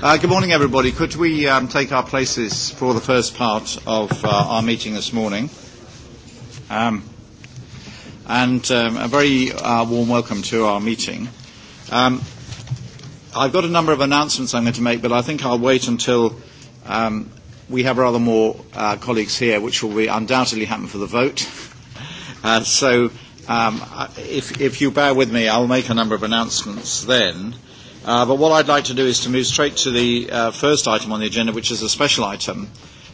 Uh, good morning, everybody. Could we um, take our places for the first part of uh, our meeting this morning? Um, and um, a very uh, warm welcome to our meeting. Um, I've got a number of announcements I'm going to make, but I think I'll wait until um, we have rather more uh, colleagues here, which will be undoubtedly happen for the vote. Uh, so um, if, if you bear with me, I'll make a number of announcements then. Uh, but what I'd like to do is to move straight to the uh, first item on the agenda, which is a special item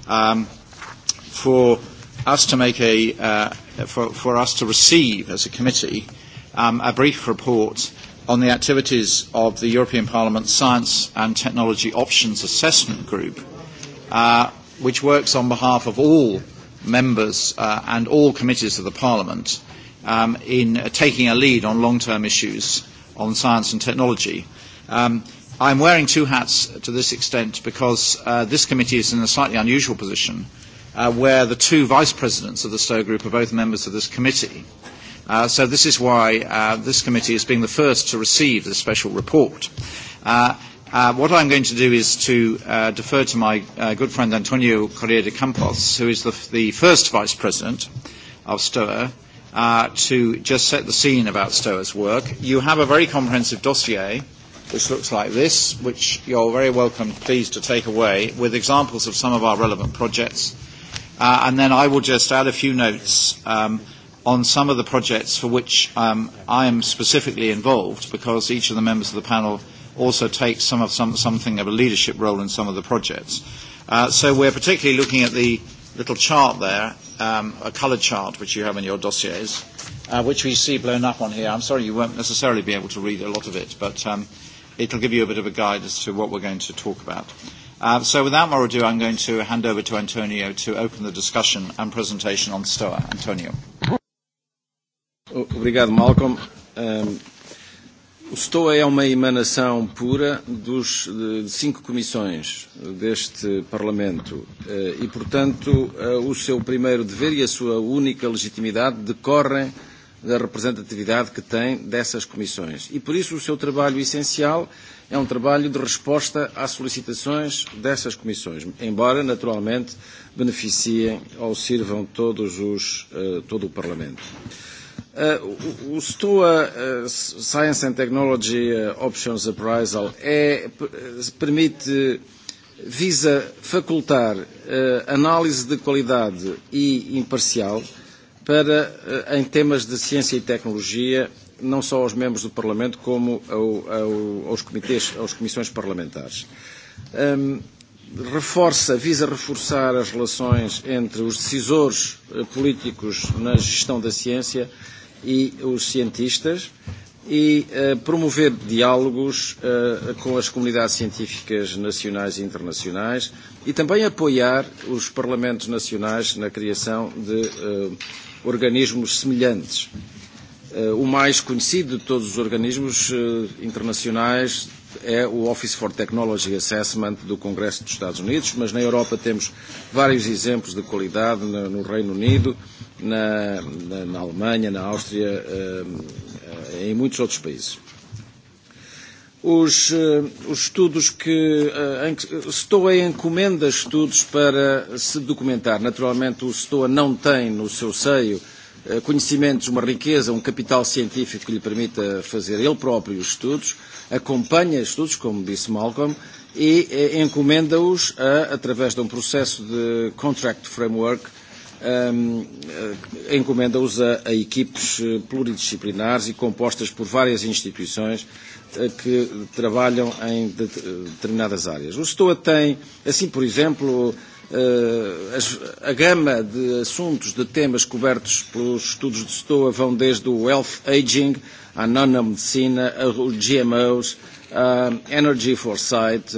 um, for us to make a uh, for, for us to receive as a committee um, a brief report on the activities of the European Parliament Science and Technology Options Assessment Group, uh, which works on behalf of all members uh, and all committees of the Parliament um, in uh, taking a lead on long-term issues on science and technology. Um, I'm wearing two hats to this extent because uh, this committee is in a slightly unusual position uh, where the two vice presidents of the Stowe Group are both members of this committee. Uh, so this is why uh, this committee is being the first to receive this special report. Uh, Uh, what I'm going to do is to uh, defer to my uh, good friend Antonio Correa de Campos, who is the, the first vice president of STOA, uh, to just set the scene about STOA's work. You have a very comprehensive dossier which looks like this, which you're very welcome, please, to take away, with examples of some of our relevant projects. Uh, and then I will just add a few notes um, on some of the projects for which um, I am specifically involved, because each of the members of the panel also takes some of some, something of a leadership role in some of the projects. Uh, so we're particularly looking at the little chart there, um, a coloured chart which you have in your dossiers, uh, which we see blown up on here. I'm sorry you won't necessarily be able to read a lot of it, but um, uh, it'll give you a bit of a guide as to what we're going to talk about. Uh, so without more ado, I'm going to hand over to Antonio to open the discussion and presentation on STOA. Antonio. Obrigado, Malcolm. Um, o STOA é uma emanação pura dos, de cinco comissões deste Parlamento uh, e, portanto, uh, o seu primeiro dever e a sua única legitimidade decorrem da representatividade que tem dessas comissões. E por isso o seu trabalho essencial é um trabalho de resposta às solicitações dessas comissões, embora naturalmente beneficiem ou sirvam todos os, eh, todo o Parlamento. Uh, o, STOA uh, Science and Technology uh, Options Appraisal é, permite, visa facultar uh, análise de qualidade e imparcial para, eh, em temas de ciência e tecnologia, não só aos membros do Parlamento, como ao, ao, aos comitês, às comissões parlamentares. Um, reforça, visa reforçar as relações entre os decisores eh, políticos na gestão da ciência e os cientistas e uh, promover diálogos uh, com as comunidades científicas nacionais e internacionais e também apoiar os parlamentos nacionais na criação de uh, organismos semelhantes. Eh, o mais conhecido de todos os organismos eh, internacionais é o Office for Technology Assessment do Congresso dos Estados Unidos, mas na Europa temos vários exemplos de qualidade no Reino Unido, na, na, na Alemanha, na Áustria, eh, em muitos outros países os, eh, os estudos que uh, eh, STOA encomenda estudos para se documentar. Naturalmente o STOA não tem no seu seio uh, conhecimentos, uma riqueza, um capital científico que lhe permita fazer ele próprio os estudos, acompanha estudos, como disse Malcolm, e uh, encomenda-os através de um processo de contract framework um, encomenda-os a, a equipes pluridisciplinares e compostas por várias instituições Eh, que trabalham em eh, determinadas áreas. O STOA tem, assim por exemplo, eh, a gama de assuntos, de temas cobertos pelos estudos de STOA vão desde o health aging, a nanomedicina, aos GMOs, a energy foresight,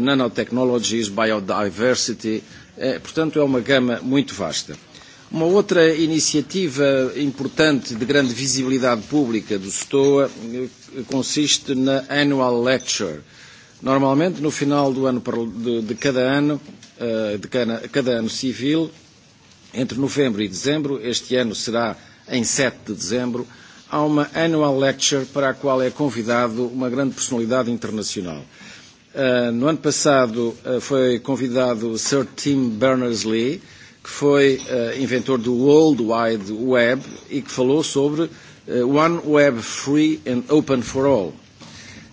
nanotechnologies, biodiversity. Portanto, é uma gama muito vasta. Uma outra iniciativa importante de grande visibilidade pública do STOA eh, consiste na Annual Lecture. Normalmente, no final do ano, de, de cada ano, eh, de cada, cada ano civil, entre novembro e dezembro, este ano será em 7 de dezembro, há uma annual lecture para a qual é convidado uma grande personalidade internacional. Eh, no ano passado foi convidado Sir Tim Berners-Lee, que foi uh, inventor do World Wide Web e que falou sobre uh, One Web Free and Open for All.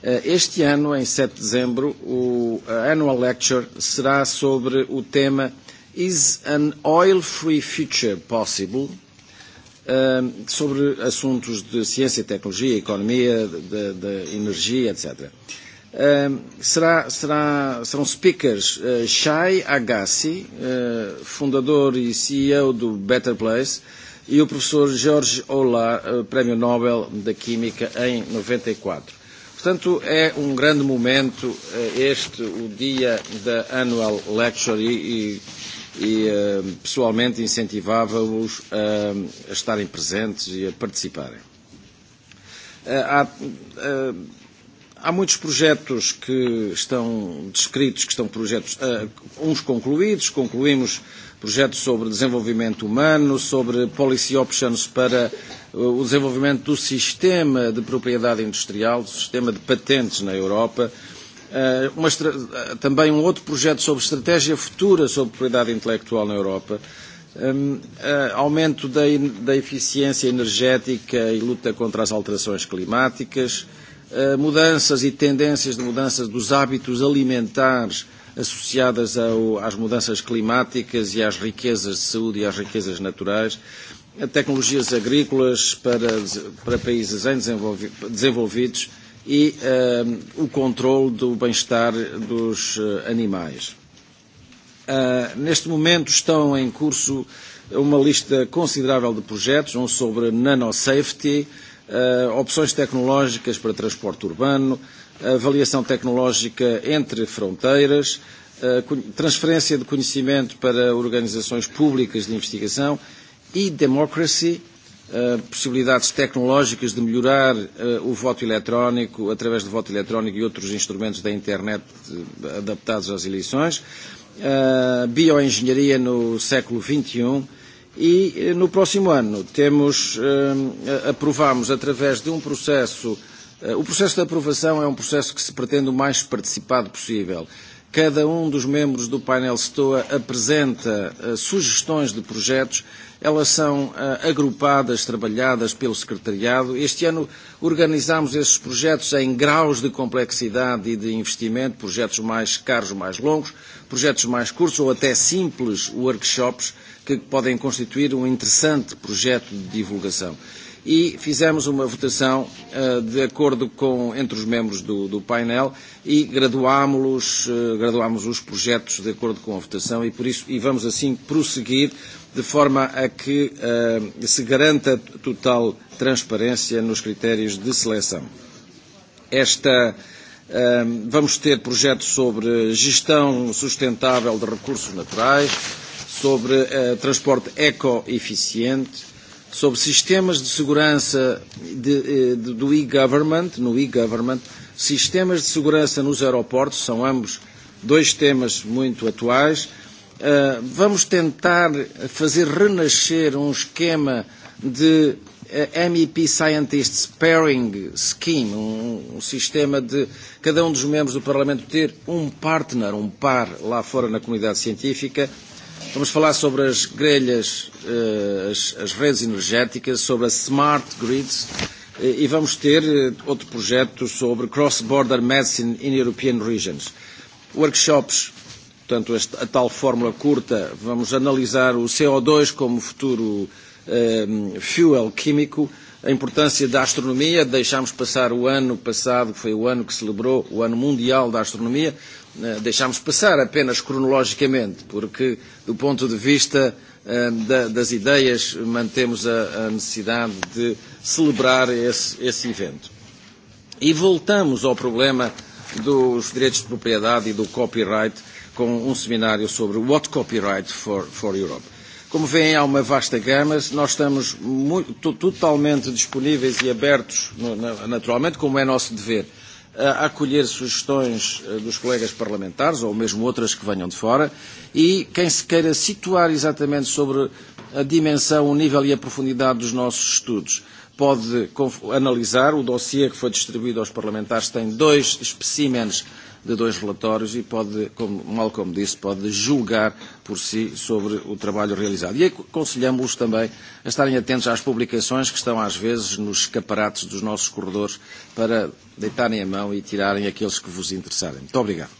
Uh, este ano, em 7 de dezembro, o uh, Annual Lecture será sobre o tema Is an Oil-Free Future Possible? Uh, sobre assuntos de ciência, tecnologia, economia, de, de energia, etc. Uh, Um, ehm, será, será, serão speakers uh, Shai Agassi, uh, eh, fundador e CEO do Better Place, e o professor Jorge Ola, uh, eh, Prémio Nobel da Química em 94. E Portanto, é um grande momento uh, este, o dia da Annual Lecture, e, e, e uh, pessoalmente incentivava-os uh, a estarem presentes e a participarem. Uh, há, uh, há muitos projetos que estão descritos, que estão projetos, uh, uns concluídos, concluímos projetos sobre desenvolvimento humano, sobre policy options para eh, o desenvolvimento do sistema de propriedade industrial, do sistema de patentes na Europa, uh, uma, também um outro projeto sobre estratégia futura sobre propriedade intelectual na Europa, um, uh, aumento da, da eficiência energética e luta contra as alterações climáticas, Eh, mudanças e tendências de mudanças dos hábitos alimentares associadas ao, às mudanças climáticas e às riquezas de saúde e às riquezas naturais, tecnologias agrícolas para, para países em desenvolvi, desenvolvidos e uh, o controle do bem-estar dos eh, animais. Uh, neste momento estão em curso uma lista considerável de projetos, um sobre nanosafety, uh, uh, opções tecnológicas para transporte urbano, eh, avaliação tecnológica entre fronteiras, uh, transferência de conhecimento para organizações públicas de investigação e democracy, uh, possibilidades tecnológicas de melhorar uh, o voto eletrónico através do voto eletrónico e outros instrumentos da internet adaptados às eleições, uh, bioengenharia no século XXI, e no próximo ano temos, eh, aprovamos através de um processo, eh, o processo de aprovação é um processo que se pretende o mais participado possível. Cada um dos membros do painel STOA apresenta eh, sugestões de projetos, elas são uh, agrupadas, trabalhadas pelo secretariado. Este ano organizamos esses projetos em graus de complexidade e de investimento, projetos mais caros, mais longos, projetos mais curtos ou até simples workshops uh, que podem constituir um interessante projeto de divulgação. E fizemos uma votação uh, de acordo com, entre os membros do, do painel e graduámos, uh, eh, graduámos os projetos de acordo com a votação e, por isso, e vamos assim prosseguir de forma a que uh, se garanta total transparência nos critérios de seleção. Esta uh, Vamos ter projetos sobre gestão sustentável de recursos naturais, sobre uh, transporte eco-eficiente, sobre sistemas de segurança de, eh, de, do e-government, no e-government, sistemas de segurança nos aeroportos, são ambos dois temas muito atuais. Uh, vamos tentar fazer renascer um esquema de uh, MEP Scientist Pairing Scheme, um, um sistema de cada um dos membros do Parlamento ter um partner, um par lá fora na comunidade científica, uh, Vamos falar sobre as grelhas, eh, as, as redes energéticas, sobre a smart grids eh, e vamos ter eh, outro projeto sobre cross-border medicine in European regions. Workshops, portanto, esta, a tal fórmula curta, vamos analisar o CO2 como futuro um, fuel químico, a importância da astronomia, deixámos passar o ano passado, que foi o ano que celebrou o Ano Mundial da Astronomia, deixámos passar apenas cronologicamente, porque do ponto de vista eh, das ideias mantemos a, a necessidade de celebrar esse, esse evento. E voltamos ao problema dos direitos de propriedade e do copyright com um seminário sobre What Copyright for, for Europe. Como veem, há uma vasta gama, nós estamos muito, totalmente disponíveis e abertos, no, naturalmente, como é nosso dever, a acolher sugestões eh, dos colegas parlamentares, ou mesmo outras que venham de fora, e quem se queira situar exatamente sobre a dimensão, o nível e a profundidade dos nossos estudos pode analisar o dossiê que foi distribuído aos parlamentares, tem dois especímenes de dois relatórios e pode, como mal como disse, pode julgar por si sobre o trabalho realizado. E aconselhamos-os também a estarem atentos às publicações que estão às vezes nos escaparates dos nossos corredores para deitarem a mão e tirarem aqueles que vos interessarem. Muito obrigado.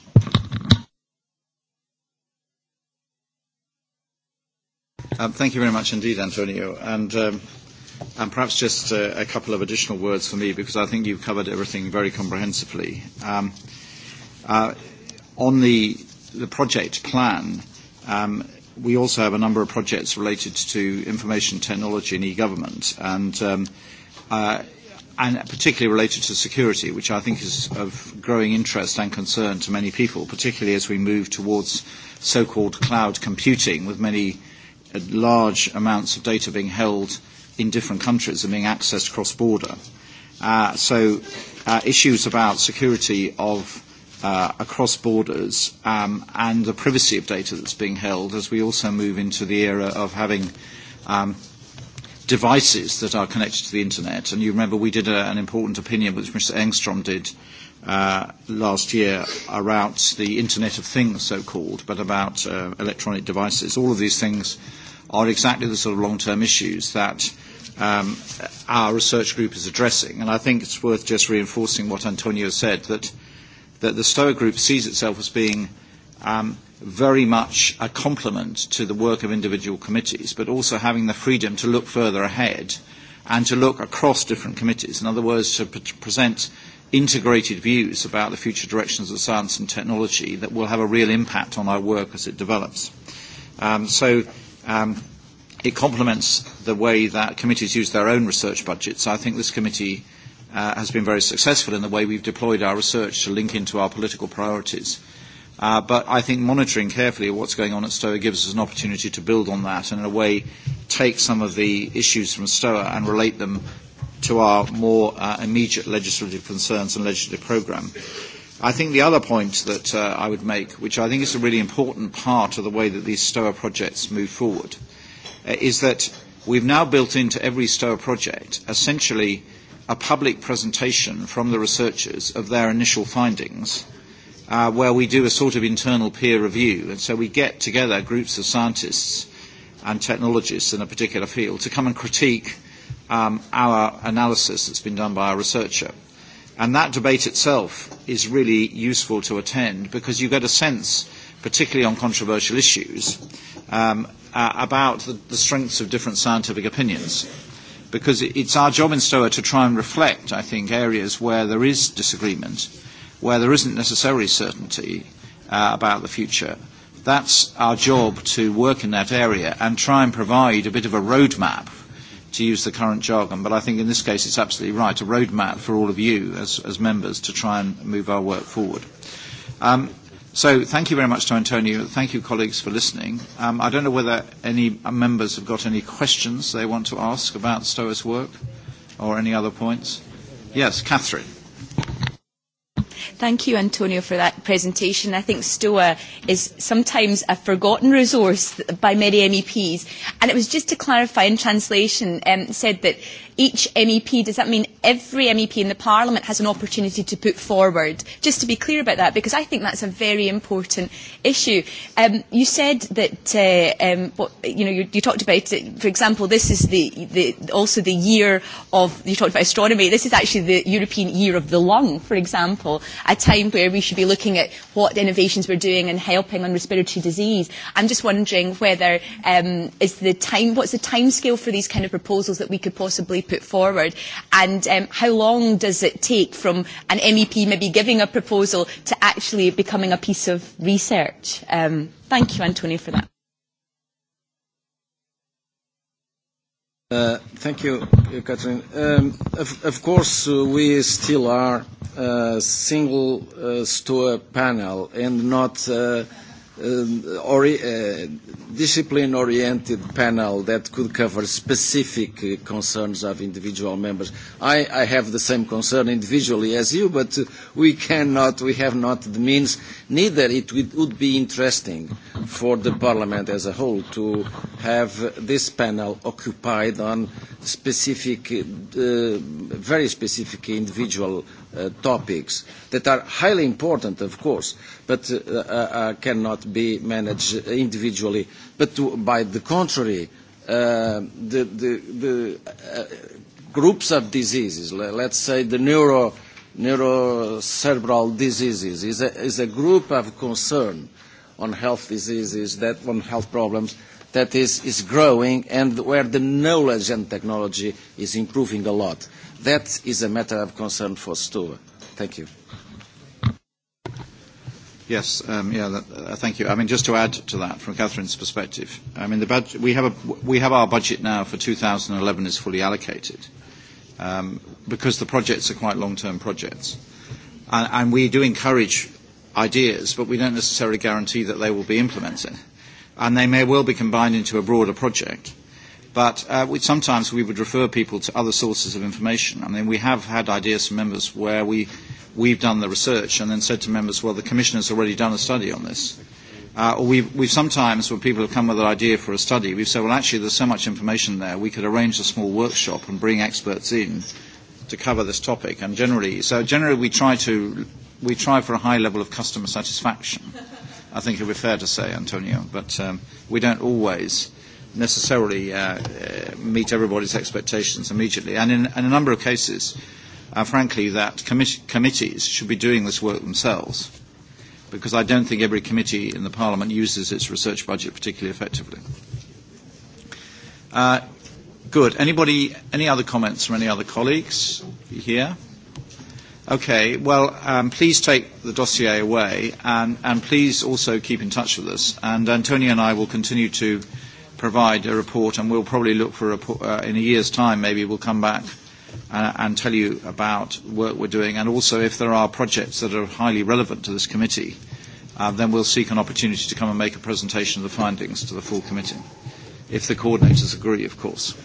Um, thank you very much indeed, Antonio. And, um, and perhaps just uh, a couple of additional words for me, because I think you've covered everything very comprehensively. Um, Uh, on the, project plan, um, we also have a number of projects related to information technology and e-government, um, uh, and, particularly related to security, which I think is of growing interest and concern to many people, particularly as we move towards so-called cloud computing, with many uh, large amounts of data being held in different countries and being accessed cross-border. so issues about security of uh, across borders um, and the privacy of data that's being held as we also move into the era of having um, devices that are connected to the internet. And you remember we did a, an important opinion which Mr. Engstrom did uh, last year about the Internet of Things, so-called, but about uh, electronic devices. All of these things are exactly the sort of long-term issues that um, our research group is addressing. And I think it's worth just reinforcing what Antonio said, that – that the Stoa Group sees itself as being um, very much a complement to the work of individual committees, but also having the freedom to look further ahead and to look across different committees. In other words, to, to present integrated views about the future directions of science and technology that will have a real impact on our work as it develops. Um, so um, it complements the way that committees use their own research budgets. I think this committee Uh, has been very successful in the way we've deployed our research to link into our political priorities. Uh, but I think monitoring carefully what's going on at STOA gives us an opportunity to build on that and in a way take some of the issues from STOA and relate them to our more uh, immediate legislative concerns and legislative programme. I think the other point that uh, I would make, which I think is a really important part of the way that these STOA projects move forward, uh, is that we've now built into every STOA project essentially – a public presentation from the researchers of their initial findings, uh, where we do a sort of internal peer review. And so we get together groups of scientists and technologists in a particular field to come and critique um, our analysis that's been done by our researcher. And that debate itself is really useful to attend because you get a sense, particularly on controversial issues, um, uh, about the, the strengths of different scientific opinions because it's our job in STOA to try and reflect, I think, areas where there is disagreement, where there isn't necessarily certainty uh, about the future. That's our job to work in that area and try and provide a bit of a roadmap, to use the current jargon. But I think in this case it's absolutely right, a roadmap for all of you as, as members to try and move our work forward. Um, So thank you very much to Antonio. Thank you, colleagues, for listening. Um, I don't know whether any members have got any questions they want to ask about STOA's work or any other points. Yes, Catherine. Thank you, Antonio, for that presentation. I think STOA is sometimes a forgotten resource by many MEPs. And it was just to clarify in translation, um, said that each MEP, does that mean every MEP in the Parliament has an opportunity to put forward? Just to be clear about that, because I think that's a very important issue. Um, you said that, uh, um, what, you know, you, you talked about, it, uh, for example, this is the, the, also the year of, you talked about astronomy, this is actually the European year of the lung, for example, a time where we should be looking at what innovations we're doing and helping on respiratory disease. I'm just wondering whether um, is the time, what's the timescale for these kind of proposals that we could possibly put forward? And um, how long does it take from an MEP maybe giving a proposal to actually becoming a piece of research? Um, thank you, Antonio, for that. Uh, thank you, Catherine. Um, of, of course, uh, we still are a uh, single uh, store panel and not uh, Um, uh, discipline-oriented panel that could cover specific uh, concerns of individual members. I, I have the same concern individually as you, but we cannot, we have not the means. Neither it would be interesting for the Parliament as a whole to have this panel occupied on specific, uh, very specific individual uh, topics that are highly important, of course, but uh, uh, uh, cannot be managed individually. But to, by the contrary, uh, the, the, the uh, groups of diseases, let's say the neuro, neurocerebral diseases, is a, is a group of concern on health diseases, that on health problems, that is, is growing and where the knowledge and technology is improving a lot. That is a matter of concern for STUA. Thank you. Yes. Um, yeah, uh, thank you. I mean, just to add to that from Catherine's perspective, I mean, the budget, we have a, we have our budget now for 2011 is fully allocated, um, because the projects are quite long-term projects. And, and we do encourage ideas, but we don't necessarily guarantee that they will be implemented, and they may well be combined into a broader project but uh, we, sometimes we would refer people to other sources of information. I mean, we have had ideas from members where we, we've done the research and then said to members, well, the commissioner's already done a study on this. Uh, or we've, we've sometimes, when people have come with an idea for a study, we've said, well, actually, there's so much information there, we could arrange a small workshop and bring experts in to cover this topic. And generally, so generally we try to, we try for a high level of customer satisfaction, I think it would be fair to say, Antonio, but um, we don't always Uh, necessarily uh, uh, meet everybody's expectations immediately. And in, in a number of cases, uh, frankly, that commi- committees should be doing this work themselves, because I don't think every committee in the Parliament uses its research budget particularly effectively. Uh, good. Anybody, any other comments from any other colleagues here? Okay. Well, um, please take the dossier away, and, and please also keep in touch with us. And Antonio and I will continue to provide a report, and we'll probably look for a report uh, in a year's time. Maybe we'll come back uh, and tell you about work we're doing, and also if there are projects that are highly relevant to this committee, uh, then we'll seek an opportunity to come and make a presentation of the findings to the full committee, if the coordinators agree, of course.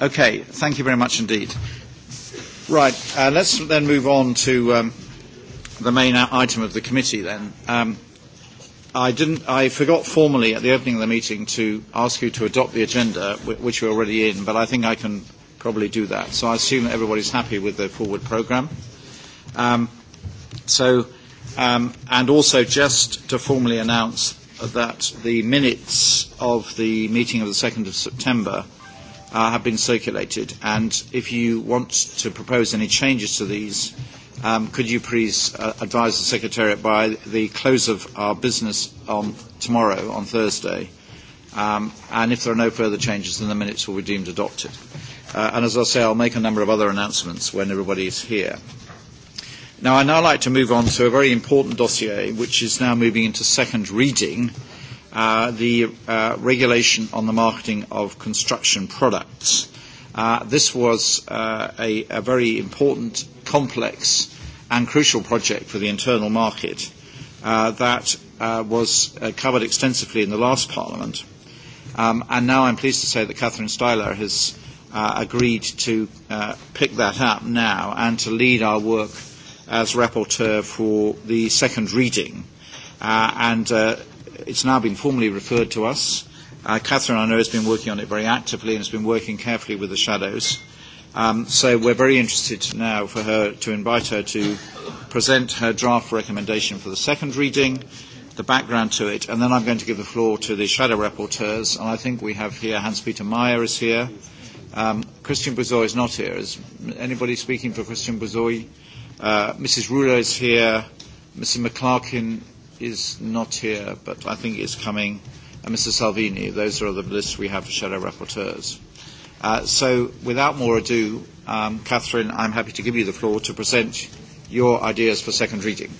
Okay, thank you very much indeed. Right, uh, let's then move on to um, the main item of the committee then. Um, i, didn't, I forgot formally at the opening of the meeting to ask you to adopt the agenda, which we're already in, but I think I can probably do that. So I assume that everybody's happy with the forward programme. Um, so, um, and also just to formally announce that the minutes of the meeting of the 2nd of September uh, have been circulated, and if you want to propose any changes to these, Um, could you please uh, advise the Secretariat by the close of our business on tomorrow, on Thursday? Um, and if there are no further changes, then the minutes will be deemed adopted. Uh, and as I say, I'll make a number of other announcements when everybody is here. Now, I'd now like to move on to a very important dossier, which is now moving into second reading, uh, the uh, regulation on the marketing of construction products. Uh, this was uh, a, a very important, complex, and crucial project for the internal market uh, that uh, was uh, covered extensively in the last Parliament. Um, and now I'm pleased to say that Catherine Styler has uh, agreed to uh, pick that up now and to lead our work as rapporteur for the second reading. Uh, and uh, it's now been formally referred to us. Uh, Catherine, I know, has been working on it very actively and has been working carefully with the shadows. Um, so we're very interested now for her to invite her to present her draft recommendation for the second reading, the background to it, and then I'm going to give the floor to the shadow rapporteurs. And I think we have here Hans-Peter Meyer is here. Um, Christian Bouzoy is not here. Is anybody speaking for Christian Bouzoy? Uh, Mrs. Ruler is here. Mr. McClarkin is not here, but I think is coming and Mr. Salvini. Those are the lists we have for shadow rapporteurs. Uh, so without more ado, um, Catherine, I'm happy to give you the floor to present your ideas for second reading.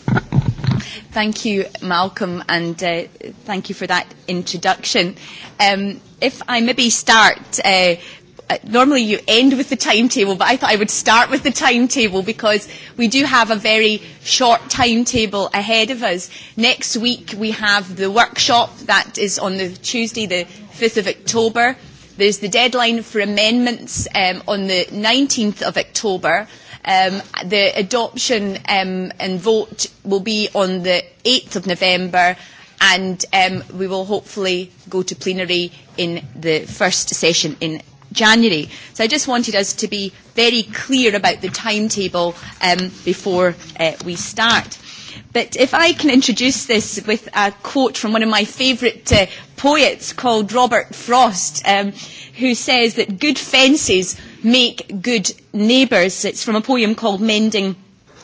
Thank you, Malcolm, and uh, thank you for that introduction. Um, if I maybe start uh, Uh, normally you end with the timetable, but I thought I would start with the timetable because we do have a very short timetable ahead of us. Next week we have the workshop that is on the Tuesday, the 5th of October. There's the deadline for amendments um, on the 19th of October. Um, the adoption um, and vote will be on the 8th of November and um, we will hopefully go to plenary in the first session in January. So I just wanted us to be very clear about the timetable um, before uh, we start. But if I can introduce this with a quote from one of my favourite uh, poets called Robert Frost, um, who says that good fences make good neighbours. It's from a poem called Mending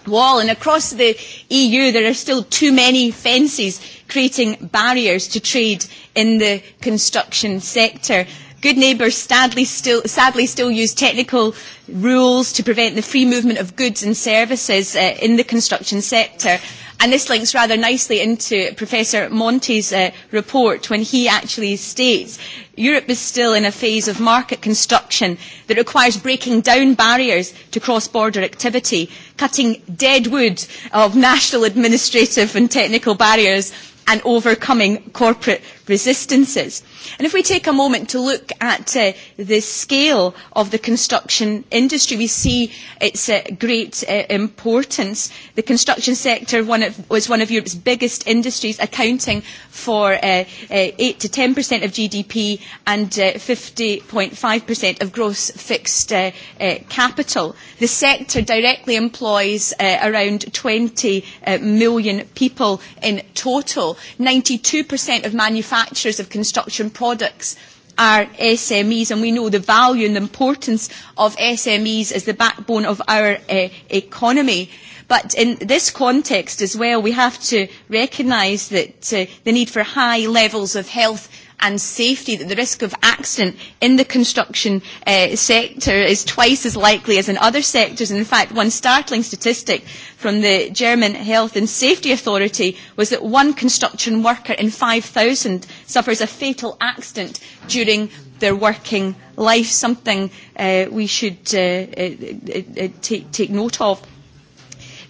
Wall. And across the EU, there are still too many fences creating barriers to trade in the construction sector. Good neighbours sadly still, sadly still use technical rules to prevent the free movement of goods and services uh, in the construction sector. And this links rather nicely into Professor Monti's uh, report when he actually states Europe is still in a phase of market construction that requires breaking down barriers to cross-border activity, cutting dead wood of national administrative and technical barriers and overcoming corporate resistances. And if we take a moment to look at uh, the scale of the construction industry, we see its uh, great uh, importance. The construction sector one of, was one of Europe's biggest industries, accounting for uh, uh, 8 to 10% of GDP and uh, 50.5% of gross fixed uh, uh, capital. The sector directly employs uh, around 20 uh, million people in total. 92% of manufacturing manufacturers of construction products are SMEs, and we know the value and the importance of SMEs as the backbone of our uh, economy. But in this context as well, we have to recognise that uh, the need for high levels of health and safety, that the risk of accident in the construction uh, sector is twice as likely as in other sectors. And in fact, one startling statistic from the German Health and Safety Authority was that one construction worker in 5,000 suffers a fatal accident during their working life, something uh, we should uh, uh, uh, uh take, take note of.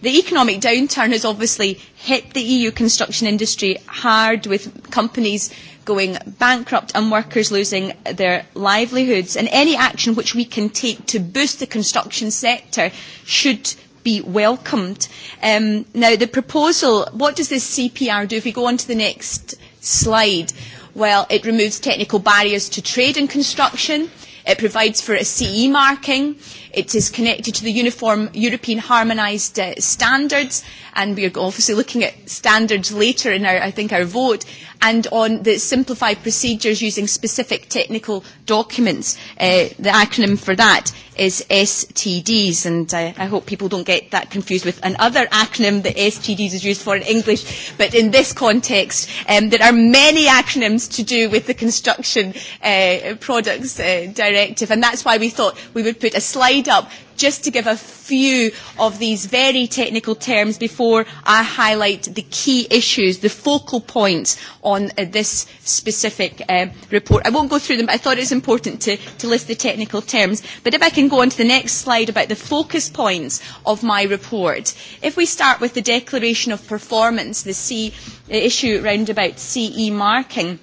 The economic downturn has obviously hit the EU construction industry hard with companies going bankrupt and workers losing their livelihoods. And any action which we can take to boost the construction sector should be welcomed. Um, now, the proposal, what does this CPR do? If we go on to the next slide, well, it removes technical barriers to trade in construction. It provides for a CE marking. It is connected to the uniform European harmonised uh, standards, and we are obviously looking at standards later in our, I think, our vote, and on the simplified procedures using specific technical documents. Uh, the acronym for that is STDs, and I, I hope people don't get that confused with another acronym that STDs is used for in English. But in this context, um, there are many acronyms to do with the construction uh, products uh, directive, and that's why we thought we would put a slide slide up just to give a few of these very technical terms before I highlight the key issues, the focal points on uh, this specific uh, report. I won't go through them, but I thought it was important to, to list the technical terms. But if I can go on to the next slide about the focus points of my report. If we start with the declaration of performance, the C, the uh, issue round about CE marking,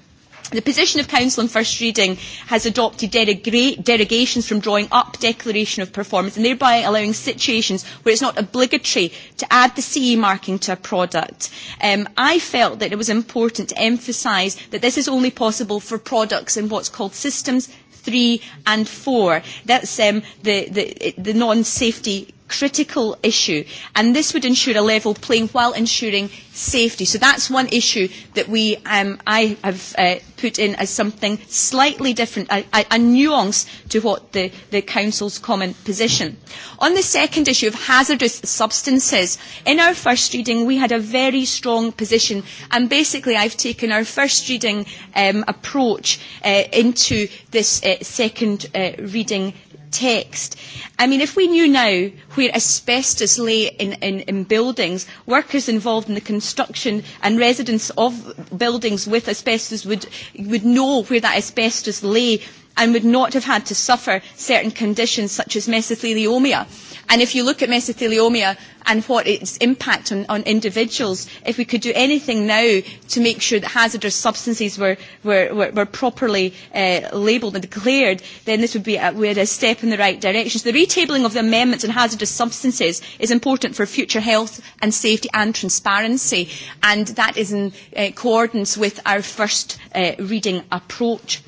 The position of Council on first reading has adopted derogations from drawing up declaration of performance and thereby allowing situations where it's not obligatory to add the CE marking to a product. Um, I felt that it was important to emphasise that this is only possible for products in what's called systems three and four. That's um, the, the, the non-safety critical issue. And this would ensure a level playing while ensuring safety. So that's one issue that we, um, I have uh, put in as something slightly different, a, a, a nuance to what the, the Council's common position. On the second issue of hazardous substances, in our first reading we had a very strong position and basically I've taken our first reading um, approach uh, into this uh, second uh, reading text. I mean, if we knew now where asbestos lay in, in, in buildings, workers involved in the construction and residents of buildings with asbestos would, would know where that asbestos lay and would not have had to suffer certain conditions such as mesothelioma. And if you look at mesothelioma and what its impact on, on individuals, if we could do anything now to make sure that hazardous substances were, were, were, were properly uh, labelled and declared, then this would be a, we had a step in the right direction. So the retabling of the amendments on hazardous substances is important for future health and safety and transparency, and that is in uh, accordance with our first uh, reading approach.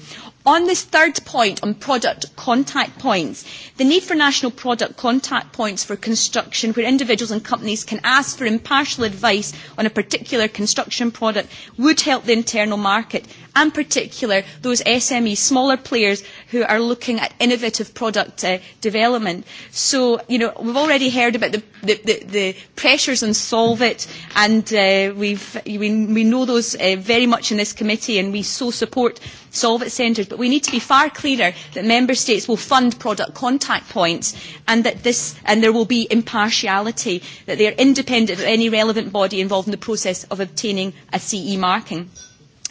On this third point, on product contact points, the need for national product contact points for construction, where individuals and companies can ask for impartial advice on a particular construction product, would help the internal market and particular those SME smaller players who are looking at innovative product uh, development. So, you know, we've already heard about the, the, the, the pressures on Solvit and uh, we've, we, we know those uh, very much in this committee and we so support Solvit centres, but we need to be far clearer that Member States will fund product contact points and that this, and there will be impartiality, that they are independent of any relevant body involved in the process of obtaining a CE marking.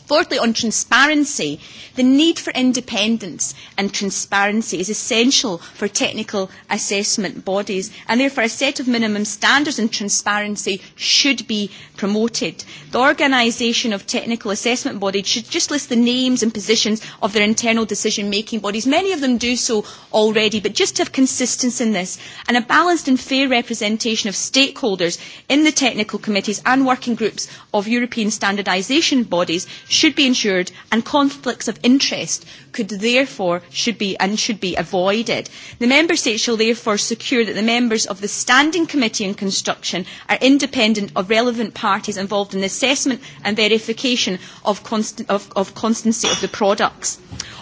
Fourthly, on transparency, the need for independence and transparency is essential for technical assessment bodies, and therefore a set of minimum standards and transparency should be promoted. The organisation of technical assessment bodies should just list the names and positions of their internal decision-making bodies. Many of them do so already, but just to have consistency in this and a balanced and fair representation of stakeholders in the technical committees and working groups of European standardisation bodies should be ensured and conflicts of interest could therefore should be and should be avoided. The Member States shall therefore secure that the members of the Standing Committee on Construction are independent of relevant parties involved in the assessment and verification of, const of, of constancy of the products.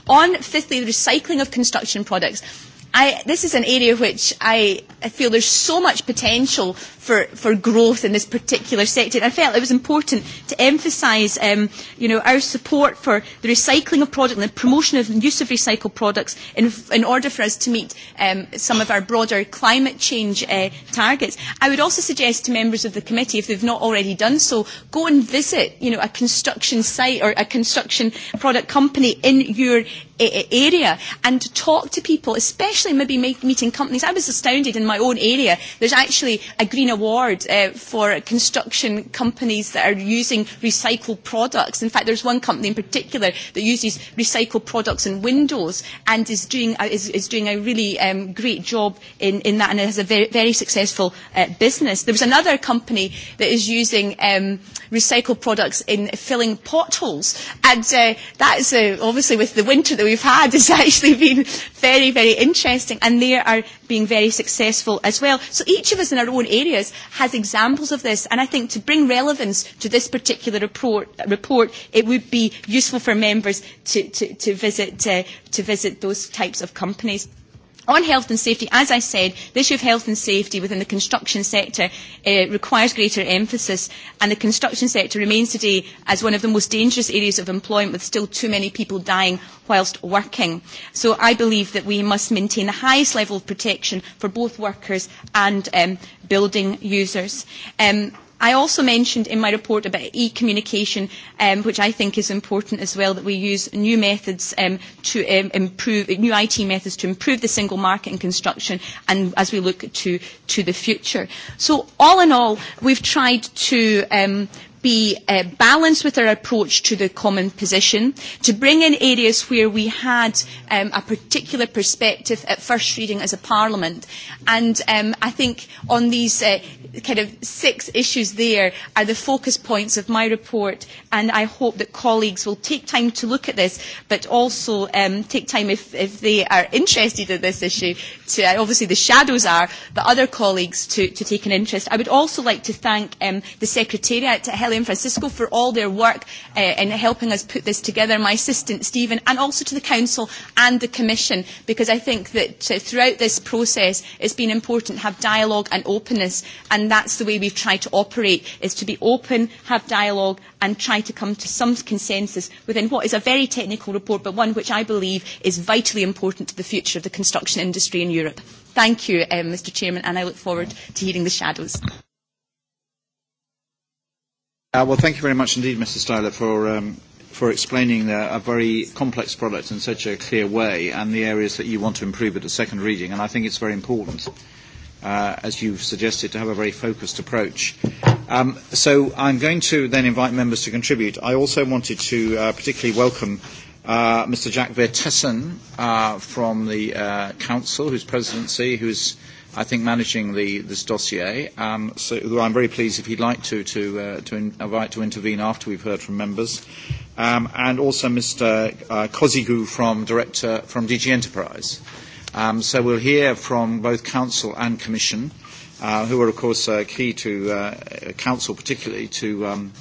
On fifthly, the recycling of construction products. I, this is an area which I, I feel there's so much potential for, for growth in this particular sector. And I felt it was important to emphasise um, you know, our support for the recycling of products and the promotion of the use of recycled products in, in order for us to meet um, some of our broader climate change uh, targets. I would also suggest to members of the committee, if they've not already done so, go and visit you know, a construction site or a construction product company in your area and to talk to people, especially maybe make, meeting companies. I was astounded in my own area. There's actually a green award uh, for construction companies that are using recycled products. In fact, there's one company in particular that uses recycled products in windows and is doing a, uh, is, is doing a really um, great job in, in that and it has a very, very successful uh, business. There was another company that is using um, recycled products in filling potholes and uh, that is uh, obviously with the winter that we we've had has actually been very, very interesting, and they are being very successful as well. So each of us in our own areas has examples of this, and I think to bring relevance to this particular report, report it would be useful for members to, to, to, visit, uh, to visit those types of companies. On health and safety, as I said, the issue of health and safety within the construction sector uh, requires greater emphasis, and the construction sector remains today as one of the most dangerous areas of employment, with still too many people dying whilst working. So I believe that we must maintain the highest level of protection for both workers and um, building users. Um, i also mentioned in my report about e-communication, um, which I think is important as well, that we use new methods um, to um, improve, new IT methods to improve the single market in construction and as we look to, to the future. So all in all, we've tried to um, be uh, balanced with our approach to the common position, to bring in areas where we had um, a particular perspective at first reading as a parliament. And um, I think on these uh, kind of six issues there are the focus points of my report, and I hope that colleagues will take time to look at this, but also um, take time if, if they are interested in this issue. To, uh, obviously, the shadows are, but other colleagues to, to take an interest. I would also like to thank um, the Secretariat Helen Natalie and Francisco for all their work uh, in helping us put this together, my assistant Stephen, and also to the Council and the Commission, because I think that uh, throughout this process it's been important to have dialogue and openness, and that's the way we've tried to operate, is to be open, have dialogue, and try to come to some consensus within what is a very technical report, but one which I believe is vitally important to the future of the construction industry in Europe. Thank you, um, uh, Mr Chairman, and I look forward to hearing the shadows. Uh, well, thank you very much indeed, Mr. Styler, for, um, for explaining the, a very complex product in such a clear way and the areas that you want to improve at a second reading. And I think it's very important, uh, as you've suggested, to have a very focused approach. Um, so I'm going to then invite members to contribute. I also wanted to uh, particularly welcome uh, Mr. Jack Vertessen uh, from the uh, Council, whose presidency, who's i think, managing the, this dossier, um, so, who I'm very pleased, if he'd like to, to, uh, to in, uh, invite to intervene after we've heard from members, um, and also Mr. Uh, Kozigu from, director, from DG Enterprise. Um, so we'll hear from both Council and Commission, uh, who are, of course, uh, key to uh, Council particularly to, um,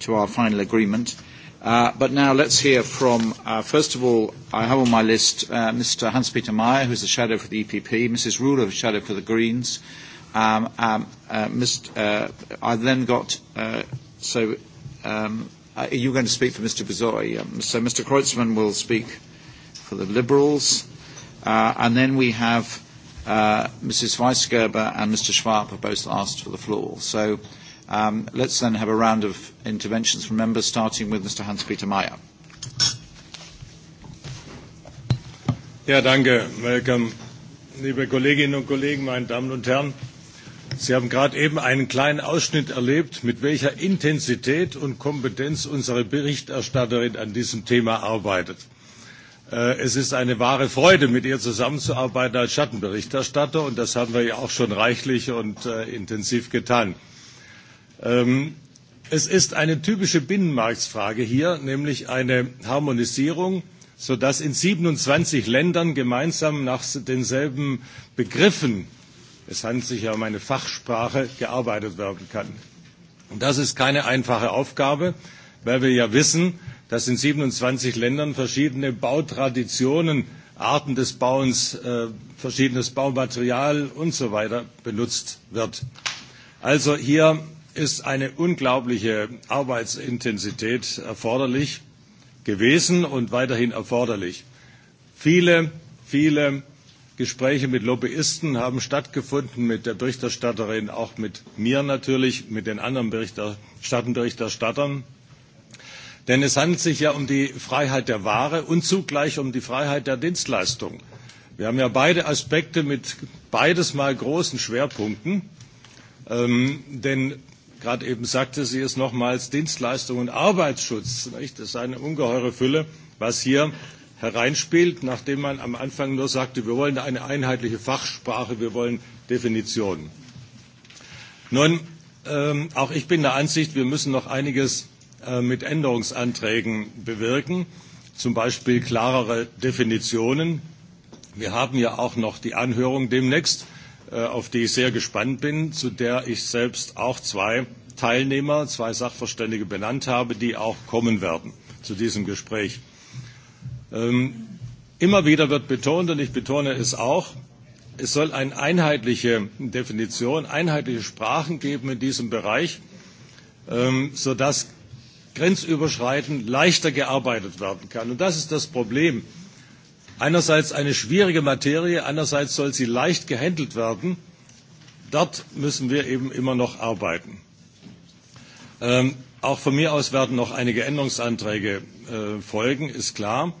to our final agreement. Uh, but now let's hear from, uh, first of all, I have on my list uh, Mr. Hans-Peter Meyer, who's the shadow for the EPP, Mrs. Ruler, who's shadow for the Greens. Um, um, uh, Mr., uh, I then got, uh, so um, uh, you're going to speak for Mr. Bizoy. Um, so Mr. Kreutzmann will speak for the Liberals. Uh, and then we have uh, Mrs. Weisgerber and Mr. Schwab have both asked for the floor. So... Um, let's then have a round of interventions from members, starting with Mr. Hans-Peter Mayer. Ja, danke, Welcome, Liebe Kolleginnen und Kollegen, meine Damen und Herren, Sie haben gerade eben einen kleinen Ausschnitt erlebt, mit welcher Intensität und Kompetenz unsere Berichterstatterin an diesem Thema arbeitet. Äh, es ist eine wahre Freude, mit ihr zusammenzuarbeiten als Schattenberichterstatter, und das haben wir ja auch schon reichlich und äh, intensiv getan. Ähm, es ist eine typische Binnenmarktfrage hier, nämlich eine Harmonisierung, sodass in 27 Ländern gemeinsam nach denselben Begriffen, es handelt sich ja um eine Fachsprache, gearbeitet werden kann. Und das ist keine einfache Aufgabe, weil wir ja wissen, dass in 27 Ländern verschiedene Bautraditionen, Arten des Bauens, äh, verschiedenes Baumaterial und so weiter benutzt wird. Also hier ist eine unglaubliche Arbeitsintensität erforderlich gewesen und weiterhin erforderlich. Viele, viele Gespräche mit Lobbyisten haben stattgefunden, mit der Berichterstatterin, auch mit mir natürlich, mit den anderen Schattenberichterstattern. Denn es handelt sich ja um die Freiheit der Ware und zugleich um die Freiheit der Dienstleistung. Wir haben ja beide Aspekte mit beides mal großen Schwerpunkten. Ähm, denn gerade eben sagte sie es nochmals, Dienstleistung und Arbeitsschutz. Nicht? Das ist eine ungeheure Fülle, was hier hereinspielt, nachdem man am Anfang nur sagte, wir wollen eine einheitliche Fachsprache, wir wollen Definitionen. Nun, ähm, auch ich bin der Ansicht, wir müssen noch einiges äh, mit Änderungsanträgen bewirken, zum Beispiel klarere Definitionen. Wir haben ja auch noch die Anhörung demnächst Äh, auf die ich sehr gespannt bin, zu der ich selbst auch zwei Teilnehmer, zwei Sachverständige benannt habe, die auch kommen werden zu diesem Gespräch. Ähm, immer wieder wird betont, und ich betone es auch, es soll eine einheitliche Definition, einheitliche Sprachen geben in diesem Bereich, ähm, sodass grenzüberschreitend leichter gearbeitet werden kann. Und das ist das Problem Einerseits eine schwierige Materie, andererseits soll sie leicht gehandelt werden. Dort müssen wir eben immer noch arbeiten. Ähm, auch von mir aus werden noch einige Änderungsanträge äh, folgen, ist klar.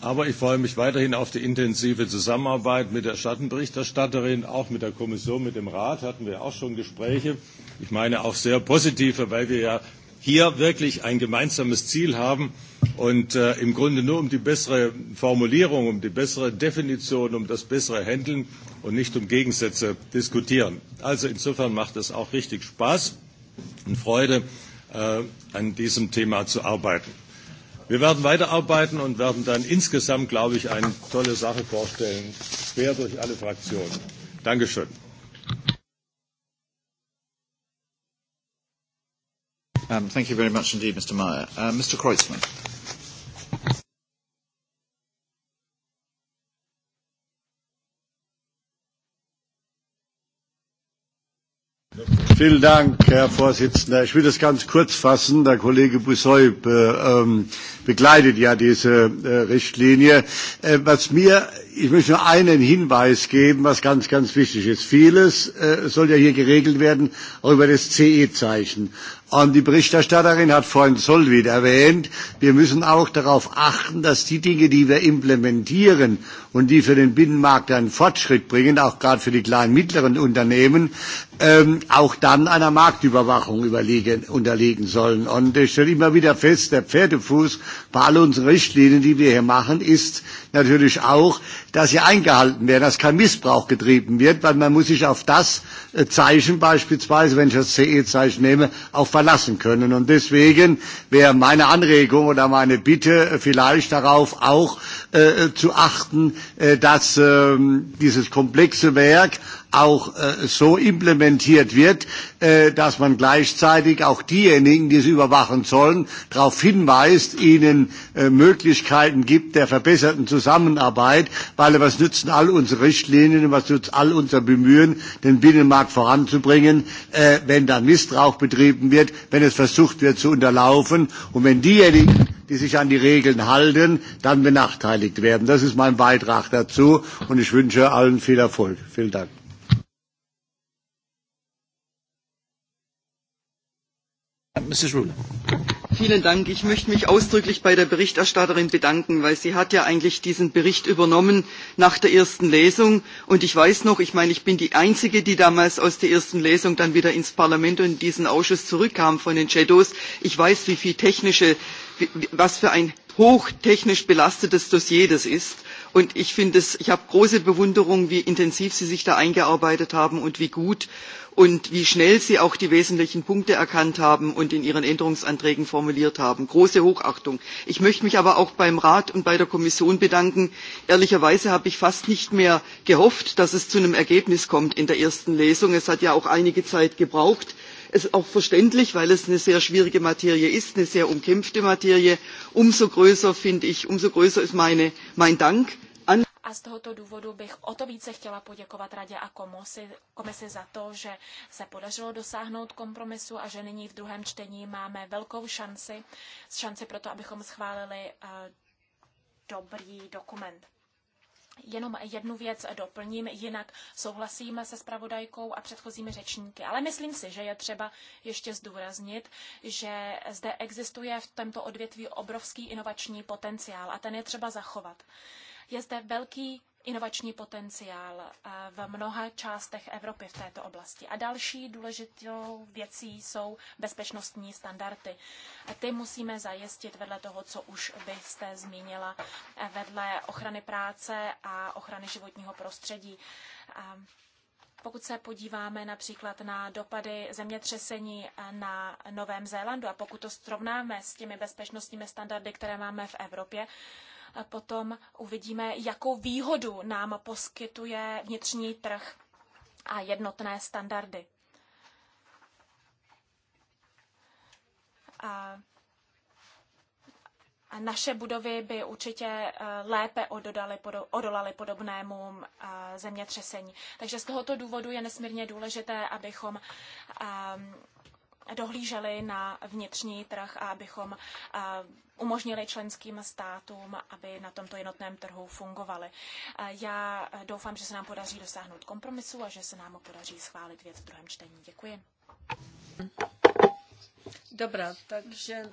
Aber ich freue mich weiterhin auf die intensive Zusammenarbeit mit der Schattenberichterstatterin, auch mit der Kommission, mit dem Rat hatten wir auch schon Gespräche. Ich meine auch sehr positive, weil wir ja hier wirklich ein gemeinsames Ziel haben und äh, im Grunde nur um die bessere Formulierung, um die bessere Definition, um das bessere Handeln und nicht um Gegensätze diskutieren. Also insofern macht es auch richtig Spaß und Freude, äh, an diesem Thema zu arbeiten. Wir werden weiterarbeiten und werden dann insgesamt, glaube ich, eine tolle Sache vorstellen, quer durch alle Fraktionen. Dankeschön. Um, thank you very much indeed, Mr. Meyer. Uh, Mr. Kreutzmann. Vielen Dank, Herr Vorsitzender. Ich will das ganz kurz fassen. Der Kollege Bussoy be, äh, ähm, begleitet ja diese äh, Richtlinie. Äh, was mir Ich möchte nur einen Hinweis geben, was ganz, ganz wichtig ist. Vieles äh, soll ja hier geregelt werden, auch über das CE-Zeichen. Und die Berichterstatterin hat vorhin Solvit erwähnt, wir müssen auch darauf achten, dass die Dinge, die wir implementieren und die für den Binnenmarkt einen Fortschritt bringen, auch gerade für die kleinen und mittleren Unternehmen, ähm, auch dann einer Marktüberwachung überlegen, unterliegen sollen. Und ich stelle immer wieder fest, der Pferdefuß bei all unseren Richtlinien, die wir hier machen, ist natürlich auch, dass sie eingehalten werden, dass kein Missbrauch getrieben wird, weil man muss sich auf das äh, Zeichen beispielsweise, wenn ich das CE-Zeichen nehme, auch verlassen können. Und deswegen wäre meine Anregung oder meine Bitte äh, vielleicht darauf auch äh, zu achten, äh, dass äh, dieses komplexe Werk auch äh, so implementiert wird, äh, dass man gleichzeitig auch diejenigen, die es überwachen sollen, darauf hinweist, ihnen äh, Möglichkeiten gibt der verbesserten Zusammenarbeit, weil was nützen all unsere Richtlinien was nützt all unser Bemühen, den Binnenmarkt voranzubringen, äh, wenn dann Missbrauch betrieben wird, wenn es versucht wird zu unterlaufen und wenn diejenigen, die sich an die Regeln halten, dann benachteiligt werden. Das ist mein Beitrag dazu und ich wünsche allen viel Erfolg. Vielen Dank. Mrs. Ruler. Vielen Dank. Ich möchte mich ausdrücklich bei der Berichterstatterin bedanken, weil sie hat ja eigentlich diesen Bericht übernommen nach der ersten Lesung. Und ich weiß noch, ich meine, ich bin die Einzige, die damals aus der ersten Lesung dann wieder ins Parlament und in diesen Ausschuss zurückkam von den Shadows. Ich weiß, wie viel technische, was für ein hochtechnisch belastetes Dossier das ist Und ich finde ich habe große Bewunderung, wie intensiv Sie sich da eingearbeitet haben und wie gut und wie schnell Sie auch die wesentlichen Punkte erkannt haben und in Ihren Änderungsanträgen formuliert haben. Große Hochachtung. Ich möchte mich aber auch beim Rat und bei der Kommission bedanken. Ehrlicherweise habe ich fast nicht mehr gehofft, dass es zu einem Ergebnis kommt in der ersten Lesung. Es hat ja auch einige Zeit gebraucht ist auch verständlich weil es eine sehr schwierige materie ist eine sehr umkämpfte materie. umso größer finde ich umso größer ist meine, mein dank an a z tohoto důvodu bych o to více chtěla poděkovat Radě a komisi, komisi za to, že se podařilo dosáhnout kompromisu a že nyní v druhém čtení máme velkou šanci, šanci pro to, abychom schválili eh, dobrý dokument. Jenom jednu věc doplním, jinak souhlasím se spravodajkou a předchozími řečníky. Ale myslím si, že je třeba ještě zdůraznit, že zde existuje v tomto odvětví obrovský inovační potenciál a ten je třeba zachovat. Je zde velký inovační potenciál eh, v mnoha částech Evropy v této oblasti. A další důležitou věcí jsou bezpečnostní standardy. Ty musíme zajistit vedle toho, co už byste zmínila, eh, vedle ochrany práce a ochrany životního prostředí. Pokud se podíváme například na dopady zemětřesení eh, na Novém Zélandu a pokud to srovnáme s těmi bezpečnostními standardy, které máme v Evropě, potom uvidíme, jakou výhodu nám poskytuje vnitřní trh a jednotné standardy. A naše budovy by určitě e, lépe odolaly podobnému e, zemětřesení. Takže z tohoto důvodu je nesmírně důležité, abychom e, dohlíželi na vnitřní trh a abychom umožnili členským státům, aby na tomto jednotném trhu fungovaly. Já doufám, že se nám podaří dosáhnout kompromisu a že se nám podaří schválit věc v druhém čtení. Děkuji. Dobrá, takže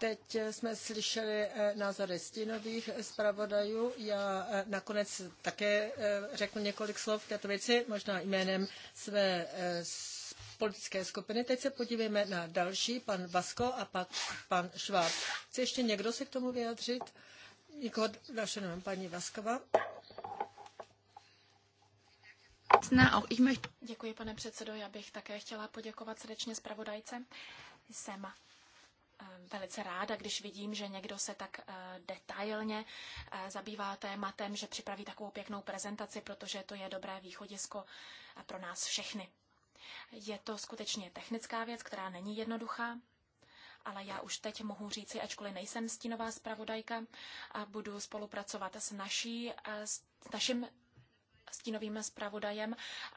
Teď jsme slyšeli eh, názory stínových zpravodajů. Já eh, nakonec také eh, řeknu několik slov k této věci, možná jménem své politické skupiny. Teď se podívejme na další, pan Vasko a pan, pan Šváb. Chce ještě někdo se k tomu vyjádřit? Nikoho další nemám, paní Vaskova. Oh, Děkuji, pane předsedo. Já bych také chtěla poděkovat srdečně zpravodajce. Jsem eh, velice ráda, když vidím, že někdo se tak eh, detailně eh, zabývá tématem, že připraví takovou pěknou prezentaci, protože to je dobré východisko pro nás všechny. Je to skutečně technická věc, která není jednoduchá, ale já už teď mohu říci, ačkoliv nejsem stínová zpravodajka, a budu spolupracovat s, naší, eh, s naším stínovým zpravodajem,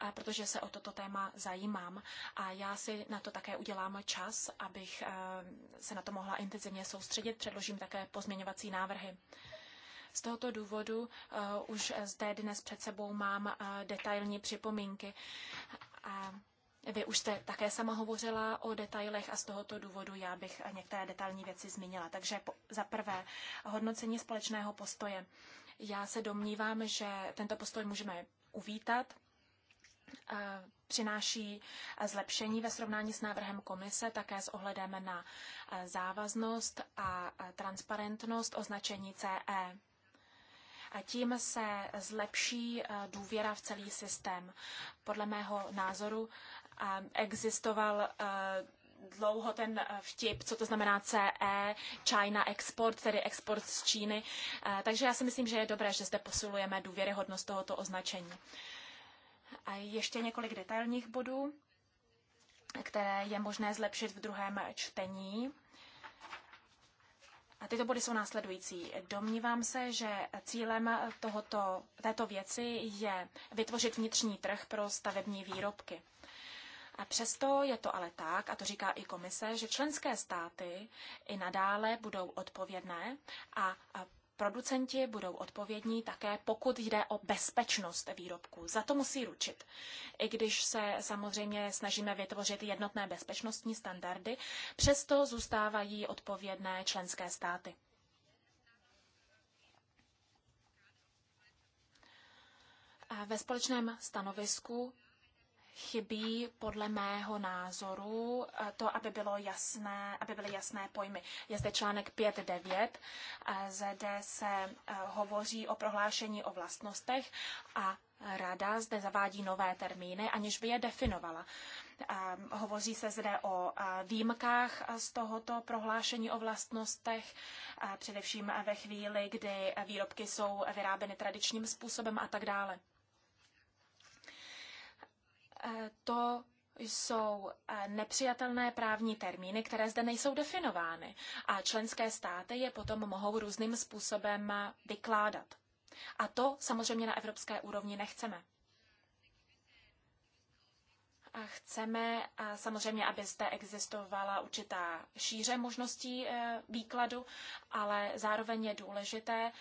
eh, protože se o toto téma zajímám. A já si na to také udělám čas, abych eh, se na to mohla intenzivně soustředit. Předložím také pozměňovací návrhy. Z tohoto důvodu uh, už zde dnes před sebou mám uh, detailní připomínky. Uh, vy už jste také sama hovořila o detailech a z tohoto důvodu já bych některé detailní věci zmínila. Takže za prvé, hodnocení společného postoje. Já se domnívám, že tento postoj můžeme uvítat. Eh, přináší zlepšení ve srovnání s návrhem komise, také s ohledem na eh, závaznost a eh, transparentnost označení CE a tím se zlepší důvěra v celý systém. Podle mého názoru Ehm, existoval eh, dlouho ten eh, vtip, co to znamená CE, China Export, tedy export z Číny. Eh, takže já si myslím, že je dobré, že zde posilujeme důvěryhodnost tohoto označení. A ještě několik detailních bodů, které je možné zlepšit v druhém čtení. A tyto body jsou následující. Domnívám se, že cílem tohoto, této věci je vytvořit vnitřní trh pro stavební výrobky. A přesto je to ale tak, a to říká i komise, že členské státy i nadále budou odpovědné a producenti budou odpovědní také, pokud jde o bezpečnost výrobků. Za to musí ručit. I když se samozřejmě snažíme vytvořit jednotné bezpečnostní standardy, přesto zůstávají odpovědné členské státy. ve společném stanovisku chybí podle mého názoru eh, to, aby, bylo jasné, aby byly jasné pojmy. Je zde článek 5.9, eh, zde se eh, hovoří o prohlášení o vlastnostech a Rada zde zavádí nové termíny, aniž by je definovala. Hovoří se zde o výjimkách z tohoto prohlášení o vlastnostech, především ve chvíli, kdy výrobky jsou vyráběny tradičním způsobem a tak dále. Eh, to jsou eh, nepřijatelné právní termíny, které zde nejsou definovány a členské státy je potom mohou různým způsobem eh, vykládat. A to samozřejmě na evropské úrovni nechceme. A chceme a samozřejmě, aby zde existovala určitá šíře možností výkladu, ale zároveň je důležité,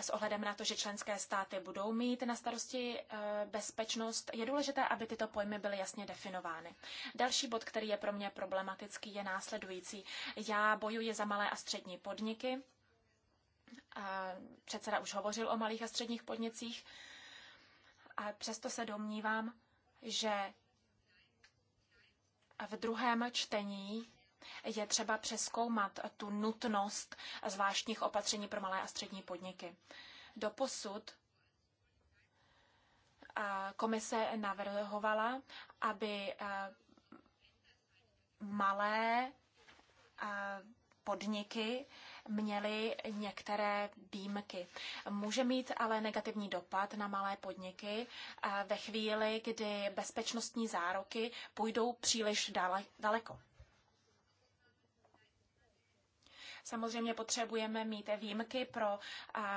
s ohledem na to, že členské státy budou mít na starosti e, bezpečnost, je důležité, aby tyto pojmy byly jasně definovány. Další bod, který je pro mě problematický, je následující. Já bojuji za malé a střední podniky. E, předseda už hovořil o malých a středních podnicích. A přesto se domnívám, že v druhém čtení je třeba přeskoumat tu nutnost zvláštních opatření pro malé a střední podniky. Doposud eh, komise navrhovala, aby eh, malé eh, podniky měly některé výjimky. Může mít ale negativní dopad na malé podniky ve chvíli, kdy bezpečnostní zároky půjdou příliš daleko. Samozřejmě potřebujeme mít výjimky pro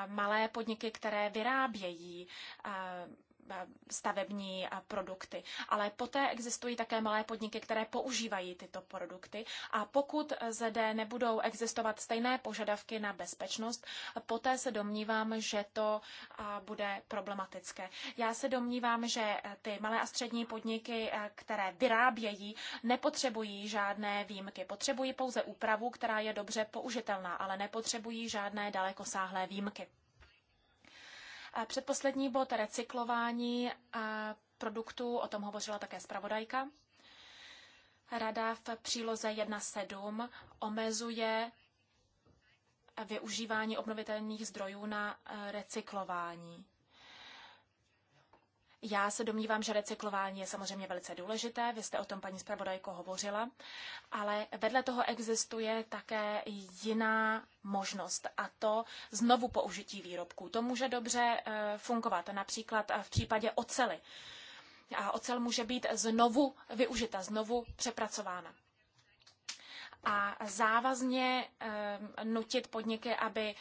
malé podniky, které vyrábějí Eh, stavební produkty. Ale poté existují také malé podniky, které používají tyto produkty. A pokud zde nebudou existovat stejné požadavky na bezpečnost, poté se domnívám, že to eh, bude problematické. Já se domnívám, že eh, ty malé a střední podniky, které vyrábějí, nepotřebují žádné výjimky. Potřebují pouze úpravu, která je dobře použitelná, ale nepotřebují žádné dalekosáhlé výjimky. Předposlední bod recyklování produktů, o tom hovořila také zpravodajka. Rada v příloze 1.7 omezuje využívání obnovitelných zdrojů na eh, recyklování. Já se domnívám, že recyklování je samozřejmě velice důležité, vy jste o tom, paní zpravodajko, hovořila, ale vedle toho existuje také jiná možnost a to znovu použití výrobků. To může dobře eh, fungovat, například eh, v případě ocely. A ocel může být znovu využita, znovu přepracována a závazně eh, nutit podniky, aby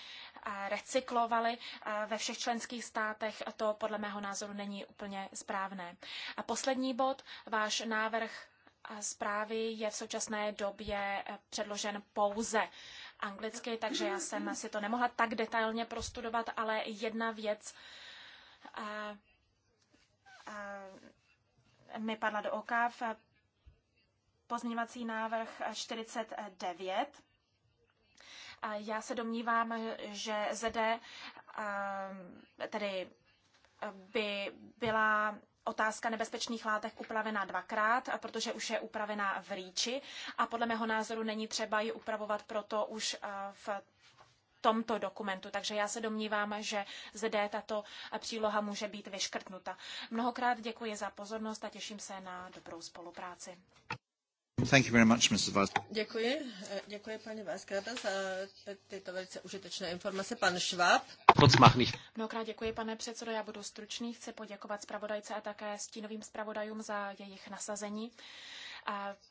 Recyklovali ve všech členských státech, to podle mého názoru není úplně správné. A poslední bod, váš návrh zprávy je v současné době eh, předložen pouze anglicky, takže já jsem si to nemohla tak detailně prostudovat, ale jedna věc a, a, mi padla do oka v eh, pozměňovací návrh 49 eh, já se domnívám, že zde tedy by byla otázka nebezpečných látek upravená dvakrát, protože už je upravená v rýči a podle mého názoru není třeba ji upravovat proto už v tomto dokumentu. Takže já se domnívám, že zde tato příloha může být vyškrtnuta. Mnohokrát děkuji za pozornost a těším se na dobrou spolupráci. Thank you very much, Mr. Vice. Děkuji, eh, děkuji paní Váskrata za tyto velice užitečné informace. Pan Šváb. Mnohokrát děkuji, pane předsedo, já budu stručný. Chci poděkovat zpravodajce a také stínovým zpravodajům za jejich nasazení.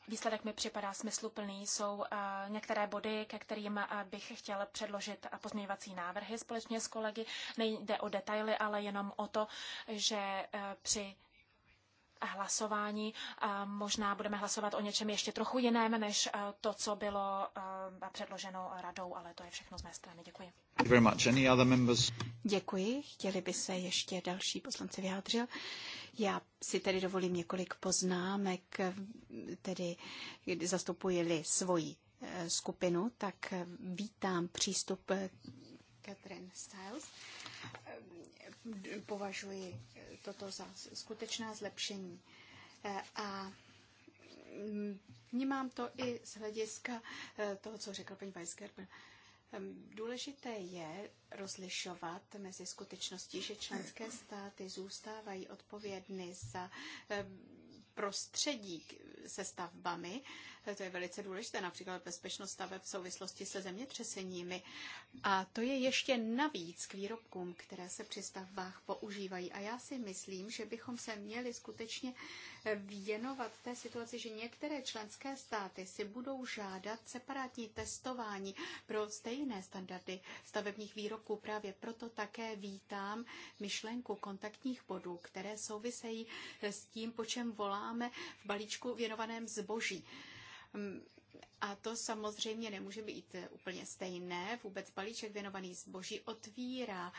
Výsledek mi připadá smysluplný. Jsou eh, některé body, ke kterým eh, bych chtěl předložit pozměňovací návrhy společně s kolegy. Nejde o detaily, ale jenom o to, že při hlasování. Možná budeme hlasovat o něčem ještě trochu jiném, než eh, to, co bylo eh, předloženo radou, ale to je všechno z mé strany. Děkuji. Děkuji. Chtěli by se ještě další poslanci vyjádřil. Já si tedy dovolím několik poznámek, tedy zastupuji-li svoji eh, skupinu, tak vítám přístup Catherine Styles považuji toto za skutečná zlepšení. Eh, a mm, vnímám to i z hlediska eh, toho, co řekl paní Weisgerber. Ehm, důležité je rozlišovat mezi skutečností, že členské státy zůstávají odpovědny za ehm, prostředí se stavbami Eh, to je velice důležité, například bezpečnost staveb v souvislosti se zemětřeseními. A to je ještě navíc k výrobkům, které se při stavbách používají. A já si myslím, že bychom se měli skutečně eh, věnovat té situaci, že některé členské státy si budou žádat separátní testování pro stejné standardy stavebních výrobků. Právě proto také vítám myšlenku kontaktních bodů, které souvisejí eh, s tím, po čem voláme v balíčku věnovaném zboží. Mm, a to samozřejmě nemůže být eh, úplně stejné. Vůbec balíček věnovaný zboží otvírá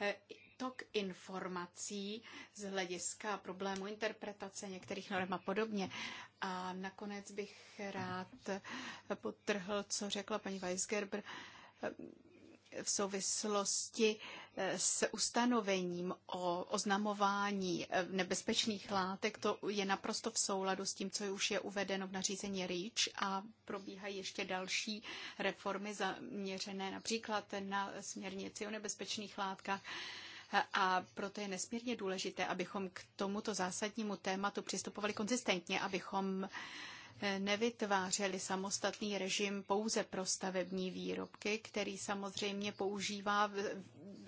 eh, tok informací z hlediska problému interpretace některých norm a podobně. A nakonec bych rád eh, potrhl, co řekla paní Weisgerber v souvislosti eh, s ustanovením o oznamování eh, nebezpečných látek, to je naprosto v souladu s tím, co už je uvedeno v nařízení REACH a probíhají ještě další reformy zaměřené například na směrnici o nebezpečných látkách. A proto je nesmírně důležité, abychom k tomuto zásadnímu tématu přistupovali konzistentně, abychom nevytvářeli samostatný režim pouze pro stavební výrobky, který samozřejmě používá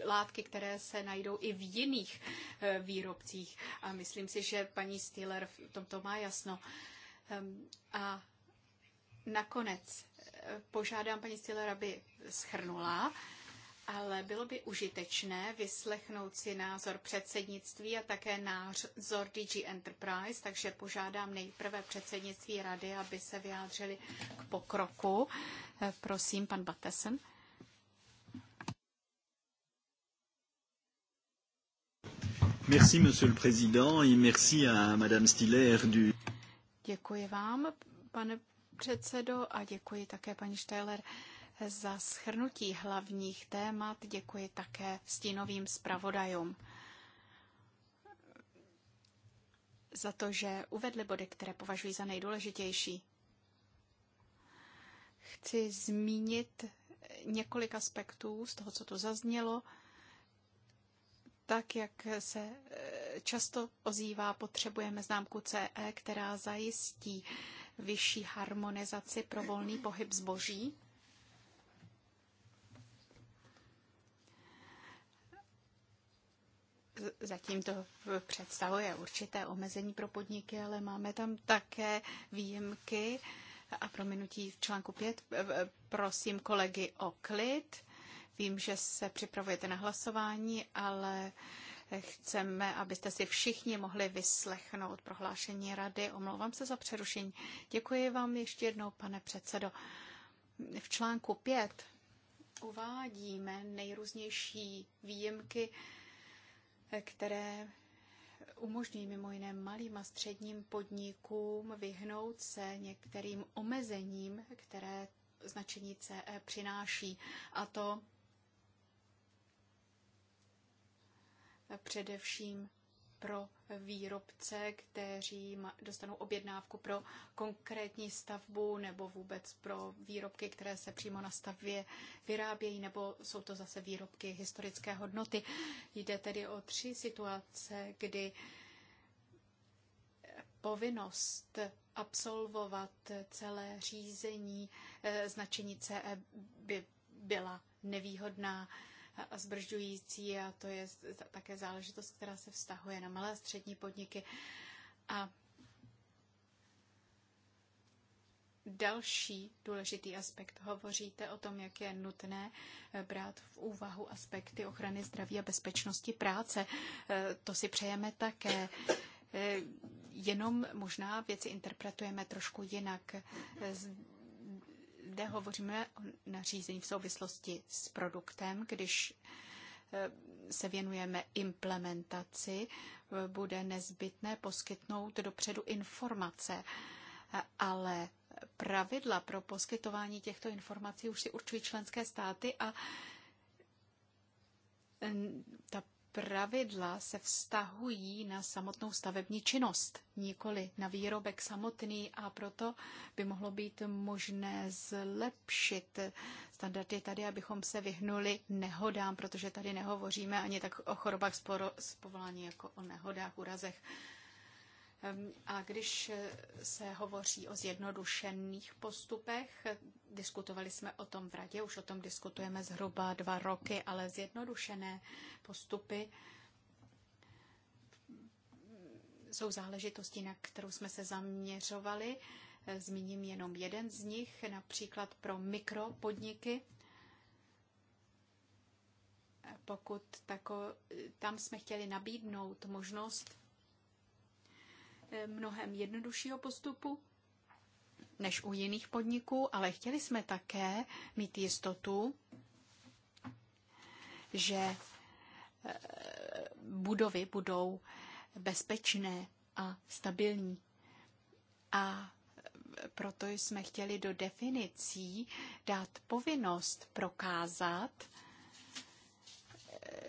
látky, které se najdou i v jiných eh, výrobcích. A myslím si, že paní Stiller v tomto má jasno. Ehm, a nakonec eh, požádám paní Stiller, aby schrnula ale bylo by užitečné vyslechnout si názor předsednictví a také názor DG Enterprise, takže požádám nejprve předsednictví rady, aby se vyjádřili k pokroku. Eh, prosím, pan Batesen. Merci, monsieur le président, et merci à madame Stiller du... Děkuji vám, pane předsedo, a děkuji také paní Steiler. Uh, za schrnutí hlavních témat. Děkuji také stínovým zpravodajům za to, že uvedli body, které považuji za nejdůležitější. Chci zmínit několik aspektů z toho, co tu zaznělo, tak jak se e, často ozývá, potřebujeme známku CE, která zajistí vyšší harmonizaci pro volný pohyb zboží Zatím to představuje určité omezení pro podniky, ale máme tam také výjimky a prominutí v článku 5. Eh, eh, prosím kolegy o klid. Vím, že se připravujete na hlasování, ale chceme, abyste si všichni mohli vyslechnout prohlášení rady. Omlouvám se za přerušení. Děkuji vám ještě jednou, pane předsedo. V článku 5 uvádíme nejrůznější výjimky které umožňují mimo jiné malým a středním podnikům vyhnout se některým omezením, které značení CE přináší. A to především pro výrobce, kteří dostanou objednávku pro konkrétní stavbu nebo vůbec pro výrobky, které se přímo na stavbě vyrábějí, nebo jsou to zase výrobky historické hodnoty. Jde tedy o tři situace, kdy povinnost absolvovat celé řízení eh, značení CE by byla nevýhodná a zbržďující a to je také záležitost, která se vztahuje na malé a střední podniky. A Další důležitý aspekt. Hovoříte o tom, jak je nutné eh, brát v úvahu aspekty ochrany zdraví a bezpečnosti práce. Eh, to si přejeme také. Eh, jenom možná věci interpretujeme trošku jinak zde hovoříme o nařízení v souvislosti s produktem, když eh, se věnujeme implementaci, eh, bude nezbytné poskytnout dopředu informace, eh, ale pravidla pro poskytování těchto informací už si určují členské státy a ta pravidla se vztahují na samotnou stavební činnost, nikoli na výrobek samotný a proto by mohlo být možné zlepšit standardy tady, abychom se vyhnuli nehodám, protože tady nehovoříme ani tak o chorobách z povolání jako o nehodách, urazech. A když se hovoří o zjednodušených postupech, diskutovali jsme o tom v radě, už o tom diskutujeme zhruba dva roky, ale zjednodušené postupy jsou záležitosti, na kterou jsme se zaměřovali. E, zmíním jenom jeden z nich, například pro mikropodniky. E, pokud tako, e, tam jsme chtěli nabídnout možnost E, mnohem jednoduššího postupu než u jiných podniků, ale chtěli jsme také mít jistotu, že e, budovy budou bezpečné a stabilní. A proto jsme chtěli do definicí dát povinnost prokázat,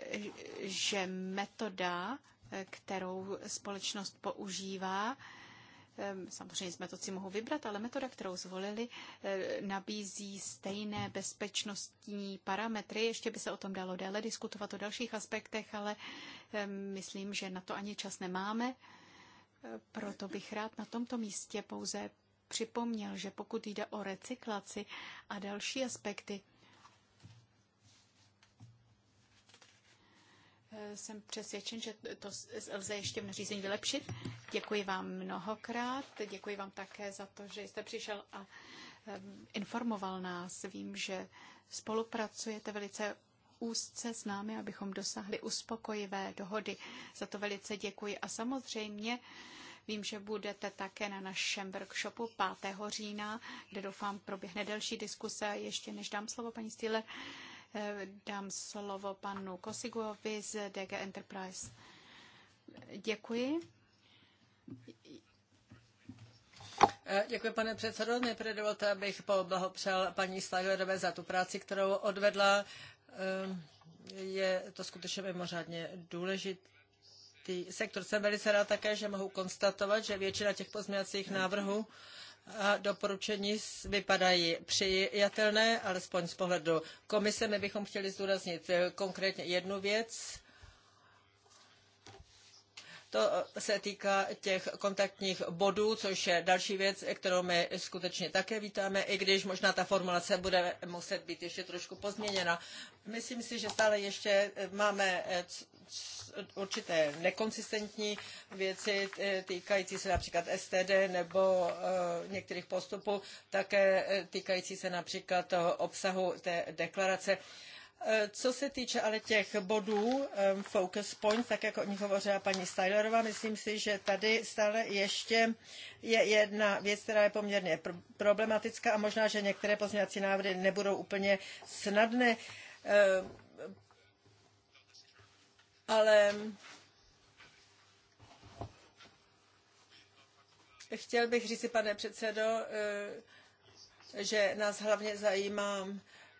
e, že metoda kterou společnost používá. Samozřejmě si mohou vybrat, ale metoda, kterou zvolili, eh, nabízí stejné bezpečnostní parametry. Ještě by se o tom dalo déle diskutovat o dalších aspektech, ale myslím, že na to ani čas nemáme. Eh, proto bych rád na tomto místě pouze připomněl, že pokud jde o recyklaci a další aspekty, jsem přesvědčen, že to lze ještě v nařízení vylepšit. Děkuji vám mnohokrát, děkuji vám také za to, že jste přišel a informoval nás. Vím, že spolupracujete velice úzce s námi, abychom dosáhli uspokojivé dohody. Za to velice děkuji a samozřejmě Vím, že budete také na našem workshopu 5. října, kde doufám proběhne delší diskuse. Ještě než dám slovo paní Stýler, Dám slovo panu Kosiguovi z DG Enterprise. Děkuji. Děkuji, pane předsedo. Nejprve dovolte, abych poblahopřel paní Slagerové za tu práci, kterou odvedla. Eh, je to skutečně mimořádně důležité sektor. Jsem velice rád také, že mohu konstatovat, že většina těch pozměňovacích návrhů doporučení vypadají přijatelné, alespoň z pohledu komise. My bychom chtěli zdůraznit eh, konkrétně jednu věc. To eh, se týká těch kontaktních bodů, což je další věc, kterou my skutečně také vítáme, i když možná ta formulace bude muset být ještě trošku pozměněna. Myslím si, že stále ještě eh, máme určité nekonsistentní věci týkající se například STD nebo eh, některých postupů, také eh, týkající se například obsahu té deklarace. Eh, co se týče ale těch bodů focus point, tak jako o nich hovořila paní Stylerová, myslím si, že tady stále ještě je jedna věc, která je poměrně problematická a možná, že některé pozměňovací návrhy nebudou úplně snadné ale chtěl bych říci, pane předsedo, eh, že nás hlavně zajímá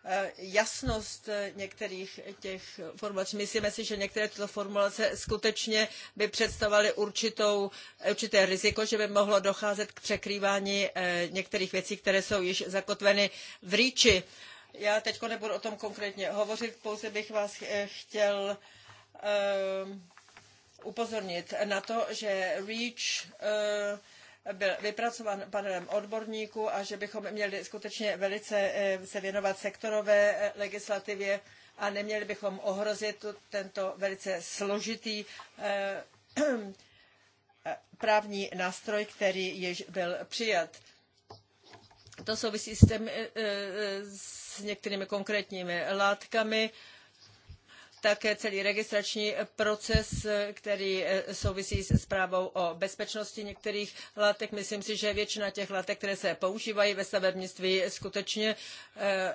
eh, jasnost některých těch formulací. Myslíme si, že některé tyto formulace skutečně by představovaly určitou, určité riziko, že by mohlo docházet k překrývání eh, některých věcí, které jsou již zakotveny v říči. Já teď nebudu o tom konkrétně hovořit, pouze bych vás chtěl Eh, upozornit na to, že REACH eh, byl vypracován panelem odborníků a že bychom měli skutečně velice eh, se věnovat sektorové legislativě a neměli bychom ohrozit tento velice složitý právní nástroj, který již byl přijat. To souvisí s, těmi, s některými konkrétními látkami, také celý registrační proces, který eh, souvisí se zprávou o bezpečnosti některých látek. Myslím si, že většina těch látek, které se používají ve stavebnictví, skutečně eh,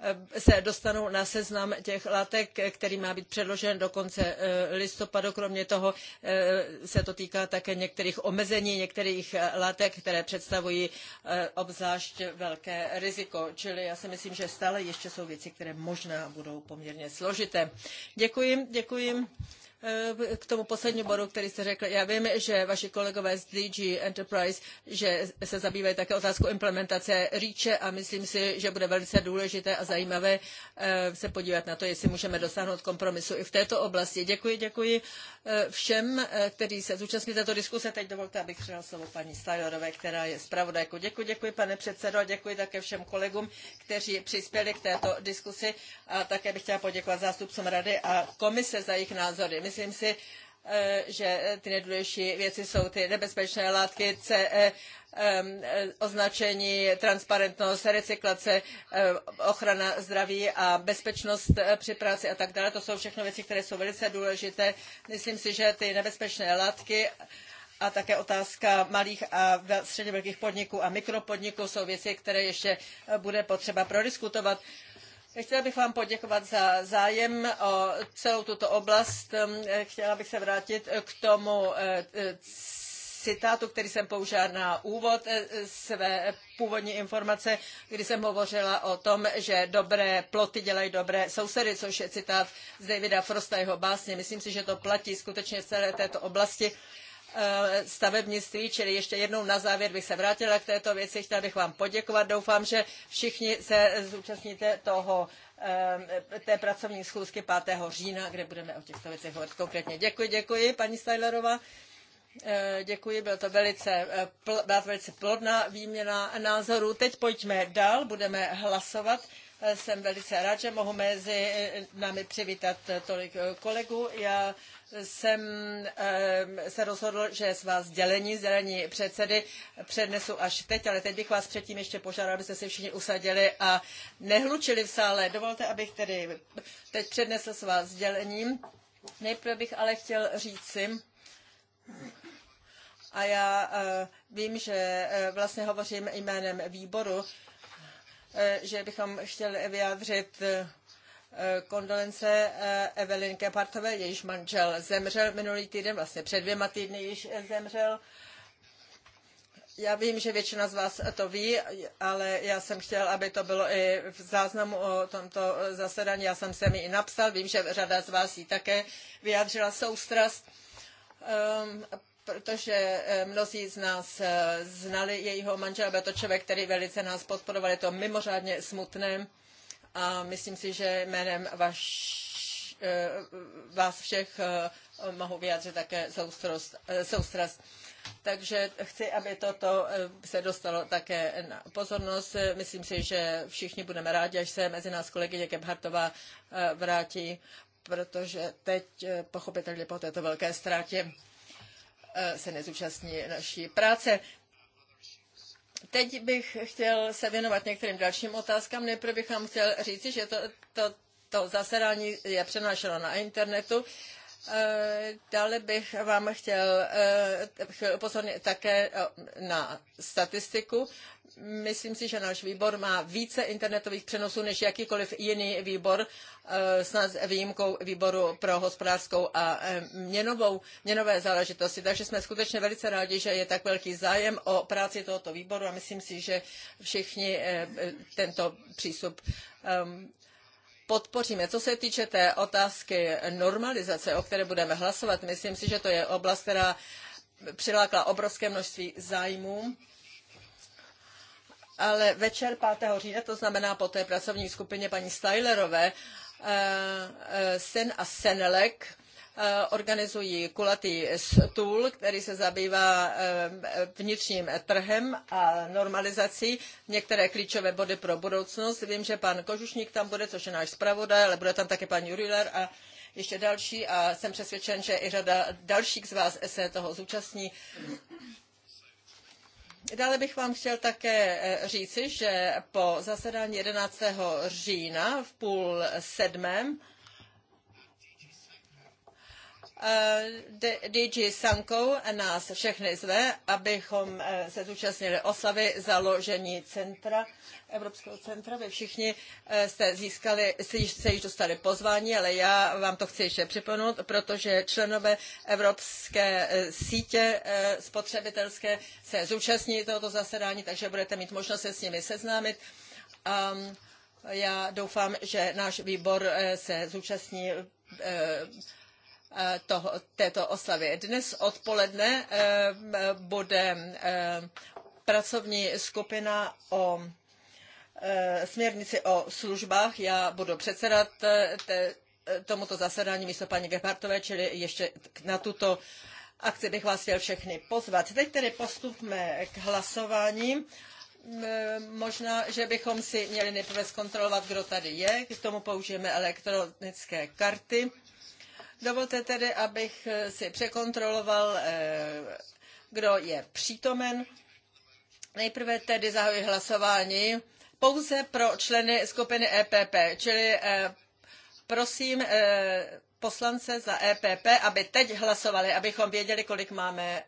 Eh, se dostanou na seznam těch látek, který má být předložen do konce eh, listopadu. Kromě toho eh, se to týká také některých omezení, některých látek, které představují obzvlášť velké riziko. Čili já si myslím, že stále ještě jsou věci, které možná budou poměrně složité. Děkuji, děkuji. Eh, k tomu poslednímu bodu, který jste řekl. Já vím, že vaši kolegové z DG Enterprise, že se zabývají také otázkou implementace REACHE a myslím si, že bude velice důležité a zajímavé eh, se podívat na to, jestli můžeme dosáhnout kompromisu i v této oblasti. Děkuji, děkuji eh, všem, kteří se zúčastnili této diskuse. Teď dovolte, abych předal slovo paní Stajlerové, která je zpravodajkou. Děkuji, děkuji, pane předsedo, a děkuji také všem kolegům, kteří přispěli k této diskusi a také bych chtěla poděkovat zástupcům rady a komise za jejich názory myslím si, eh, že ty nejdůležitější věci jsou ty nebezpečné látky, CE, eh, eh, označení, transparentnost, recyklace, ochrana zdraví a bezpečnost při práci a tak dále. To jsou všechno věci, které jsou velice důležité. Myslím si, že ty nebezpečné látky a také otázka malých a středně velkých podniků a mikropodniků jsou věci, které ještě bude potřeba prodiskutovat. Chtěla bych vám poděkovat za zájem o celou tuto oblast. Chtěla bych se vrátit k tomu eh, eh, citátu, který jsem použila na úvod eh, své původní informace, kdy jsem hovořila o tom, že dobré ploty dělají dobré sousedy, což je citát z Davida Frosta jeho básně. Myslím si, že to platí skutečně v celé této oblasti Eh, stavebnictví, čili ještě jednou na závěr bych se vrátila k této věci. Chtěla bych vám poděkovat. Doufám, že všichni se zúčastníte toho, eh, té pracovní schůzky 5. října, kde budeme o těchto věcech hovořit konkrétně. Děkuji, děkuji, paní Stajlerová. Eh, děkuji, byla to velice, byla to velice plodná výměna názorů. Teď pojďme dál, budeme hlasovat. Jsem velice rád, že mohu mezi námi přivítat tolik kolegů. Já jsem se rozhodl, že z vás dělení, sdělení předsedy přednesu až teď, ale teď bych vás předtím ještě požádal, abyste se všichni usadili a nehlučili v sále. Dovolte, abych tedy teď přednesl s vás sdělením. Nejprve bych ale chtěl říci, a já eh, vím, že eh, vlastně hovořím jménem výboru, Eh, že bychom chtěli vyjádřit eh, kondolence eh, Evelyn Kepartové, jejíž manžel zemřel minulý týden, vlastně před dvěma týdny již zemřel. Já vím, že většina z vás to ví, ale já jsem chtěl, aby to bylo i v záznamu o tomto zasedání. Já jsem se mi i napsal, vím, že řada z vás ji také vyjádřila soustrast. Ehm, protože eh, mnozí z nás eh, znali jejího manžela, byl to člověk, který velice nás podporoval, je to mimořádně smutné a myslím si, že jménem vaš, eh, vás všech mohu vyjádřit také soustrost, soustrast. Takže chci, aby toto se dostalo také na pozornost. Myslím si, že všichni budeme rádi, až se mezi nás kolegyně Gebhartová vrátí, protože teď pochopitelně po této velké ztrátě Eh, se nezúčastní naší práce. Teď bych chtěl se věnovat některým dalším otázkám. Nejprve bych vám chtěl říci, že to, to, to zasedání je přenášeno na internetu Dále bych vám chtěl, eh, chtěl upozornit také eh, na statistiku. Myslím si, že náš výbor má více internetových přenosů než jakýkoliv jiný výbor, eh, snad s výjimkou výboru pro hospodářskou a měnovou, měnové záležitosti. Takže jsme skutečně velice rádi, že je tak velký zájem o práci tohoto výboru a myslím si, že všichni tento přístup ehm, podpoříme. Co se týče té otázky normalizace, o které budeme hlasovat, myslím si, že to je oblast, která přilákla obrovské množství zájmů. Ale večer 5. října, to znamená po té pracovní skupině paní Stylerové, eh, eh, Sen a Senelek Eh, organizují kulatý stůl, který se zabývá eh, vnitřním trhem a normalizací, některé klíčové body pro budoucnost. Vím, že pan Kožušník tam bude, což je náš zpravodaj, ale bude tam také pan Juriler a ještě další a jsem přesvědčen, že i řada dalších z vás se toho zúčastní. Dále bych vám chtěl také eh, říci, že po zasedání 11. října v půl sedmém Eh, DG Sankou nás všechny zve, abychom eh, se zúčastnili oslavy založení centra, Evropského centra. Vy všichni eh, jste získali, se již dostali pozvání, ale já vám to chci ještě připomenout, protože členové Evropské sítě spotřebitelské se zúčastní tohoto zasedání, takže budete mít možnost se s nimi seznámit. Ehm, já doufám, že náš výbor se zúčastní Eh, toho, této oslavě. Dnes odpoledne eh, bude eh, pracovní skupina o směrnici o službách. Já budu předsedat té, tomuto zasedání místo paní Gepartové, čili ještě na tuto akci bych vás chtěl všechny pozvat. Teď tedy postupme k hlasování. Možná, že bychom si měli nejprve zkontrolovat, kdo tady je. K tomu použijeme elektronické karty. Dovolte tedy, abych si překontroloval, eh, kdo je přítomen. Nejprve tedy zahajuji hlasování pouze pro členy skupiny EPP, čili eh, prosím eh, poslance za EPP, aby teď hlasovali, abychom věděli, kolik máme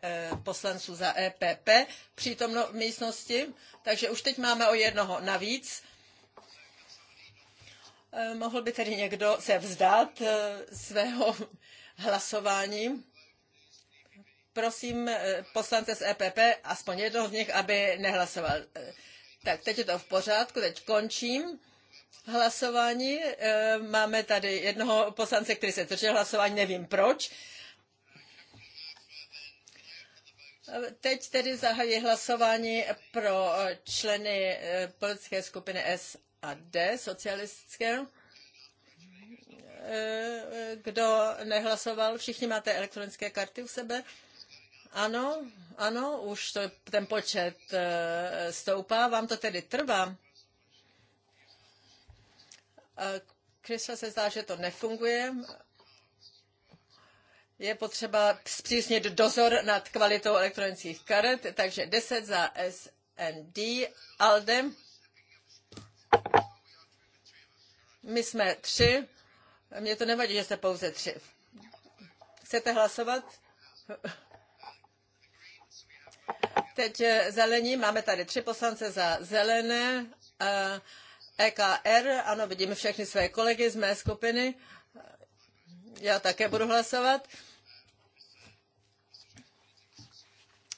poslanců za EPP přítomno v místnosti. Takže už teď máme o jednoho navíc. Eh, mohl by tedy někdo se vzdát eh, svého hlasování? Prosím eh, poslance z EPP, aspoň jednoho z nich, aby nehlasoval. Tak, teď je to v pořádku, teď končím hlasování. Máme tady jednoho poslance, který se držel hlasování, nevím proč. Teď tedy zahajuji hlasování pro členy politické skupiny S a D socialistického. E, kdo nehlasoval, všichni máte elektronické karty u sebe. Ano, ano, už to, ten počet e, stoupá, vám to tedy trvá. E, Krysla se zdá, že to nefunguje. Je potřeba zpřísnit dozor nad kvalitou elektronických karet, takže 10 za SND, ALDE. My jsme tři. Mně to nevadí, že jste pouze tři. Chcete hlasovat? Teď eh, zelení, máme tady tři poslance za zelené, EKR, eh, e ano, vidím všechny své kolegy z mé skupiny. Já také budu hlasovat.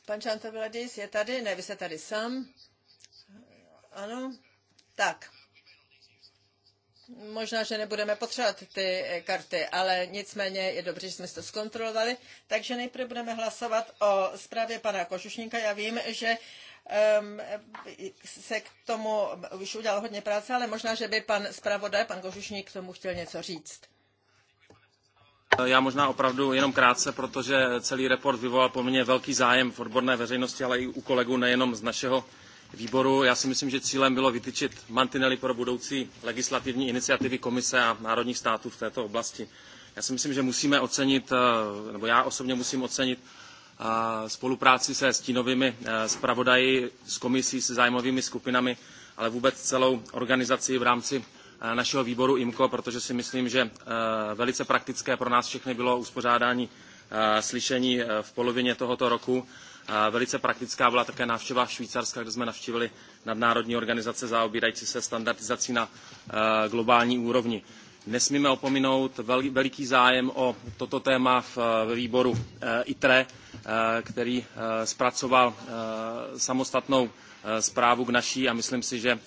Pan Čantovladis je tady, ne, vy jste tady sám. Ano. Tak. Možná, že nebudeme potřebovat ty eh, karty, ale nicméně je dobře, že jsme to zkontrolovali. Takže nejprve budeme hlasovat o zprávě pana Košušníka. Já vím, že um, se k tomu už udělal hodně práce, ale možná, že by pan zpravodaj, pan Košušník, k tomu chtěl něco říct. Eh, já možná opravdu jenom krátce, protože celý report vyvolal po mně velký zájem v odborné veřejnosti, ale i u kolegů nejenom z našeho výboru. Já si myslím, že cílem bylo vytyčit mantinely pro budoucí legislativní iniciativy komise a národních států v této oblasti. Já si myslím, že musíme ocenit, eh, nebo já osobně musím ocenit eh, spolupráci se stínovými eh, zpravodaji, s komisí, se zájmovými skupinami, ale vůbec celou organizaci v rámci našeho výboru IMCO, protože si myslím, že velice praktické pro nás všechny bylo uspořádání slyšení v polovině tohoto roku Velice praktická byla také návštěva Švýcarska, kde jsme navštívili nadnárodní organizace zaobírající se standardizací na eh, globální úrovni. Nesmíme opominout veliký zájem o toto téma eh, ve výboru eh, ITRE, který zpracoval samostatnou zprávu k naší a myslím si, že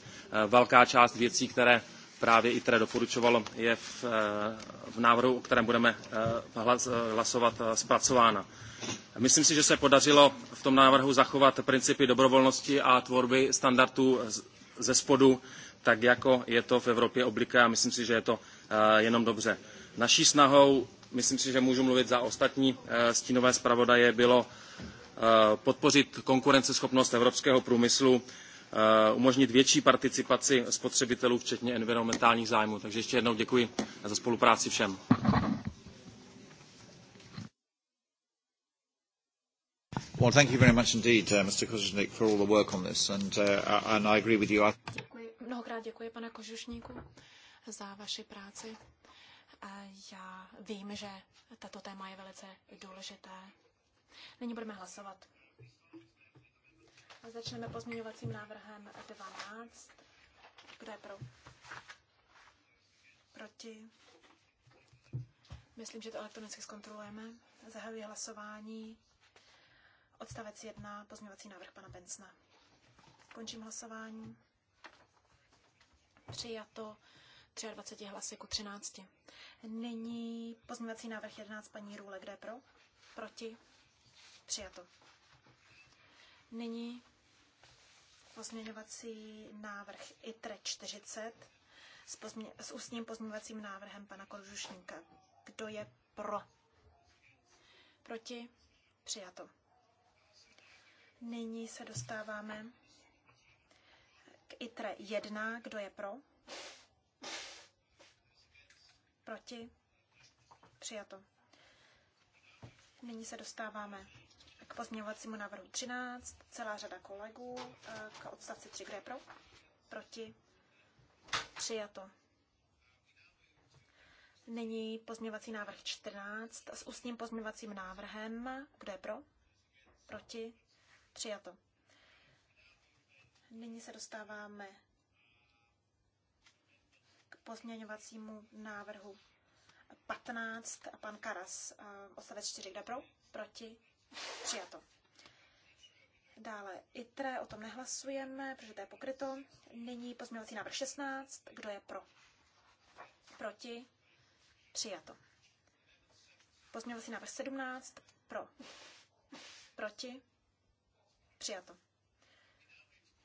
velká část věcí, které právě ITRE doporučovalo, je v, eh, v návrhu, o kterém budeme eh, eh, hlasovat, zpracována. Myslím si, že se podařilo v tom návrhu zachovat principy dobrovolnosti a tvorby standardů ze spodu, tak jako je to v Evropě obliké a myslím si, že je to jenom dobře. Naší snahou, myslím si, že můžu mluvit za ostatní stínové zpravodaje, bylo podpořit konkurenceschopnost evropského průmyslu Eh, umožnit větší participaci spotřebitelů, včetně environmentálních zájmů. Takže ještě jednou děkuji za spolupráci všem. Well, thank you very much indeed, uh, Mr. Kozušnik, for all the work on this, and, uh, and I agree with you. Děkuji, mnohokrát děkuji, pane Kožušníku, za vaši práci. Já vím, že tato téma je velice důležité. Nyní budeme hlasovat. Začneme pozměňovacím návrhem 12. Kdo je pro? Proti? Myslím, že to elektronicky zkontrolujeme. Zahajuji hlasování. Odstavec 1, pozměňovací návrh pana Bencna. Končím hlasování. Přijato 23 hlasy ku 13. Nyní pozměňovací návrh 11 paní Růle. Kde pro? Proti? Přijato. Nyní pozměňovací návrh ITRE 40 s, pozmě, s ústním pozměňovacím návrhem pana Kožušníka. Kdo je pro? Proti? Přijato. Nyní se dostáváme k ITRE 1. Kdo je pro? Proti? Přijato. Nyní se dostáváme pozměňovacímu návrhu 13, celá řada kolegů eh, k odstavci 3, kde je pro, proti, přijato. Nyní pozměňovací návrh 14 s ústním pozměňovacím návrhem, kde je pro, proti, přijato. Nyní se dostáváme k pozměňovacímu návrhu 15 a pan Karas, eh, odstavec 4, kde je pro, proti, Přijato. Dále ITRE, o tom nehlasujeme, protože to je pokryto. Nyní pozměňovací návrh 16. Kdo je pro? Proti? Přijato. Pozměňovací návrh 17. Pro. Proti? Přijato.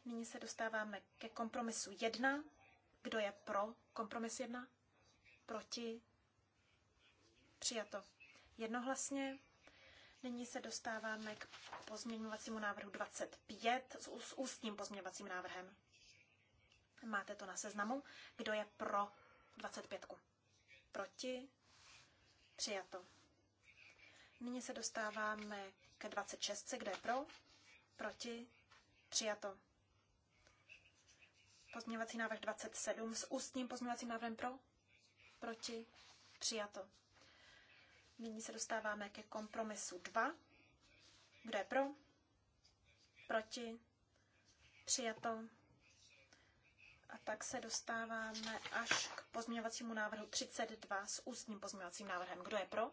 Nyní se dostáváme ke kompromisu 1. Kdo je pro kompromis 1? Proti? Přijato. Jednohlasně. Nyní se dostáváme k pozměňovacímu návrhu 25 s, s ústním pozměňovacím návrhem. Máte to na seznamu. Kdo je pro 25? -ku? Proti? Přijato. Nyní se dostáváme ke 26. Kdo je pro? Proti? Přijato. Pozměňovací návrh 27 s ústním pozměňovacím návrhem pro? Proti? Přijato. Nyní se dostáváme ke kompromisu 2. Kdo je pro? Proti? Přijato? A tak se dostáváme až k pozměňovacímu návrhu 32 s ústním pozměňovacím návrhem. Kdo je pro?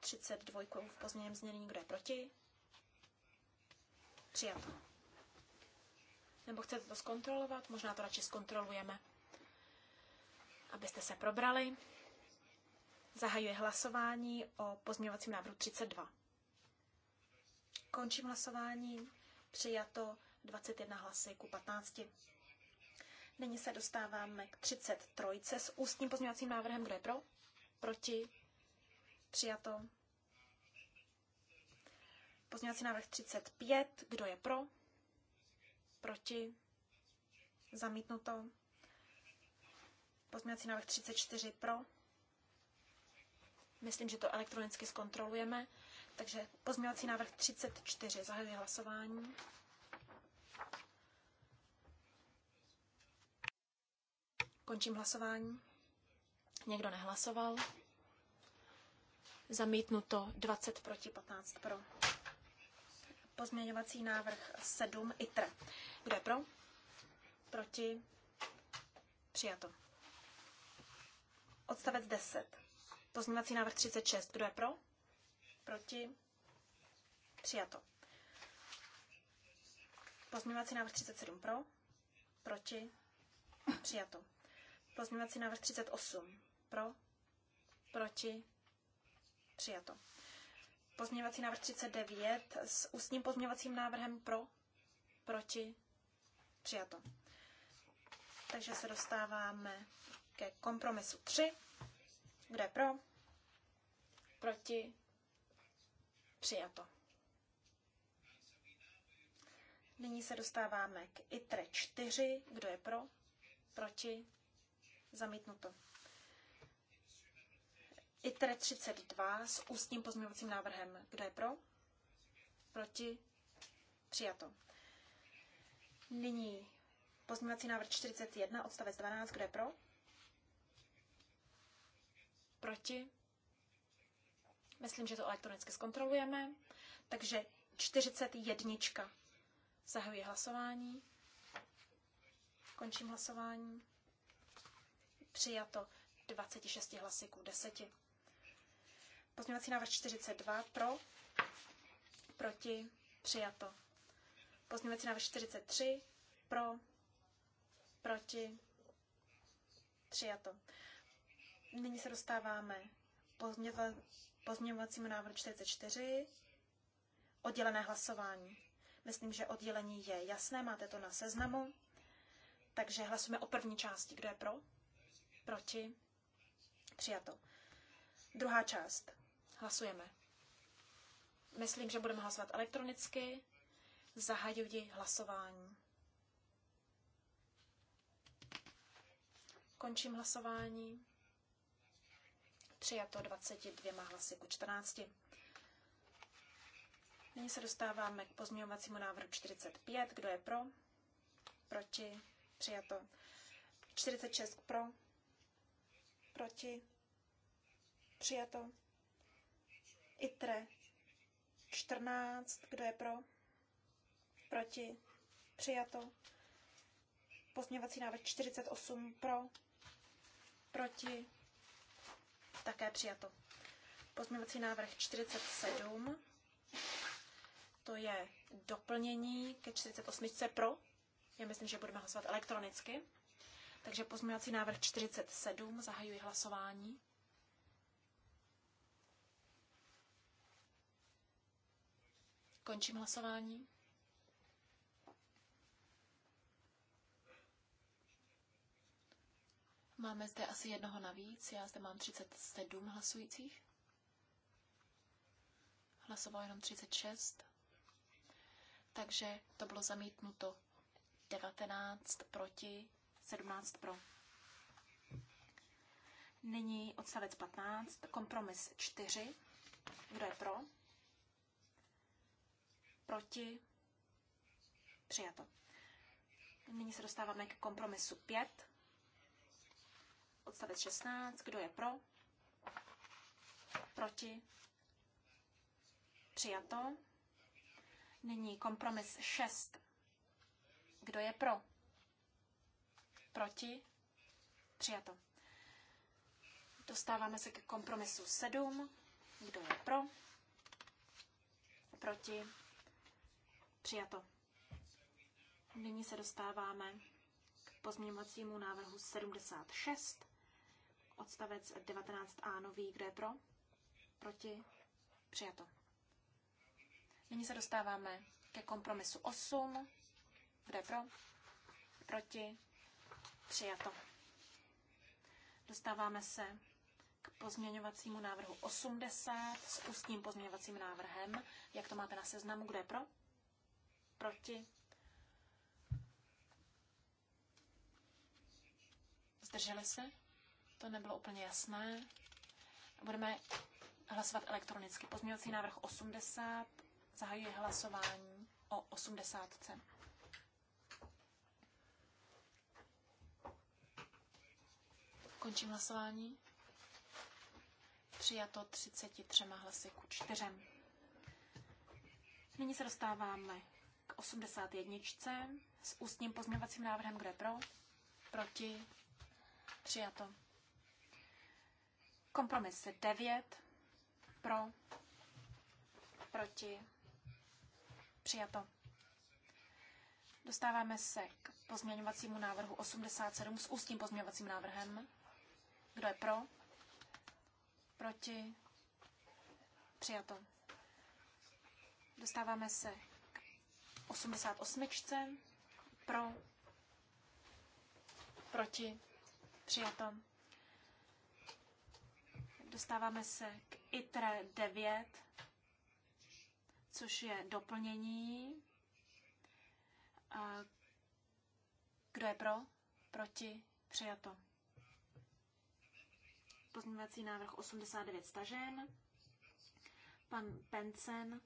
32 v pozměněném znění. Kdo je proti? Přijato. Nebo chcete to zkontrolovat? Možná to radši zkontrolujeme, abyste se probrali. Zahajuje hlasování o pozměňovacím návrhu 32. Končím hlasování. Přijato 21 hlasy ku 15. Nyní se dostáváme k 33 s ústním pozměňovacím návrhem. Kdo je pro? Proti? Přijato. Pozměňovací návrh 35. Kdo je pro? Proti? Zamítnuto. Pozměňovací návrh 34 pro? Myslím, že to elektronicky zkontrolujeme. Takže pozměňovací návrh 34. Zahajuji hlasování. Končím hlasování. Někdo nehlasoval. Zamítnuto 20 proti 15 pro. Pozměňovací návrh 7 ITRE. Kdo je pro? Proti? Přijato. Odstavec 10. Pozměňovací návrh 36. Kdo je pro? Proti? Přijato. Pozměňovací návrh 37 pro? Proti? Přijato. Pozměňovací návrh 38 pro? Proti? Přijato. Pozměňovací návrh 39 s ústním pozměňovacím návrhem pro? Proti? Přijato. Takže se dostáváme ke kompromisu 3. Kdo je pro? Proti? Přijato. Nyní se dostáváme k ITRE 4. Kdo je pro? Proti? Zamítnuto. ITRE 32 s ústním pozměňovacím návrhem. Kdo je pro? Proti? Přijato. Nyní pozměňovací návrh 41, odstavec 12. Kdo je pro? Proti? Myslím, že to elektronicky zkontrolujeme. Takže 41. Zahajuji hlasování. Končím hlasování. Přijato 26 hlasy ku 10. Pozměňovací návrh 42 pro, proti, přijato. Pozměňovací návrh 43 pro, proti, přijato. Nyní se dostáváme pozměva, pozměňovacímu návrhu 44, oddělené hlasování. Myslím, že oddělení je jasné, máte to na seznamu. Takže hlasujeme o první části. Kdo je pro? Proti? Přijato. Druhá část. Hlasujeme. Myslím, že budeme hlasovat elektronicky. Zahajuji hlasování. Končím hlasování. Přijato 22 hlasy ku 14. Nyní se dostáváme k pozměňovacímu návrhu 45. Kdo je pro? Proti? Přijato. 46 pro? Proti? Přijato. ITRE 14. Kdo je pro? Proti? Přijato. Pozměňovací návrh 48 pro? Proti? Také přijato. Pozměňovací návrh 47. To je doplnění ke 48. pro. Já myslím, že budeme hlasovat elektronicky. Takže pozměňovací návrh 47. Zahajuji hlasování. Končím hlasování. Máme zde asi jednoho navíc, já zde mám 37 hlasujících. Hlasovalo jenom 36. Takže to bylo zamítnuto 19 proti, 17 pro. Nyní odstavec 15, kompromis 4. Kdo je pro? Proti? Přijato. Nyní se dostáváme k kompromisu 5. Odstavec 16. Kdo je pro? Proti? Přijato. Nyní kompromis 6. Kdo je pro? Proti? Přijato. Dostáváme se k kompromisu 7. Kdo je pro? Proti? Přijato. Nyní se dostáváme k pozměňovacímu návrhu 76. Odstavec 19a nový, kdo je pro? Proti? Přijato. Nyní se dostáváme ke kompromisu 8. Kdo je pro? Proti? Přijato. Dostáváme se k pozměňovacímu návrhu 80 s ústním pozměňovacím návrhem. Jak to máte na seznamu? Kdo je pro? Proti? Zdrželi se? To nebylo úplně jasné. Budeme hlasovat elektronicky. Pozměňovací návrh 80. zahajuje hlasování o 80. Končím hlasování. Přijato 33 hlasy ku 4. Nyní se dostáváme k 81. s ústním pozměňovacím návrhem, kde pro, proti, přijato. Kompromis 9 pro, proti, přijato. Dostáváme se k pozměňovacímu návrhu 87 s ústním pozměňovacím návrhem. Kdo je pro? Proti? Přijato. Dostáváme se k 88. Pro? Proti? Přijato. Dostáváme se k ITRE 9, což je doplnění. Kdo je pro? Proti? Přijato. Pozměňovací návrh 89 stažen. Pan Pencen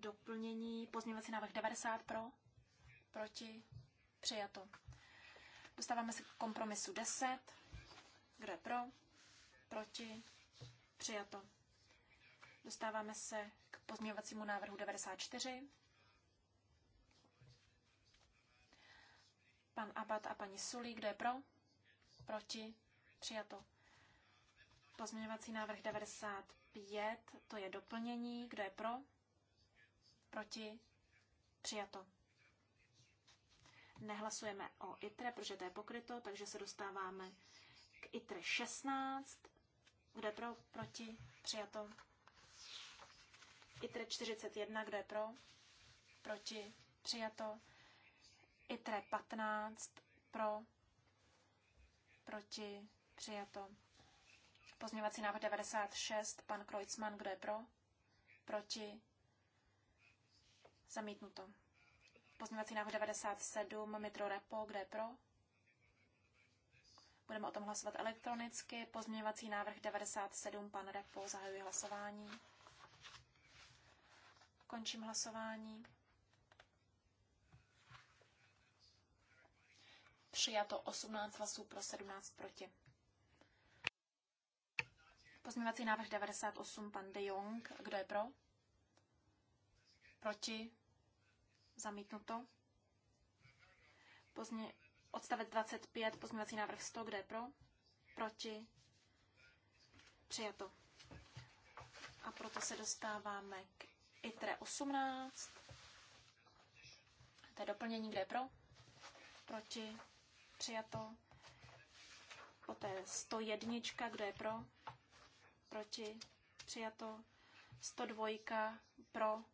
doplnění. Pozměňovací návrh 90 pro? Proti? Přijato. Dostáváme se k kompromisu 10. Kdo je pro? proti, přijato. Dostáváme se k pozměňovacímu návrhu 94. Pan Abad a paní Sulí, kdo je pro? Proti, přijato. Pozměňovací návrh 95, to je doplnění, kdo je pro? Proti, přijato nehlasujeme o ITRE, protože to je pokryto, takže se dostáváme k ITRE 16. Kdo je pro? Proti? Přijato. ITRE 41. Kdo je pro? Proti? Přijato. ITRE 15. Pro? Proti? Přijato. Pozměňovací návrh 96. Pan Kreutzmann. Kdo je pro? Proti? Zamítnuto. Pozměňovací návrh 97. Mitro Repo. Kdo je pro? Budeme o tom hlasovat elektronicky. Pozměňovací návrh 97, pan Repo, zahajuji hlasování. Končím hlasování. Přijato 18 hlasů pro 17 proti. Pozměňovací návrh 98, pan De Jong. Kdo je pro? Proti? Zamítnuto. Pozmě... Odstavec 25, pozměňovací návrh 100, kde je pro? Proti? Přijato. A proto se dostáváme k ITRE 18. To je doplnění, kde je pro? Proti? Přijato. Poté 101, kde je pro? Proti? Přijato. 102, pro?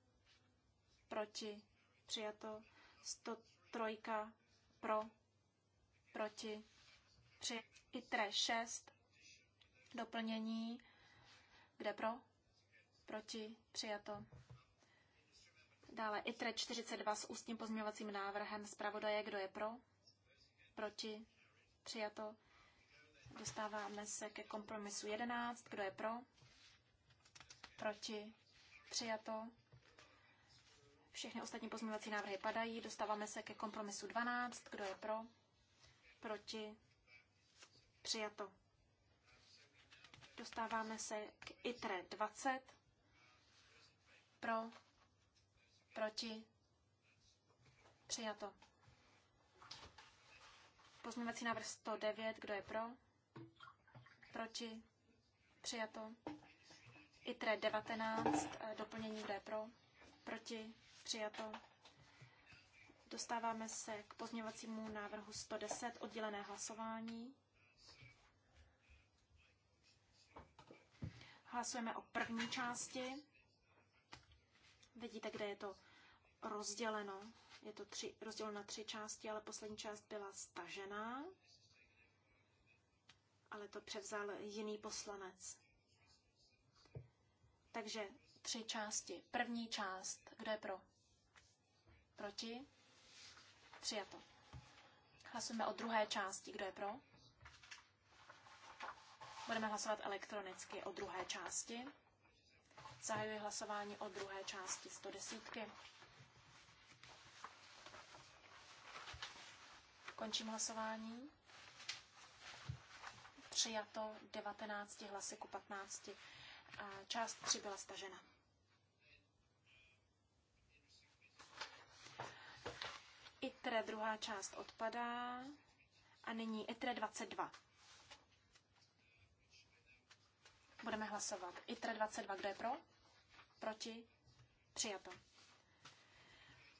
Proti? Přijato. 103, pro? proti, při ITRE 6, doplnění, kde pro, proti, přijato. Dále ITRE 42 s ústním pozměňovacím návrhem zpravodaje, kdo je pro, proti, přijato. Dostáváme se ke kompromisu 11, kdo je pro, proti, přijato. Všechny ostatní pozměňovací návrhy padají. Dostáváme se ke kompromisu 12, kdo je pro, proti, přijato. Dostáváme se k ITRE 20, pro, proti, přijato. Pozměňovací návrh 109, kdo je pro, proti, přijato. ITRE 19, doplnění, kdo je pro, proti, přijato. Dostáváme se k pozměňovacímu návrhu 110, oddělené hlasování. Hlasujeme o první části. Vidíte, kde je to rozděleno. Je to tři, rozděleno na tři části, ale poslední část byla stažená. Ale to převzal jiný poslanec. Takže tři části. První část, kdo je pro? Proti? Přijato. Hlasujeme o druhé části. Kdo je pro? Budeme hlasovat elektronicky o druhé části. Zahajuji hlasování o druhé části 110. Končím hlasování. Přijato 19 hlasy ku 15. Část 3 byla stažena. ITRE druhá část odpadá a nyní ITRE 22. Budeme hlasovat. ITRE 22, kdo je pro? Proti? Přijato.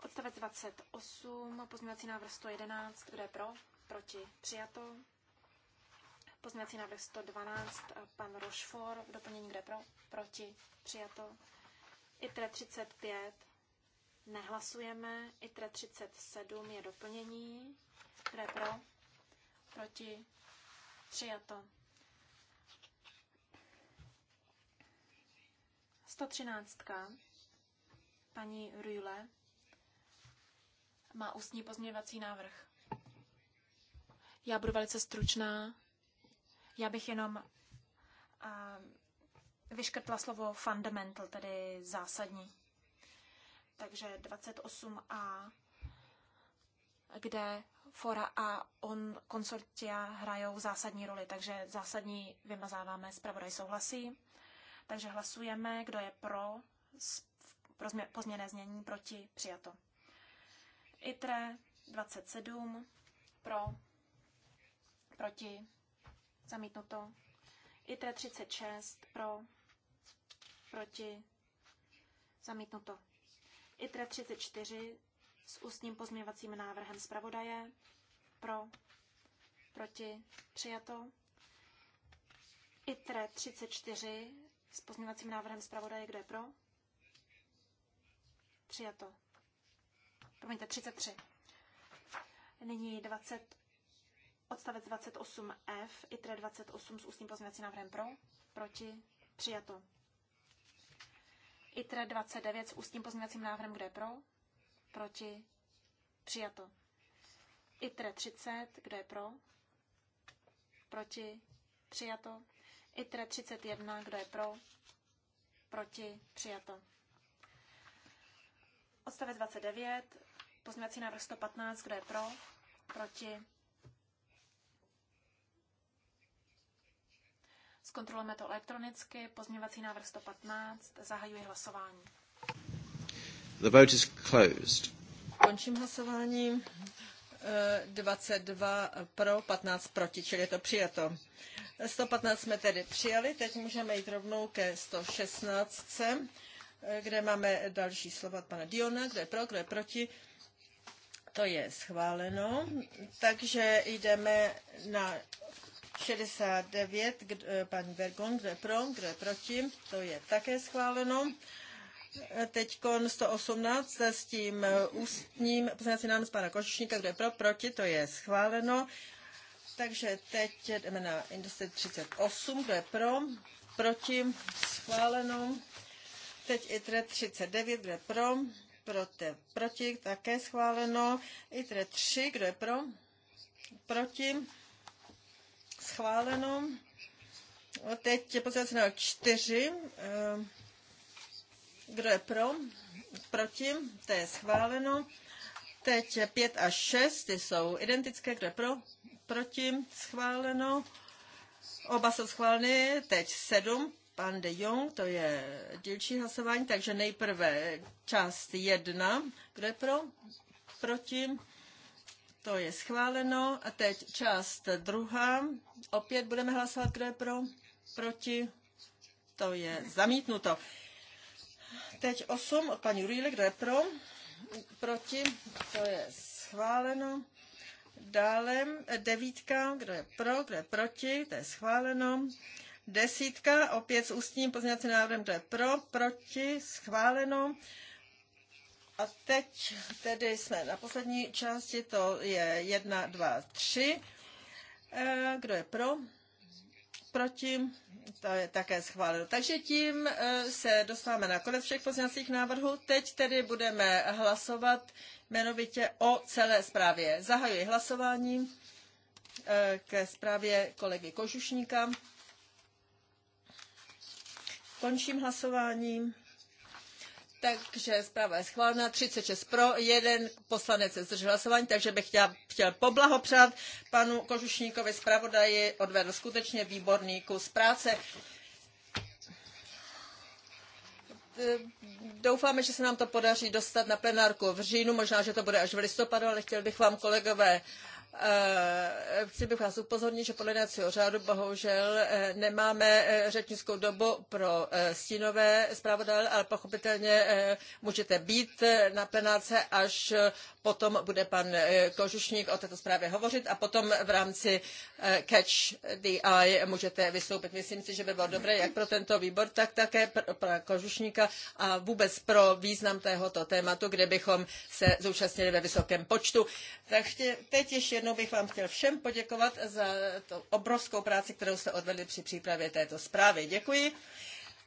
Odstavec 28, pozměňovací návrh 111, kdo je pro? Proti? Přijato. Pozměňovací návrh 112, pan Rochefort, v doplnění kde pro? Proti? Přijato. ITRE 35, Nehlasujeme. ITRE 37 je doplnění. Kdo je pro? Proti? Přijato. 113. Paní Rüle má ústní pozměňovací návrh. Já budu velice stručná. Já bych jenom a, vyškrtla slovo fundamental, tedy zásadní takže 28a, kde fora a on konsortia hrajou zásadní roli, takže zásadní vymazáváme, zpravodaj souhlasí. Takže hlasujeme, kdo je pro, pro změ, pozměné znění, proti, přijato. ITRE 27, pro, proti, zamítnuto. ITRE 36, pro, proti, zamítnuto. ITRE 34 s ústním pozměvacím návrhem zpravodaje pro, proti, přijato. ITRE 34 s pozměvacím návrhem zpravodaje, kdo je pro? Přijato. Promiňte, 33. Nyní 20, odstavec 28F, ITRE 28 s ústním pozměvacím návrhem pro, proti, přijato. ITRA 29 s ústním pozměňovacím návrhem, kdo je pro? Proti? Přijato. ITRE 30, kdo je pro? Proti? Přijato. ITRE 31, kdo je pro? Proti? Přijato. Odstavec 29, pozměňovací návrh 115, kdo je pro? Proti? Zkontrolujeme to elektronicky. Pozměňovací návrh 115. Zahajuji hlasování. The vote is closed. Končím hlasování. 22 eh, pro, 15 proti, čili je to přijato. 115 jsme tedy přijali, teď můžeme jít rovnou ke 116, eh, kde máme další slova od pana Diona, kdo je pro, kdo je proti. To je schváleno, takže jdeme na 69, kdo, eh, paní Bergon, kdo je pro, kdo je proti, to je také schváleno. Teď 118 s tím eh, ústním poznacím nám z pana Košičníka, kdo je pro, proti, to je schváleno. Takže teď jdeme na industrie 38, kdo je pro, proti, schváleno. Teď i 39, kdo je pro, proti, proti, také schváleno. I 3, kdo je pro, proti, schváleno. Teď je pozvací na čtyři. Eh, kdo je pro? Proti? To je schváleno. Teď pět a šest, ty jsou identické. Kdo je pro? Proti? Schváleno. Oba jsou schváleny. Teď sedm. Pan de Jong, to je dílčí hlasování, takže nejprve část jedna. Kdo je pro? Proti? To je schváleno. A teď část druhá. Opět budeme hlasovat, kdo je pro, proti. To je zamítnuto. Teď osm od paní Rýle, kdo je pro, proti. To je schváleno. Dále eh, devítka, kdo je pro, kdo je proti, to je schváleno. Desítka, opět s ústním pozměňovacím návrhem, kdo je pro, proti, schváleno. A teď tedy jsme na poslední části, to je 1, 2, 3. Kdo je pro? Proti? To je také schváleno. Takže tím eh, se dostáváme na konec všech pozměňovacích návrhů. Teď tedy budeme hlasovat jmenovitě o celé zprávě. Zahajuji hlasování eh, ke zprávě kolegy Kožušníka. Končím hlasováním. Takže zpráva je schválena, 36 pro, jeden poslanec se zdržel hlasování, takže bych chtěla, chtěl poblahopřát panu Kožušníkovi zpravodaji, odvedl skutečně výborný kus práce. Doufáme, že se nám to podaří dostat na plenárku v říjnu, možná, že to bude až v listopadu, ale chtěl bych vám, kolegové, Eh, chci bych vás upozornit, že podle jednacího řádu bohužel eh, nemáme eh, řečnickou dobu pro stínové zpravodaje, ale pochopitelně můžete být na plenárce, až potom bude pan eh, Kožušník o této zprávě hovořit a potom v rámci eh, Catch the Eye můžete vystoupit. Myslím si, že by bylo dobré jak pro tento výbor, tak také pro pana Kožušníka a vůbec pro význam tohoto tématu, kde bychom se zúčastnili ve vysokém počtu. Takže teď ještě jednou bych vám chtěl všem poděkovat za to obrovskou práci, kterou jste odvedli při přípravě této zprávy. Děkuji.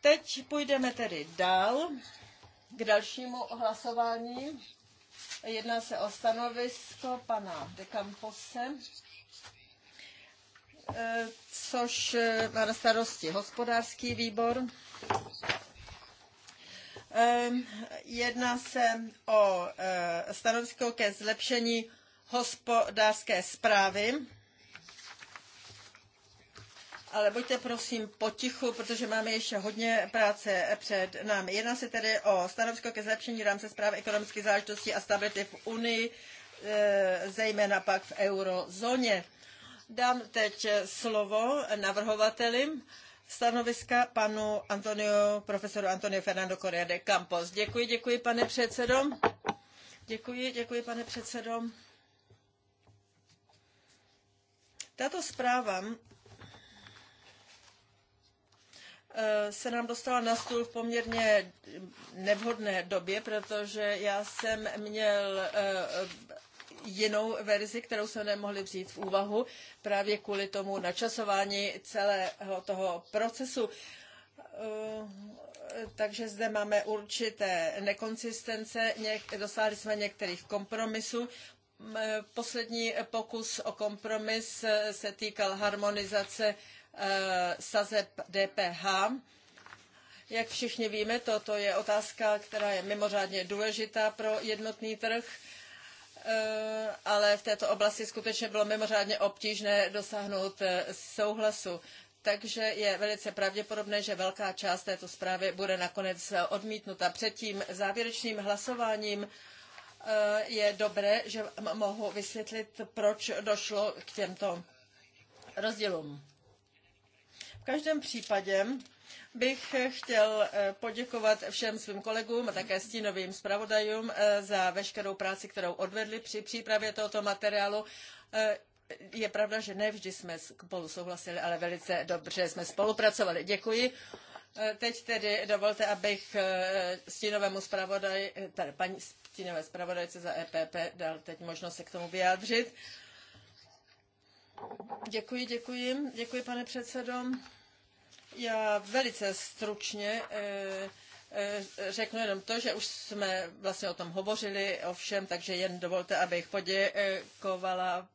Teď půjdeme tedy dál k dalšímu hlasování. Jedná se o stanovisko pana de Campose, eh, což eh, má na starosti hospodářský výbor. Ehm, jedná se o eh, stanovisko ke zlepšení hospodářské zprávy ale buďte prosím potichu, protože máme ještě hodně práce před námi. Jedná se tedy o stanovisko ke zlepšení rámce zpráv ekonomických záležitostí a stability v Unii, eh, zejména pak v eurozóně. Dám teď slovo navrhovateli stanoviska panu Antonio, profesoru Antonio Fernando Correa de Campos. Děkuji, děkuji, pane předsedo. Děkuji, děkuji, pane předsedo. Tato zpráva Eh, se nám dostala na stůl v poměrně nevhodné době, protože já jsem měl eh, jinou verzi, kterou jsme nemohli vzít v úvahu právě kvůli tomu načasování celého toho procesu. Eh, takže zde máme určité nekonsistence, dosáhli jsme některých kompromisů. Poslední pokus o kompromis se týkal harmonizace Eh, sazeb DPH. Jak všichni víme, toto je otázka, která je mimořádně důležitá pro jednotný trh, eh, ale v této oblasti skutečně bylo mimořádně obtížné dosáhnout eh, souhlasu. Takže je velice pravděpodobné, že velká část této zprávy bude nakonec odmítnuta. Před tím závěrečným hlasováním je dobré, že mohu vysvětlit, proč došlo k těmto rozdílům každém případě bych chtěl eh, poděkovat všem svým kolegům a také stínovým zpravodajům eh, za veškerou práci, kterou odvedli při přípravě tohoto materiálu. Eh, je pravda, že ne vždy jsme spolu souhlasili, ale velice dobře jsme spolupracovali. Děkuji. Teď tedy dovolte, abych stínovému zpravodaj, tady paní stínové zpravodajce za EPP dal teď možnost se k tomu vyjádřit. Děkuji, děkuji. Děkuji, pane předsedo. Já velice stručně eh, eh, řeknu jenom to, že už jsme vlastně o tom hovořili, ovšem, takže jen dovolte, abych poděkovala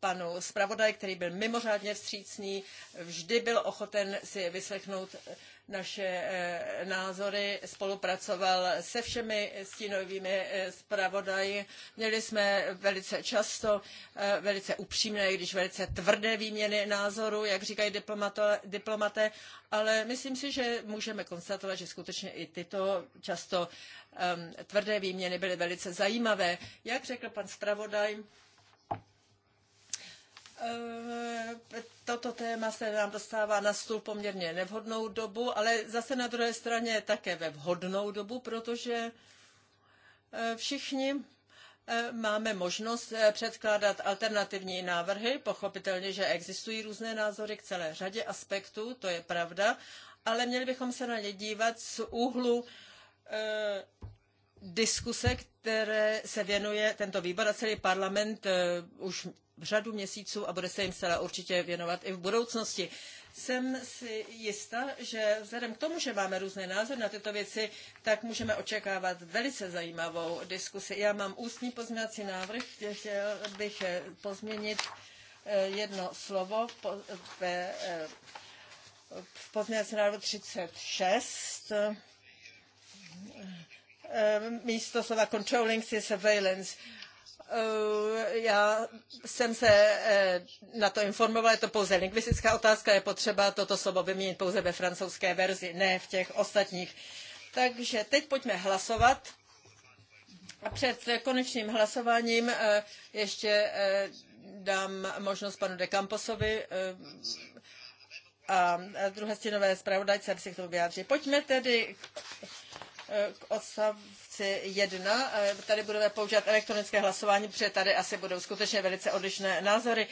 panu zpravodaj, který byl mimořádně vstřícný, vždy byl ochoten si vyslechnout eh, naše eh, názory, spolupracoval se všemi stínovými eh, zpravodaji. Měli jsme velice často eh, velice upřímné, i když velice tvrdé výměny názorů, jak říkají diplomaté, ale myslím si, že můžeme konstatovat, že skutečně i tyto často ehm, tvrdé výměny byly velice zajímavé. Jak řekl pan zpravodaj, Eh, toto téma se nám dostává na stůl poměrně nevhodnou dobu, ale zase na druhé straně také ve vhodnou dobu, protože eh, všichni eh, máme možnost předkládat alternativní návrhy. Pochopitelně, že existují různé názory k celé řadě aspektů, to je pravda, ale měli bychom se na ně dívat z úhlu diskuse, které se věnuje tento výbor a celý parlament eh, už v řadu měsíců a bude se jim zcela určitě věnovat i v budoucnosti. Jsem si jista, že vzhledem k tomu, že máme různé názory na tyto věci, tak můžeme očekávat velice zajímavou diskusi. Já mám ústní pozměňovací návrh, chtěl bych eh, pozměnit eh, jedno slovo v pozměňovacím návrhu 36 Eh, místo slova controlling si surveillance. Eh, já jsem se eh, na to informovala, je to pouze lingvistická otázka, je potřeba toto slovo vyměnit pouze ve francouzské verzi, ne v těch ostatních. Takže teď pojďme hlasovat. A před konečným hlasováním ještě dám možnost panu De Camposovi a druhé stěnové zpravodajce, aby se k tomu vyjádřili. Pojďme tedy k odstavci 1. Eh, tady budeme používat elektronické hlasování, protože tady asi budou skutečně velice odlišné názory.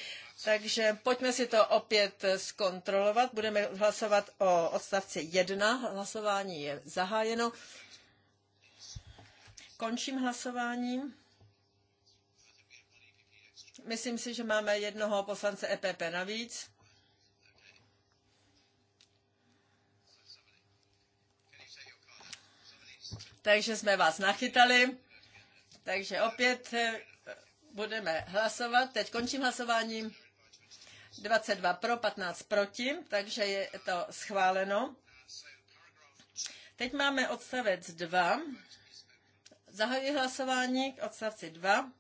Takže pojďme si to opět zkontrolovat. Budeme hlasovat o odstavci 1. Hlasování je zahájeno. Končím hlasováním. Myslím si, že máme jednoho poslance EPP navíc. Takže jsme vás nachytali. Takže opět eh, budeme hlasovat. Teď končím hlasování. 22 pro, 15 proti, takže je to schváleno. Teď máme odstavec 2. Zahajuji hlasování k odstavci 2.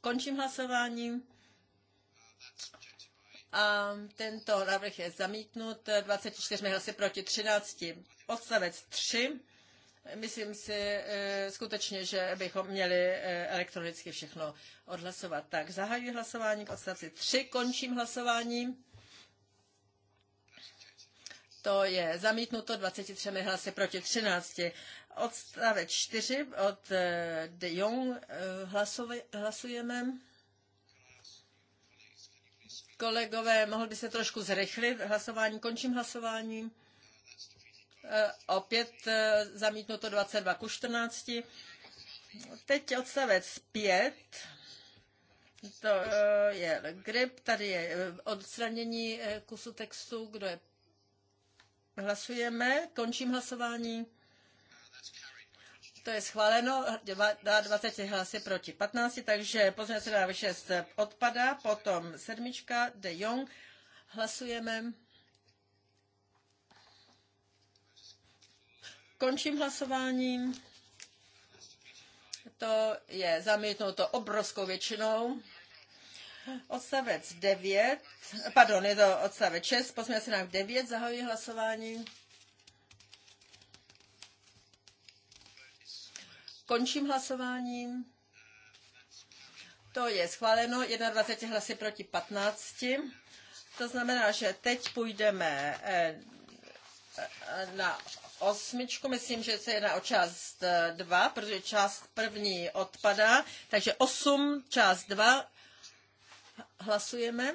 Končím hlasování. A tento návrh je zamítnut 24 hlasy proti 13. Odstavec 3. Myslím si e, skutečně, že bychom měli e, elektronicky všechno odhlasovat. Tak zahajuji hlasování k odstavci 3, končím hlasování. To je zamítnuto 23 hlasy proti 13. Odstavec 4 od e, De Jong hlasujeme. Kolegové, mohl by se trošku zrychlit hlasování? Končím hlasování. E, opět e, zamítnuto 22 ku 14. Teď odstavec 5. To e, je grip, tady je odstranění kusu textu, kdo je. Hlasujeme, končím hlasování to je schváleno, 20 hlasy proti 15, takže pozměňovací návrh 6 odpadá, potom sedmička de Jong, hlasujeme. Končím hlasováním. To je zamítnuto obrovskou většinou. Odstavec 9, pardon, je to odstavec 6, pozměňovací návrh 9, zahajuji hlasování. Končím hlasováním. To je schváleno 21 hlasy proti 15. To znamená, že teď půjdeme eh, na osmičku, myslím, že se jedná o část 2, eh, protože část první odpadá, takže 8, část 2, hlasujeme.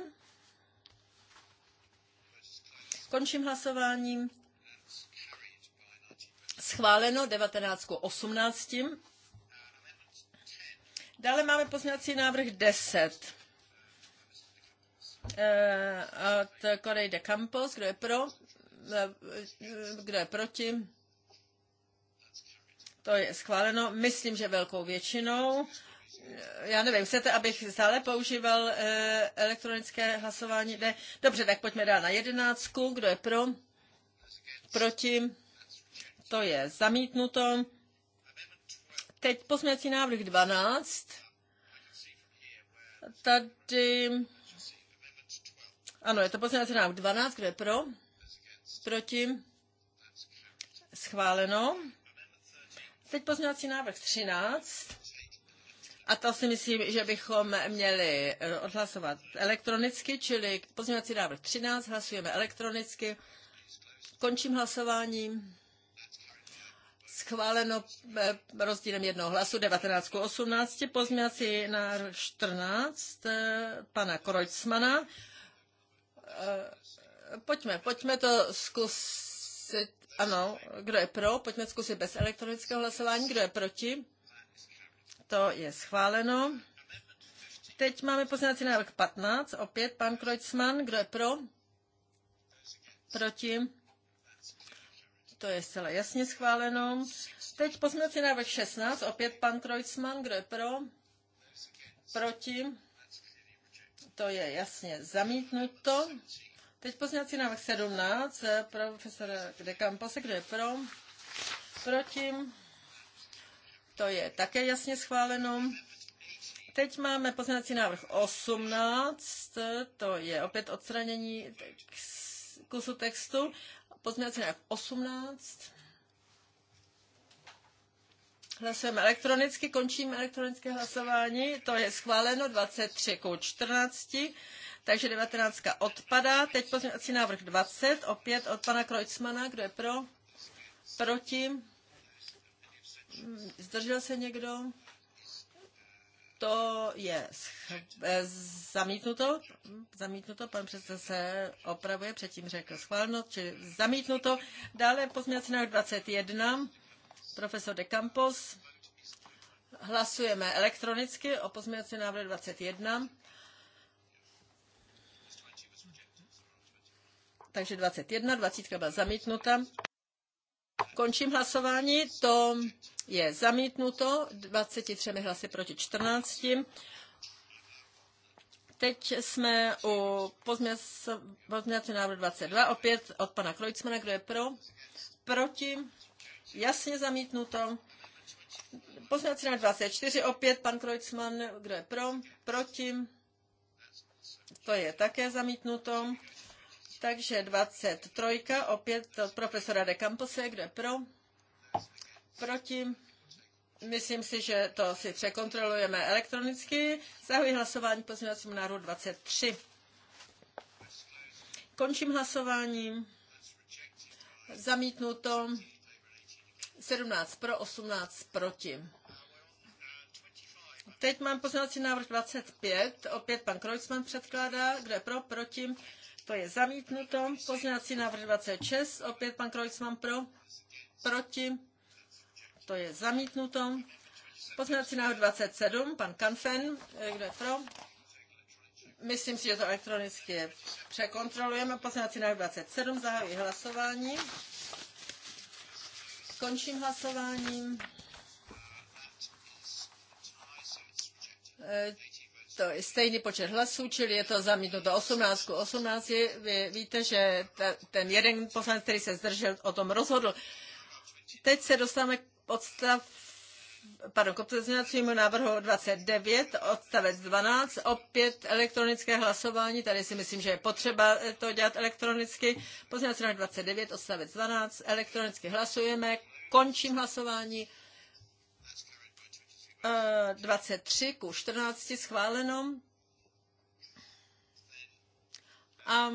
Končím hlasováním schváleno 19 k 18. Dále máme pozměňovací návrh 10 eh, od Korej de Campos. Kdo je pro? Eh, kdo je proti? To je schváleno, myslím, že velkou většinou. Eh, já nevím, chcete, abych stále používal elektronické hlasování? Ne. Dobře, tak pojďme dál na jedenáctku. Kdo je pro? Proti? to je zamítnuto. Teď pozměňovací návrh 12. Tady, ano, je to pozměňovací návrh 12, kde je pro, proti, schváleno. Teď pozměňovací návrh 13. A to si myslím, že bychom měli eh, odhlasovat elektronicky, čili pozměňovací návrh 13 hlasujeme elektronicky. Končím hlasování schváleno eh, rozdílem jednoho hlasu 19 k 18, pozměňovací na 14 eh, pana Kreutzmana. Eh, pojďme, pojďme to zkusit. Ano, kdo je pro, pojďme zkusit bez elektronického hlasování, kdo je proti. To je schváleno. Teď máme pozměňovací návrh 15, opět pan Kreutzmann, kdo je pro? Proti? to je zcela jasně schváleno. Teď pozměňovací návrh 16, opět pan Kreutzmann, kdo je pro, proti, to je jasně zamítnuto. Teď pozměňovací návrh 17, profesor eh, profesora De Campose, kdo je pro, proti, to je také jasně schváleno. Teď máme pozměňovací návrh 18, to je opět odstranění kusu textu Pozměňovací návrh 18. Hlasujeme elektronicky, končíme elektronické hlasování. To je schváleno 23 k 14, takže 19 odpadá. Teď pozměňovací návrh 20, opět od pana Krojcmana. Kdo je pro? Proti? Zdržel se někdo? to je eh, zamítnuto, zamítnuto, pan předseda se opravuje, předtím řekl schválno, či zamítnuto. Dále pozměňovací návrh 21, profesor De Campos. Hlasujeme elektronicky o pozměňovací návrh 21. Takže 21, 20 byla zamítnuta. Končím hlasování, to je zamítnuto 23 hlasy proti 14. Teď jsme u pozměňovacího návrhu 22, opět od pana Krojcmana, kdo je pro, proti, jasně zamítnuto. Pozměňovací návrh 24, opět pan Krojcman, kdo je pro, proti, to je také zamítnuto. Takže 23, opět od profesora de Campose, kdo je pro? Proti? Myslím si, že to si překontrolujeme elektronicky. Zahuji hlasování pozměňovacímu návrhu 23. Končím hlasování. Zamítnuto 17 pro, 18 proti. Teď mám pozměňovací návrh 25. Opět pan Krojcman předkládá. Kdo je pro, proti? To je zamítnuto. Pozměňovací návrh 26. Opět pan Krojcman pro. Proti. To je zamítnuto. Pozměňovací návrh 27. Pan Kanfen. Eh, kdo je pro? Myslím si, že to elektronicky překontrolujeme. Pozměňovací návrh 27. Zahajuji hlasování. Končím hlasováním. Eh, to je stejný počet hlasů, čili je to zamítnuto 18 k 18. Vy víte, že ta, ten jeden poslanec, který se zdržel, o tom rozhodl. Teď se dostáváme k odstav pardon, k pozměňovacímu návrhu 29, odstavec 12, opět elektronické hlasování, tady si myslím, že je potřeba eh, to dělat elektronicky. Pozměňovací návrh 29, odstavec 12, elektronicky hlasujeme, končím hlasování. 23 ku 14 schváleno. A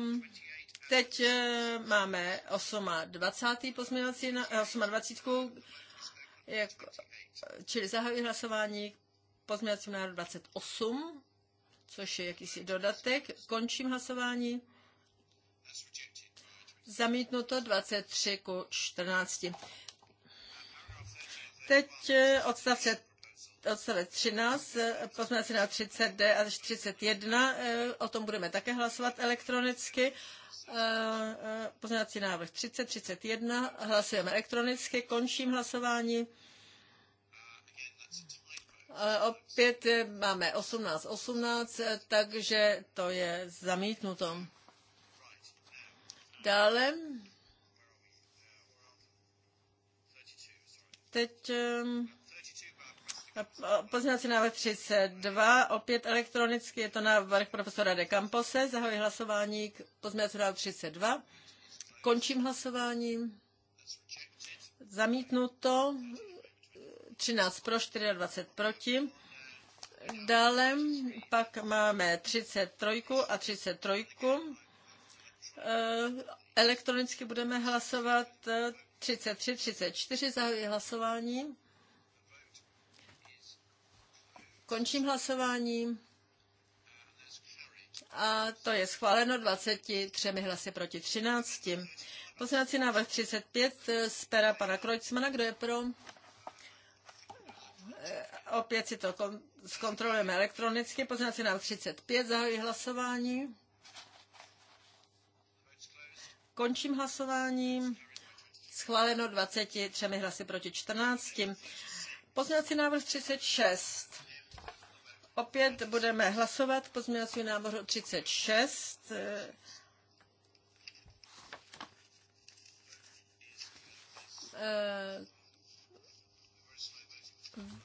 teď eh, máme 8 20. pozměňovací, 8 20. Eh, jak, čili zahajuji hlasování k pozměňovacím návrhu 28, což je jakýsi dodatek. Končím hlasování. Zamítnuto 23 ku 14. Teď eh, odstavce odstavec 13, pozměnací na 30D až 31, o tom budeme také hlasovat elektronicky. Eh, eh, pozměnací návrh 30, 31, hlasujeme elektronicky, končím hlasování. Opět eh, máme 18, 18, takže to je zamítnuto. Dále. Teď Pozměňovací návrh 32, opět elektronicky, je to návrh profesora De Campose. Zahoji hlasování k pozměňovacímu návrhu 32. Končím hlasování. Zamítnuto. 13 pro, 24 proti. Dále pak máme 33 a 33. Eh, elektronicky budeme hlasovat 33, eh, 34, zahajuji hlasování. Končím hlasování. A to je schváleno 23 hlasy proti 13. Poslanci návrh 35 eh, z pera pana Krojcmana. Kdo je pro? Eh, opět si to zkontrolujeme elektronicky. Poslanci návrh 35. zahají hlasování. Končím hlasování. Schváleno 23 hlasy proti 14. Poslanci návrh 36 Opět budeme hlasovat pozměňovací návrh 36. Eh,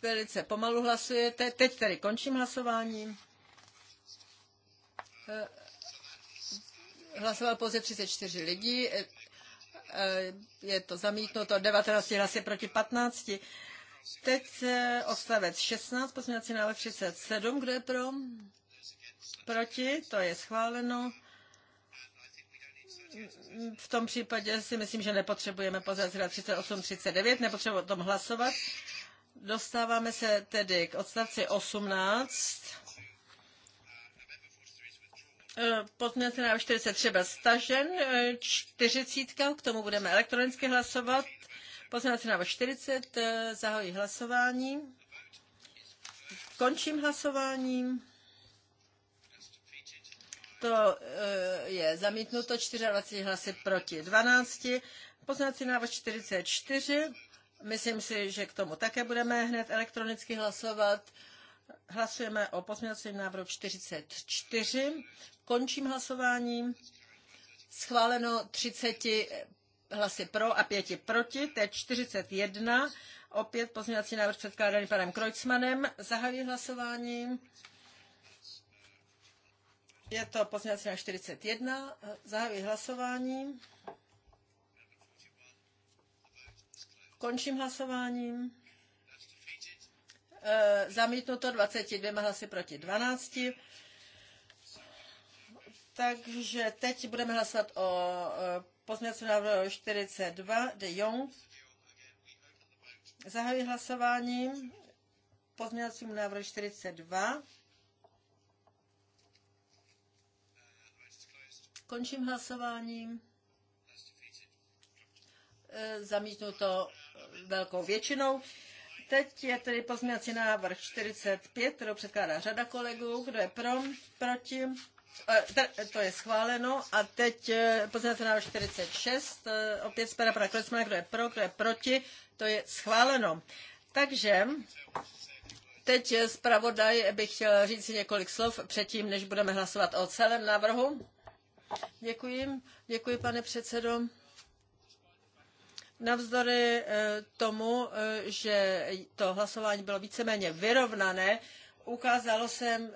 velice pomalu hlasujete. Teď tady končím hlasování. Eh, Hlasoval pouze 34 lidí. Eh, je to zamítnuto 19 hlasy proti 15. Teď eh, odstavec 16, pozměňovací návrh 37. Kdo je pro? Proti? To je schváleno. V tom případě si myslím, že nepotřebujeme pozvat 38, 39, nepotřebujeme o tom hlasovat. Dostáváme se tedy k odstavci 18. Eh, pozměňovací návrh 43 byl stažen, 40, eh, k tomu budeme elektronicky hlasovat. Poznávací návrh 40, zahojí hlasování. Končím hlasováním. To eh, je zamítnuto 24 hlasy proti 12. Poznací návrh 44. Myslím si, že k tomu také budeme hned elektronicky hlasovat. Hlasujeme o pozměňovacím návrhu 44. Končím hlasování. Schváleno 30 hlasy pro a pěti proti, to je 41. Opět pozměňovací návrh předkládaný panem Krojcmanem. Zahajuji hlasování. Je to pozměňovací návrh 41. Zahajuji hlasování. Končím hlasováním. E, zamítnuto 22 hlasy proti 12. Takže teď budeme hlasovat o e, Pozměňovací návrh 42 de Jong. Zahajuji hlasování pozměňovacímu návrhu 42. Končím hlasováním. E, to velkou většinou. Teď je tedy pozměňovací návrh 45, kterou předkládá řada kolegů. Kdo je pro? Proti? Eh, to je schváleno a teď eh, poznáte návrh 46, eh, opět z pera pana Klecmana, kdo je pro, kdo je proti, to je schváleno. Takže teď zpravodaj bych chtěl říct několik slov předtím, než budeme hlasovat o celém návrhu. Děkuji, děkuji pane předsedo. Navzdory tomu, že to hlasování bylo víceméně vyrovnané, ukázalo se eh,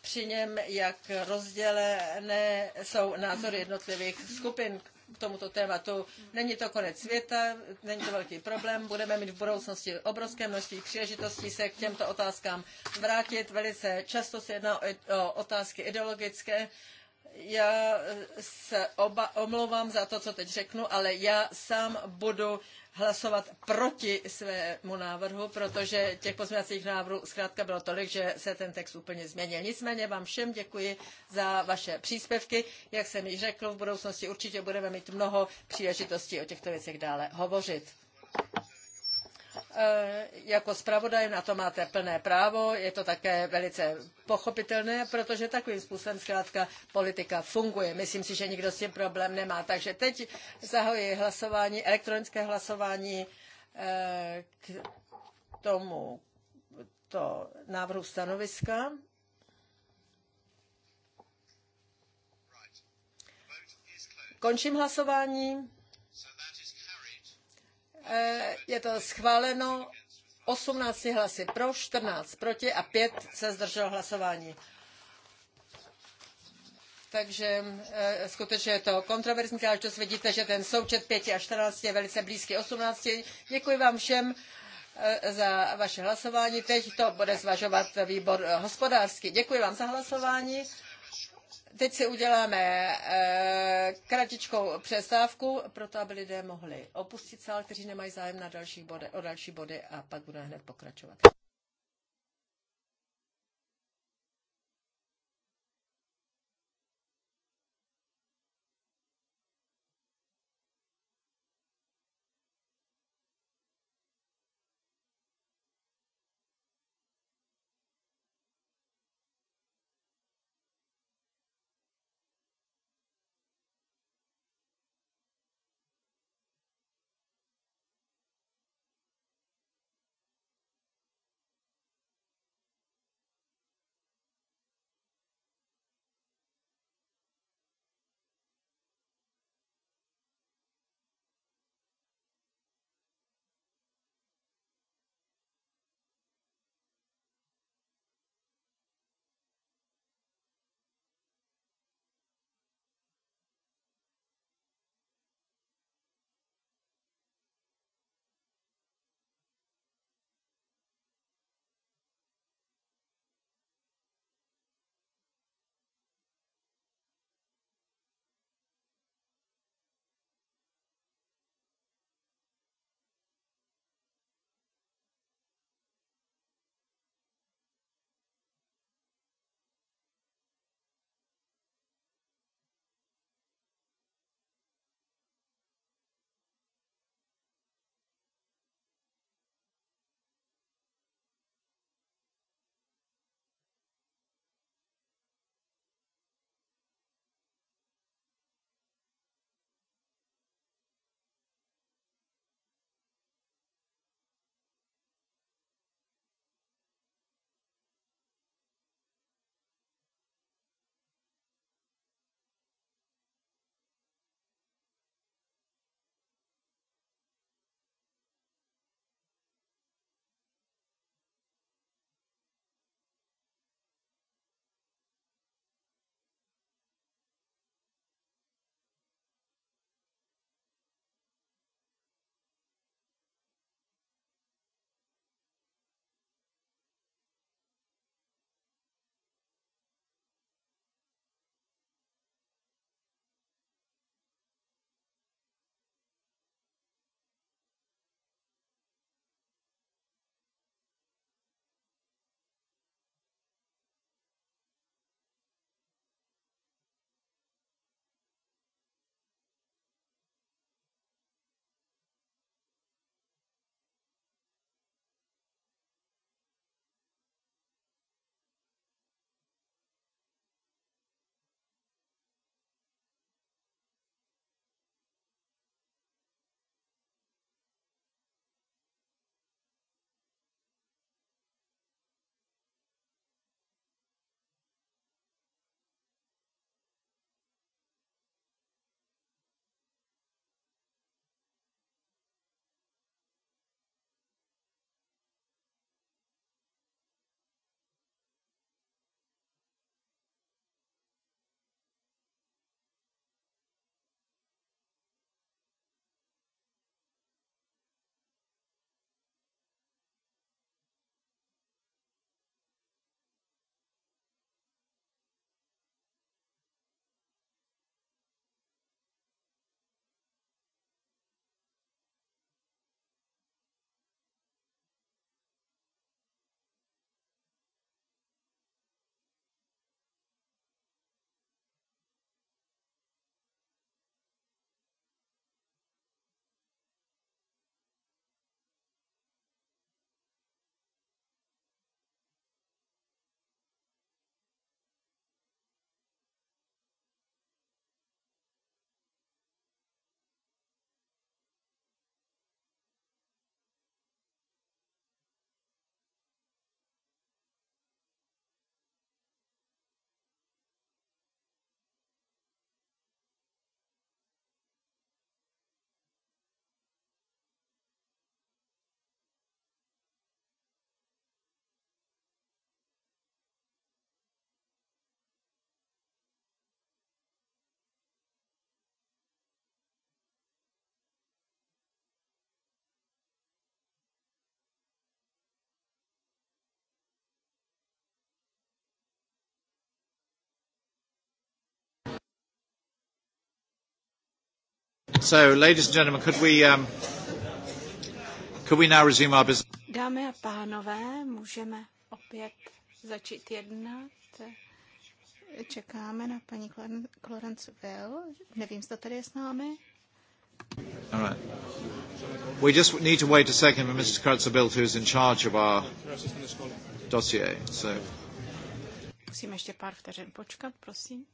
při něm, jak rozdělené jsou názory jednotlivých skupin k tomuto tématu. Není to konec světa, není to velký problém, budeme mít v budoucnosti obrovské množství příležitostí se k těmto otázkám vrátit. Velice často se jedná o otázky ideologické, já eh, se oba omlouvám za to, co teď řeknu, ale já sám budu hlasovat proti svému návrhu, protože těch pozměňovacích návrhů zkrátka bylo tolik, že se ten text úplně změnil. Nicméně vám všem děkuji za vaše příspěvky. Jak jsem již řekl, v budoucnosti určitě budeme mít mnoho příležitostí o těchto věcech dále hovořit. Eh, jako zpravodaj na to máte plné právo, je to také velice pochopitelné, protože takovým způsobem zkrátka politika funguje. Myslím si, že nikdo s tím problém nemá. Takže teď zahoji hlasování, elektronické hlasování eh, k tomu to návrhu stanoviska. Končím hlasování. Eh, je to schváleno 18 hlasy pro, 14 proti a 5 se zdržel hlasování. Takže e, skutečně je to kontroverzní záležitost. Vidíte, že ten součet 5 a 14 je velice blízký 18. Děkuji vám všem e, za vaše hlasování. Teď to bude zvažovat výbor hospodářský. Děkuji vám za hlasování. Teď si uděláme eh, kratičkou přestávku, proto aby lidé mohli opustit sál, kteří nemají zájem na další body, o další body a pak budeme hned pokračovat. So, ladies and gentlemen, could we, um, could we now resume our business? Dámy a pánové, můžeme opět začít jednat. Čekáme na paní Clarence Will. Nevím, zda tady je s námi. All right. We just need to wait a second for Mrs. who is in charge of our dossier. So. Musíme ještě pár vteřin počkat, prosím.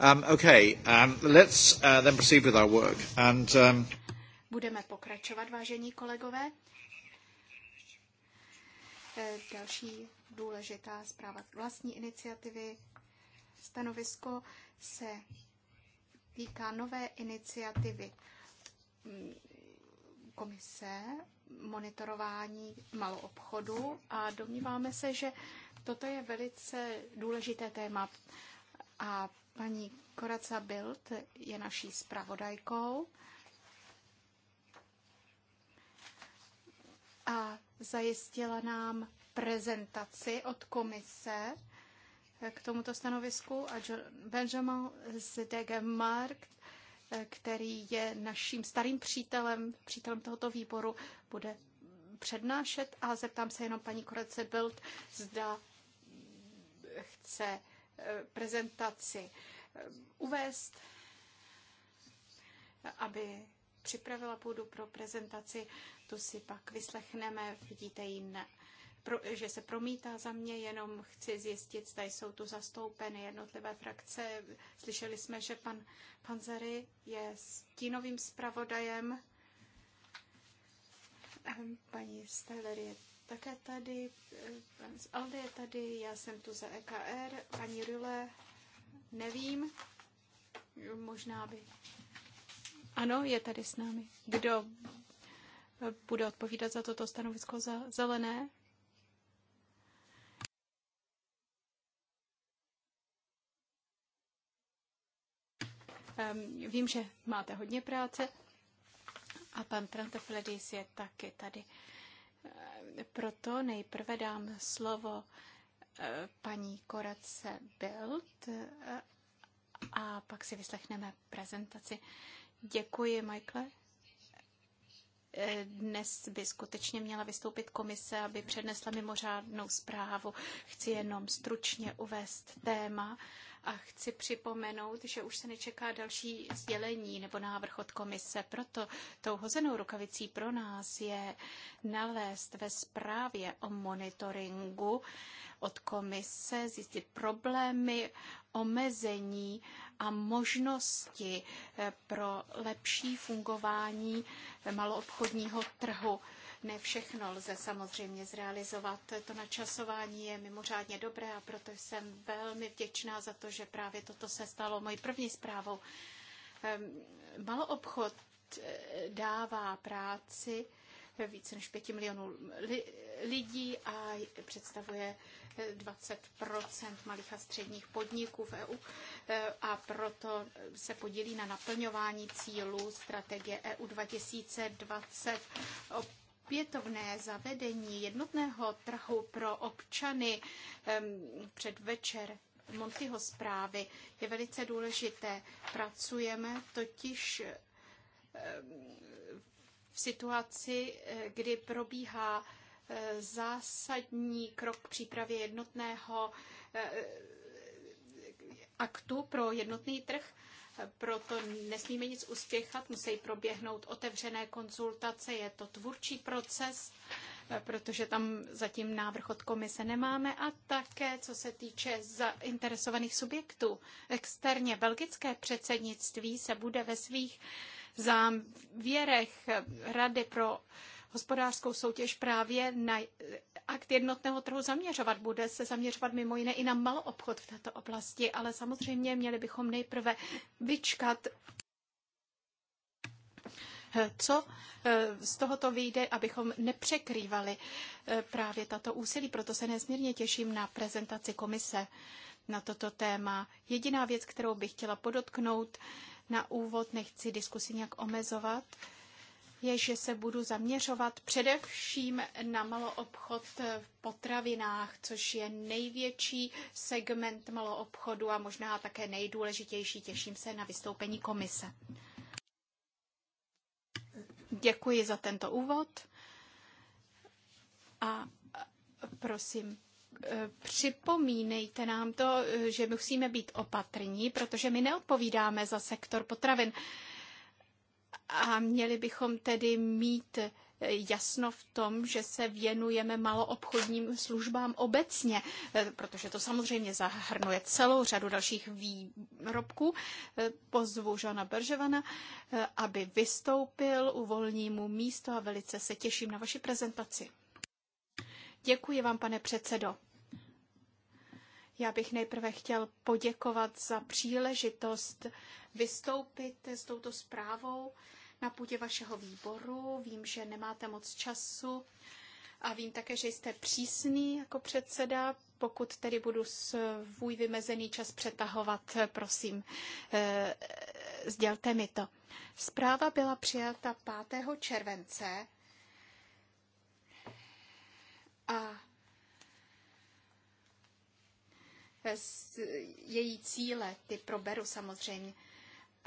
Um, okay, um, let's uh, then proceed with our work. And, um... Budeme pokračovat, vážení kolegové. Eh, další důležitá zpráva vlastní iniciativy. Stanovisko se týká nové iniciativy mm, komise monitorování maloobchodu a domníváme se, že toto je velice důležité téma a Paní Koraca Bild je naší zpravodajkou. A zajistila nám prezentaci od komise k tomuto stanovisku a Benjamin z DG který je naším starým přítelem, přítelem tohoto výboru, bude přednášet a zeptám se jenom paní Korece Bild, zda chce Eh, prezentaci eh, uvést, aby připravila půdu pro prezentaci, tu si pak vyslechneme, vidíte ji na, pro, že se promítá za mě, jenom chci zjistit, zda jsou tu zastoupeny jednotlivé frakce. Slyšeli jsme, že pan Panzery je stínovým zpravodajem, ehm, paní Steller je také tady, eh, pan z Aldy je tady, já jsem tu za EKR, paní Rule, nevím, možná by. Ano, je tady s námi. Kdo eh, bude odpovídat za toto stanovisko za zelené? Ehm, vím, že máte hodně práce a pan Trantafledis je taky tady. Eh, proto nejprve dám slovo eh, paní Koradce Bild eh, a pak si vyslechneme prezentaci. Děkuji, Michael. Dnes by skutečně měla vystoupit komise, aby přednesla mimořádnou zprávu. Chci jenom stručně uvést téma, a chci připomenout, že už se nečeká další sdělení nebo návrh od komise. Proto tou hozenou rukavicí pro nás je nalézt ve zprávě o monitoringu od komise, zjistit problémy, omezení a možnosti eh, pro lepší fungování maloobchodního trhu ne všechno lze samozřejmě zrealizovat. To načasování je mimořádně dobré a proto jsem velmi vděčná za to, že právě toto se stalo mojí první zprávou. Ehm, maloobchod eh, dává práci eh, více než 5 milionů li- lidí a představuje 20 eh, malých a středních podniků v EU a proto se podílí na naplňování cílů strategie EU 2020 o opětovné zavedení jednotného trhu pro občany před večer Montyho zprávy je velice důležité. Pracujeme totiž v situaci, kdy probíhá eh, zásadní krok k přípravě jednotného eh, aktu pro jednotný trh proto nesmíme nic uspěchat, musí proběhnout otevřené konzultace, je to tvůrčí proces, protože tam zatím návrh od komise nemáme a také, co se týče zainteresovaných subjektů. Externě belgické předsednictví se bude ve svých závěrech Rady pro hospodářskou soutěž právě na akt jednotného trhu zaměřovat. Bude se zaměřovat mimo jiné i na maloobchod v této oblasti, ale samozřejmě měli bychom nejprve vyčkat co eh, z tohoto vyjde, abychom nepřekrývali eh, právě tato úsilí. Proto se nesmírně těším na prezentaci komise na toto téma. Jediná věc, kterou bych chtěla podotknout na úvod, nechci diskusi nějak omezovat, je, že se budu zaměřovat především na maloobchod v potravinách, což je největší segment maloobchodu a možná také nejdůležitější. Těším se na vystoupení komise. Děkuji za tento úvod a prosím, připomínejte nám to, že musíme být opatrní, protože my neodpovídáme za sektor potravin. A měli bychom tedy mít eh, jasno v tom, že se věnujeme maloobchodním službám obecně, eh, protože to samozřejmě zahrnuje celou řadu dalších výrobků. Eh, pozvu Žana Berževana, aby vystoupil, uvolní mu místo a velice se těším na vaši prezentaci. Děkuji vám, pane předsedo. Já bych nejprve chtěl poděkovat za příležitost vystoupit s touto zprávou na půdě vašeho výboru. Vím, že nemáte moc času a vím také, že jste přísný jako předseda. Pokud tedy budu svůj vymezený čas přetahovat, prosím, eh, sdělte mi to. Zpráva byla přijata 5. července a její cíle, ty proberu samozřejmě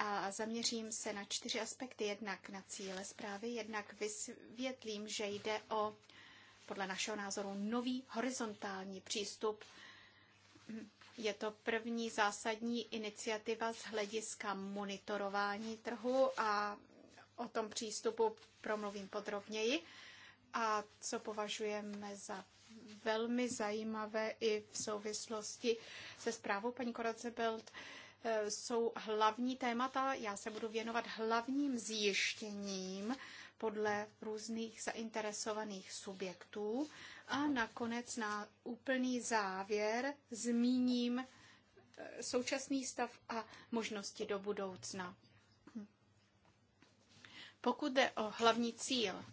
a zaměřím se na čtyři aspekty. Jednak na cíle zprávy, jednak vysvětlím, že jde o podle našeho názoru nový horizontální přístup. Je to první zásadní iniciativa z hlediska monitorování trhu a o tom přístupu promluvím podrobněji. A co považujeme za velmi zajímavé i v souvislosti se zprávou paní Koracebelt, jsou hlavní témata. Já se budu věnovat hlavním zjištěním podle různých zainteresovaných subjektů a nakonec na úplný závěr zmíním eh, současný stav a možnosti do budoucna. Pokud jde o hlavní cíl,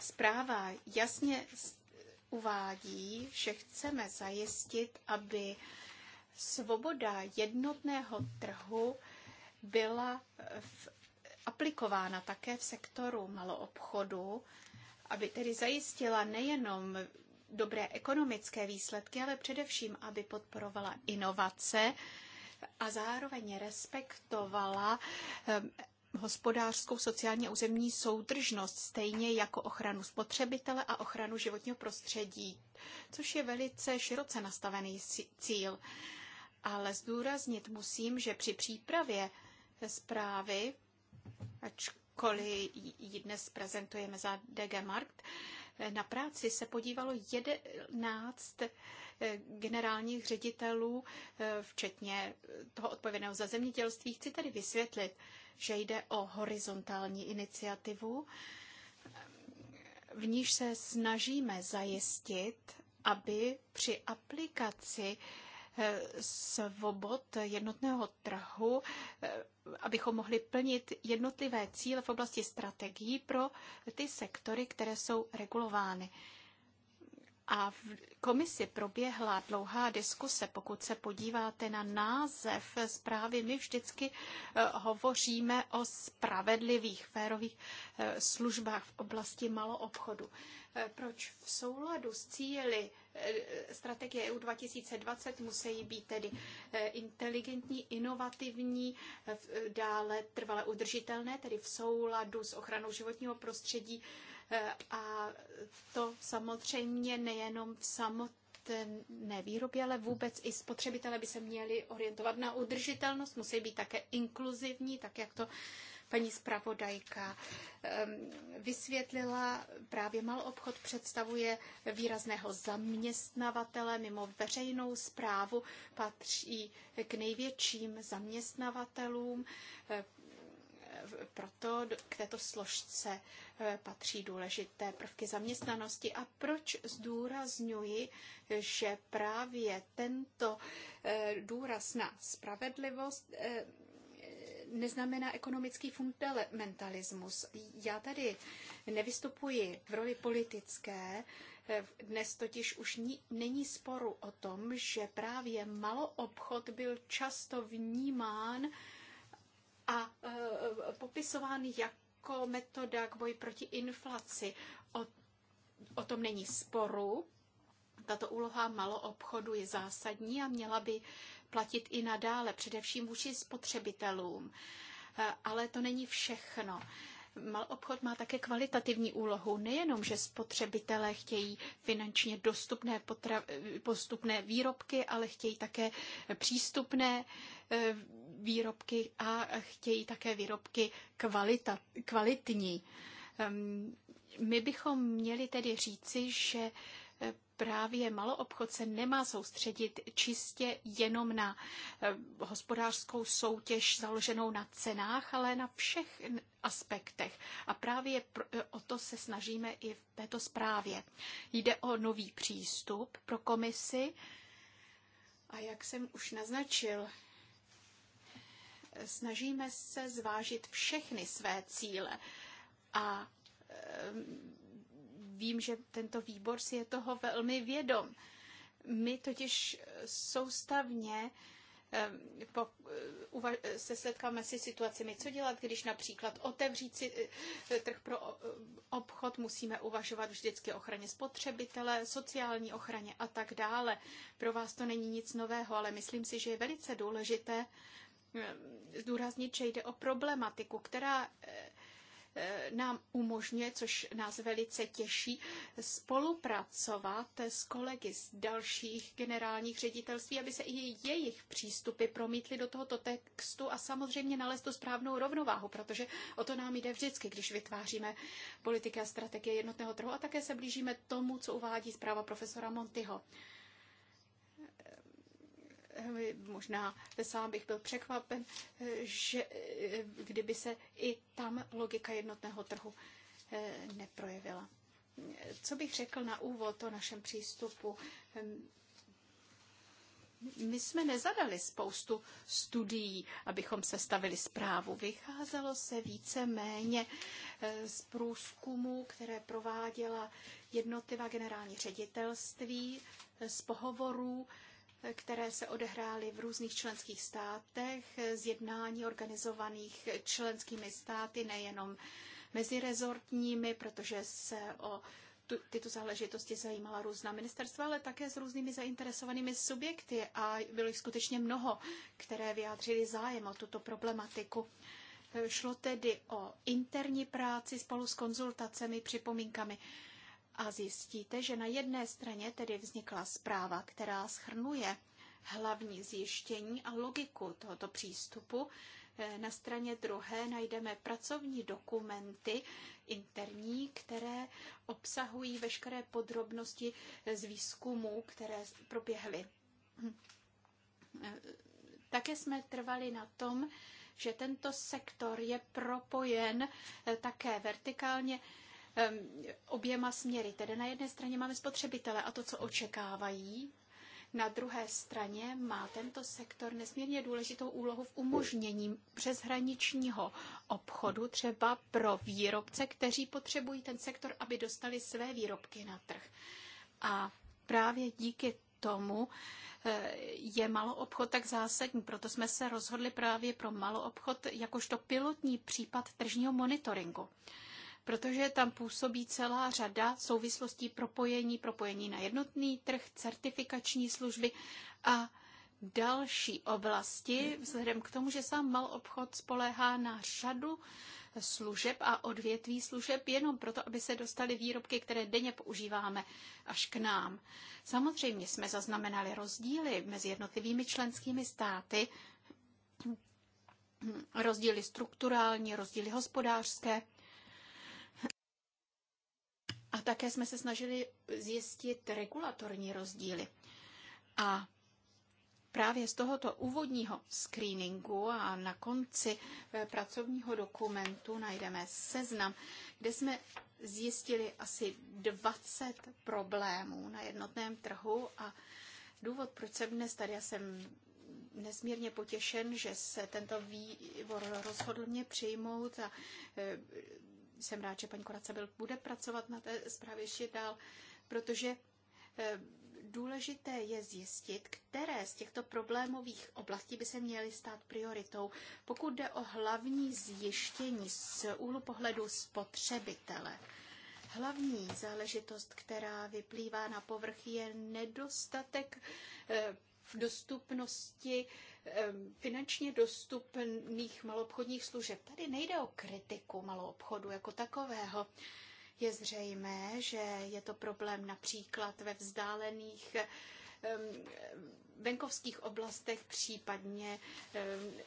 zpráva jasně uvádí, že chceme zajistit, aby svoboda jednotného trhu byla v, aplikována také v sektoru maloobchodu, aby tedy zajistila nejenom dobré ekonomické výsledky, ale především, aby podporovala inovace a zároveň respektovala ehm, hospodářskou, sociálně územní soudržnost, stejně jako ochranu spotřebitele a ochranu životního prostředí, což je velice široce nastavený cíl ale zdůraznit musím, že při přípravě zprávy, ačkoliv ji dnes prezentujeme za DG Markt, na práci se podívalo 11 eh, generálních ředitelů, eh, včetně toho odpovědného za zemědělství. Chci tedy vysvětlit, že jde o horizontální iniciativu, v níž se snažíme zajistit, aby při aplikaci svobod jednotného trhu, eh, abychom mohli plnit jednotlivé cíle v oblasti strategií pro ty sektory, které jsou regulovány. A v komisi proběhla dlouhá diskuse. Pokud se podíváte na název zprávy, my vždycky eh, hovoříme o spravedlivých, férových eh, službách v oblasti maloobchodu. Proč v souladu s cíly strategie EU 2020 musí být tedy eh, inteligentní, inovativní, eh, eh, dále trvale udržitelné, tedy v souladu s ochranou životního prostředí a to samozřejmě nejenom v samotném ne výrobě, ale vůbec i spotřebitele by se měli orientovat na udržitelnost, musí být také inkluzivní, tak jak to paní zpravodajka ehm, vysvětlila, právě obchod představuje výrazného zaměstnavatele mimo veřejnou zprávu, patří k největším zaměstnavatelům ehm, proto k této složce ehm, patří důležité prvky zaměstnanosti. A proč zdůrazňuji, že právě tento důraz na spravedlivost neznamená ekonomický fundamentalismus. Já tady nevystupuji v roli politické, dnes totiž už ni, není sporu o tom, že právě maloobchod byl často vnímán a e, popisován jako metoda k boji proti inflaci. O, o tom není sporu. Tato úloha maloobchodu je zásadní a měla by platit i nadále, především vůči spotřebitelům. Eh, ale to není všechno. obchod má také kvalitativní úlohu. Nejenom, že spotřebitelé chtějí finančně dostupné potra- postupné výrobky, ale chtějí také přístupné eh, výrobky a chtějí také výrobky kvalita- kvalitní. Ehm, my bychom měli tedy říci, že Eh, právě maloobchod se nemá soustředit čistě jenom na eh, hospodářskou soutěž založenou na cenách, ale na všech aspektech. A právě eh, o to se snažíme i v této zprávě. Jde o nový přístup pro komisi a jak jsem už naznačil, snažíme se zvážit všechny své cíle a vím, že tento výbor si je toho velmi vědom. My totiž soustavně eh, eh, eh, se setkáme si situacemi, co dělat, když například otevřít si trh pro obchod, musíme uvažovat vždycky o ochraně spotřebitele, sociální ochraně a tak dále. Pro vás to není nic nového, ale myslím si, že je velice důležité zdůraznit, že jde o problematiku, která Eh, nám umožňuje, což nás velice těší, spolupracovat s kolegy z dalších generálních ředitelství, aby se i jejich přístupy promítly do tohoto textu a samozřejmě nalézt tu správnou rovnováhu, protože o to nám jde vždycky, když vytváříme politiky a strategie jednotného trhu a také se blížíme tomu, co uvádí zpráva profesora Montyho. Eh, možná sám bych byl překvapen, eh, že eh, kdyby se i tam logika jednotného trhu neprojevila. Co bych řekl na úvod o našem přístupu? Ehm, my jsme nezadali spoustu studií, abychom se stavili zprávu. Vycházelo se více méně z průzkumů, které prováděla jednotlivá generální ředitelství, z pohovorů které se odehrály v různých členských státech, z jednání organizovaných členskými státy, nejenom mezirezortními, protože se o tu, tyto záležitosti zajímala různá ministerstva, ale také s různými zainteresovanými subjekty a bylo jich skutečně mnoho, které vyjádřili zájem o tuto problematiku. Šlo tedy o interní práci spolu s konzultacemi, připomínkami a zjistíte, že na jedné straně tedy vznikla zpráva, která schrnuje hlavní zjištění a logiku tohoto přístupu. Eh, na straně druhé najdeme pracovní dokumenty interní, které obsahují veškeré podrobnosti z výzkumů, které proběhly. Hm. Eh, také jsme trvali na tom, že tento sektor je propojen eh, také vertikálně oběma směry. Tedy na jedné straně máme spotřebitele a to, co očekávají, na druhé straně má tento sektor nesmírně důležitou úlohu v umožnění přeshraničního obchodu, třeba pro výrobce, kteří potřebují ten sektor, aby dostali své výrobky na trh. A právě díky tomu eh, je maloobchod tak zásadní. Proto jsme se rozhodli právě pro maloobchod jakožto pilotní případ tržního monitoringu protože tam působí celá řada souvislostí propojení, propojení na jednotný trh, certifikační služby a další oblasti, vzhledem k tomu, že sám mal obchod spoléhá na řadu služeb a odvětví služeb jenom proto, aby se dostaly výrobky, které denně používáme až k nám. Samozřejmě jsme zaznamenali rozdíly mezi jednotlivými členskými státy, rozdíly strukturální, rozdíly hospodářské, a také jsme se snažili zjistit regulatorní rozdíly. A Právě z tohoto úvodního screeningu a na konci eh, pracovního dokumentu najdeme seznam, kde jsme zjistili asi 20 problémů na jednotném trhu a důvod, proč jsem dnes tady, já jsem nesmírně potěšen, že se tento výbor rozhodl mě přijmout a eh, jsem rád, že paní Koraca byl, bude pracovat na té zprávě ještě dál, protože eh, důležité je zjistit, které z těchto problémových oblastí by se měly stát prioritou, pokud jde o hlavní zjištění z úhlu pohledu spotřebitele. Hlavní záležitost, která vyplývá na povrch, je nedostatek eh, v dostupnosti finančně dostupných maloobchodních služeb. Tady nejde o kritiku maloobchodu jako takového. Je zřejmé, že je to problém například ve vzdálených venkovských oblastech, případně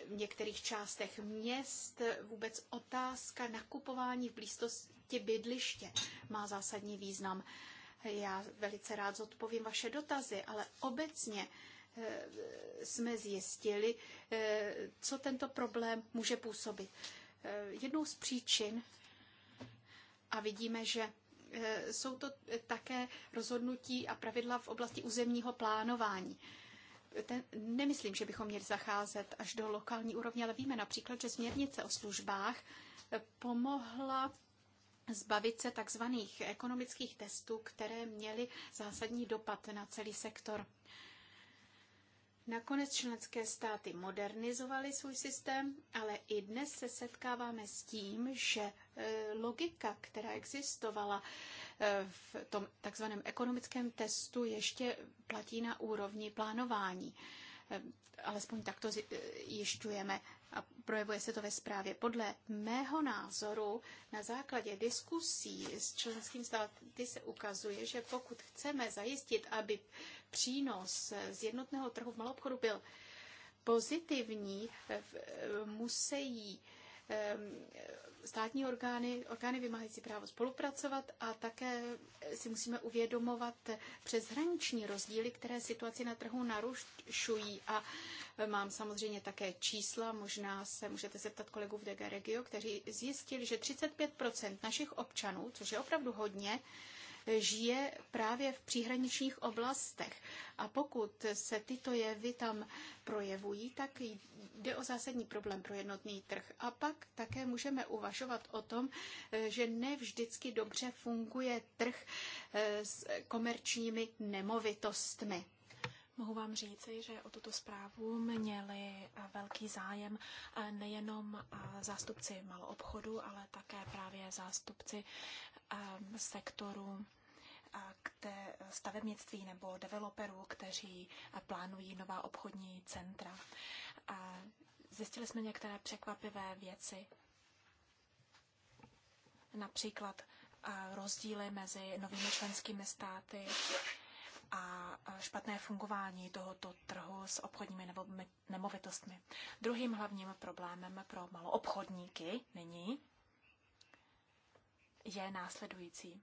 v některých částech měst. Vůbec otázka nakupování v blízkosti bydliště má zásadní význam. Já velice rád zodpovím vaše dotazy, ale obecně Eh, jsme zjistili, eh, co tento problém může působit. Eh, jednou z příčin, a vidíme, že jsou to také rozhodnutí a pravidla v oblasti územního plánování. Ten, nemyslím, že bychom měli zacházet až do lokální úrovně, ale víme například, že směrnice o službách pomohla zbavit se takzvaných ekonomických testů, které měly zásadní dopad na celý sektor. Nakonec členské státy modernizovaly svůj systém, ale i dnes se setkáváme s tím, že e, logika, která existovala e, v tom takzvaném ekonomickém testu, ještě platí na úrovni plánování. E, alespoň takto jišťujeme a projevuje se to ve zprávě. Podle mého názoru na základě diskusí s členským státy se ukazuje, že pokud chceme zajistit, aby přínos z jednotného trhu v malobchodu byl pozitivní, eh, musí eh, státní orgány, orgány vymáhající právo spolupracovat a také si musíme uvědomovat přeshraniční rozdíly, které situaci na trhu narušují. A eh, mám samozřejmě také čísla, možná se můžete zeptat kolegů v DG Regio, kteří zjistili, že 35 našich občanů, což je opravdu hodně, žije právě v příhraničních oblastech. A pokud se tyto jevy tam projevují, tak jde o zásadní problém pro jednotný trh. A pak také můžeme uvažovat o tom, že ne vždycky dobře funguje trh eh, s komerčními nemovitostmi. Mohu vám říci, že o tuto zprávu měli eh, velký zájem eh, nejenom zástupci malou obchodu, ale také právě zástupci sektoru k té stavebnictví nebo developerů, kteří plánují nová obchodní centra. A zjistili jsme některé překvapivé věci. Například rozdíly mezi novými členskými státy a špatné fungování tohoto trhu s obchodními nemovitostmi. Druhým hlavním problémem pro maloobchodníky nyní je následující.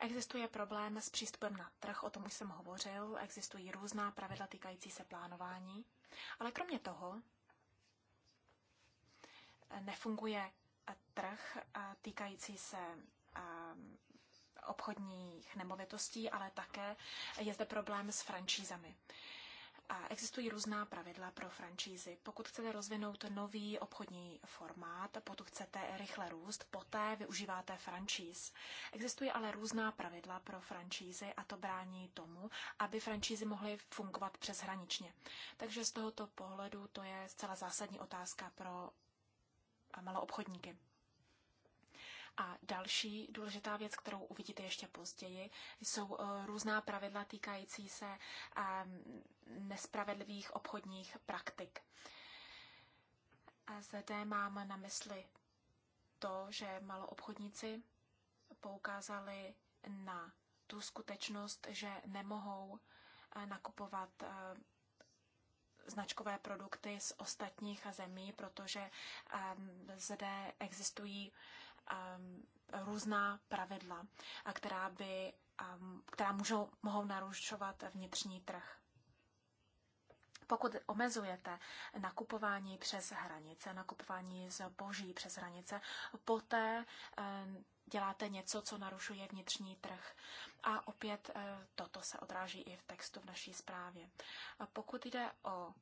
Existuje problém s přístupem na trh, o tom už jsem hovořil, existují různá pravidla týkající se plánování, ale kromě toho nefunguje trh týkající se obchodních nemovitostí, ale také je zde problém s franšízami. A existují různá pravidla pro franšízy. Pokud chcete rozvinout nový obchodní formát, potom chcete rychle růst, poté využíváte franšíz. Existují ale různá pravidla pro franšízy a to brání tomu, aby franšízy mohly fungovat přeshraničně. Takže z tohoto pohledu to je zcela zásadní otázka pro obchodníky. A další důležitá věc, kterou uvidíte ještě později, jsou eh, různá pravidla týkající se ehm, nespravedlivých obchodních praktik. A zde mám na mysli to, že maloobchodníci poukázali na tu skutečnost, že nemohou eh, nakupovat eh, značkové produkty z ostatních zemí, protože ehm, zde existují Um, různá pravidla, která, by, um, která můžou, mohou narušovat vnitřní trh. Pokud omezujete nakupování přes hranice, nakupování zboží přes hranice, poté um, děláte něco, co narušuje vnitřní trh. A opět uh, toto se odráží i v textu v naší zprávě. Pokud jde o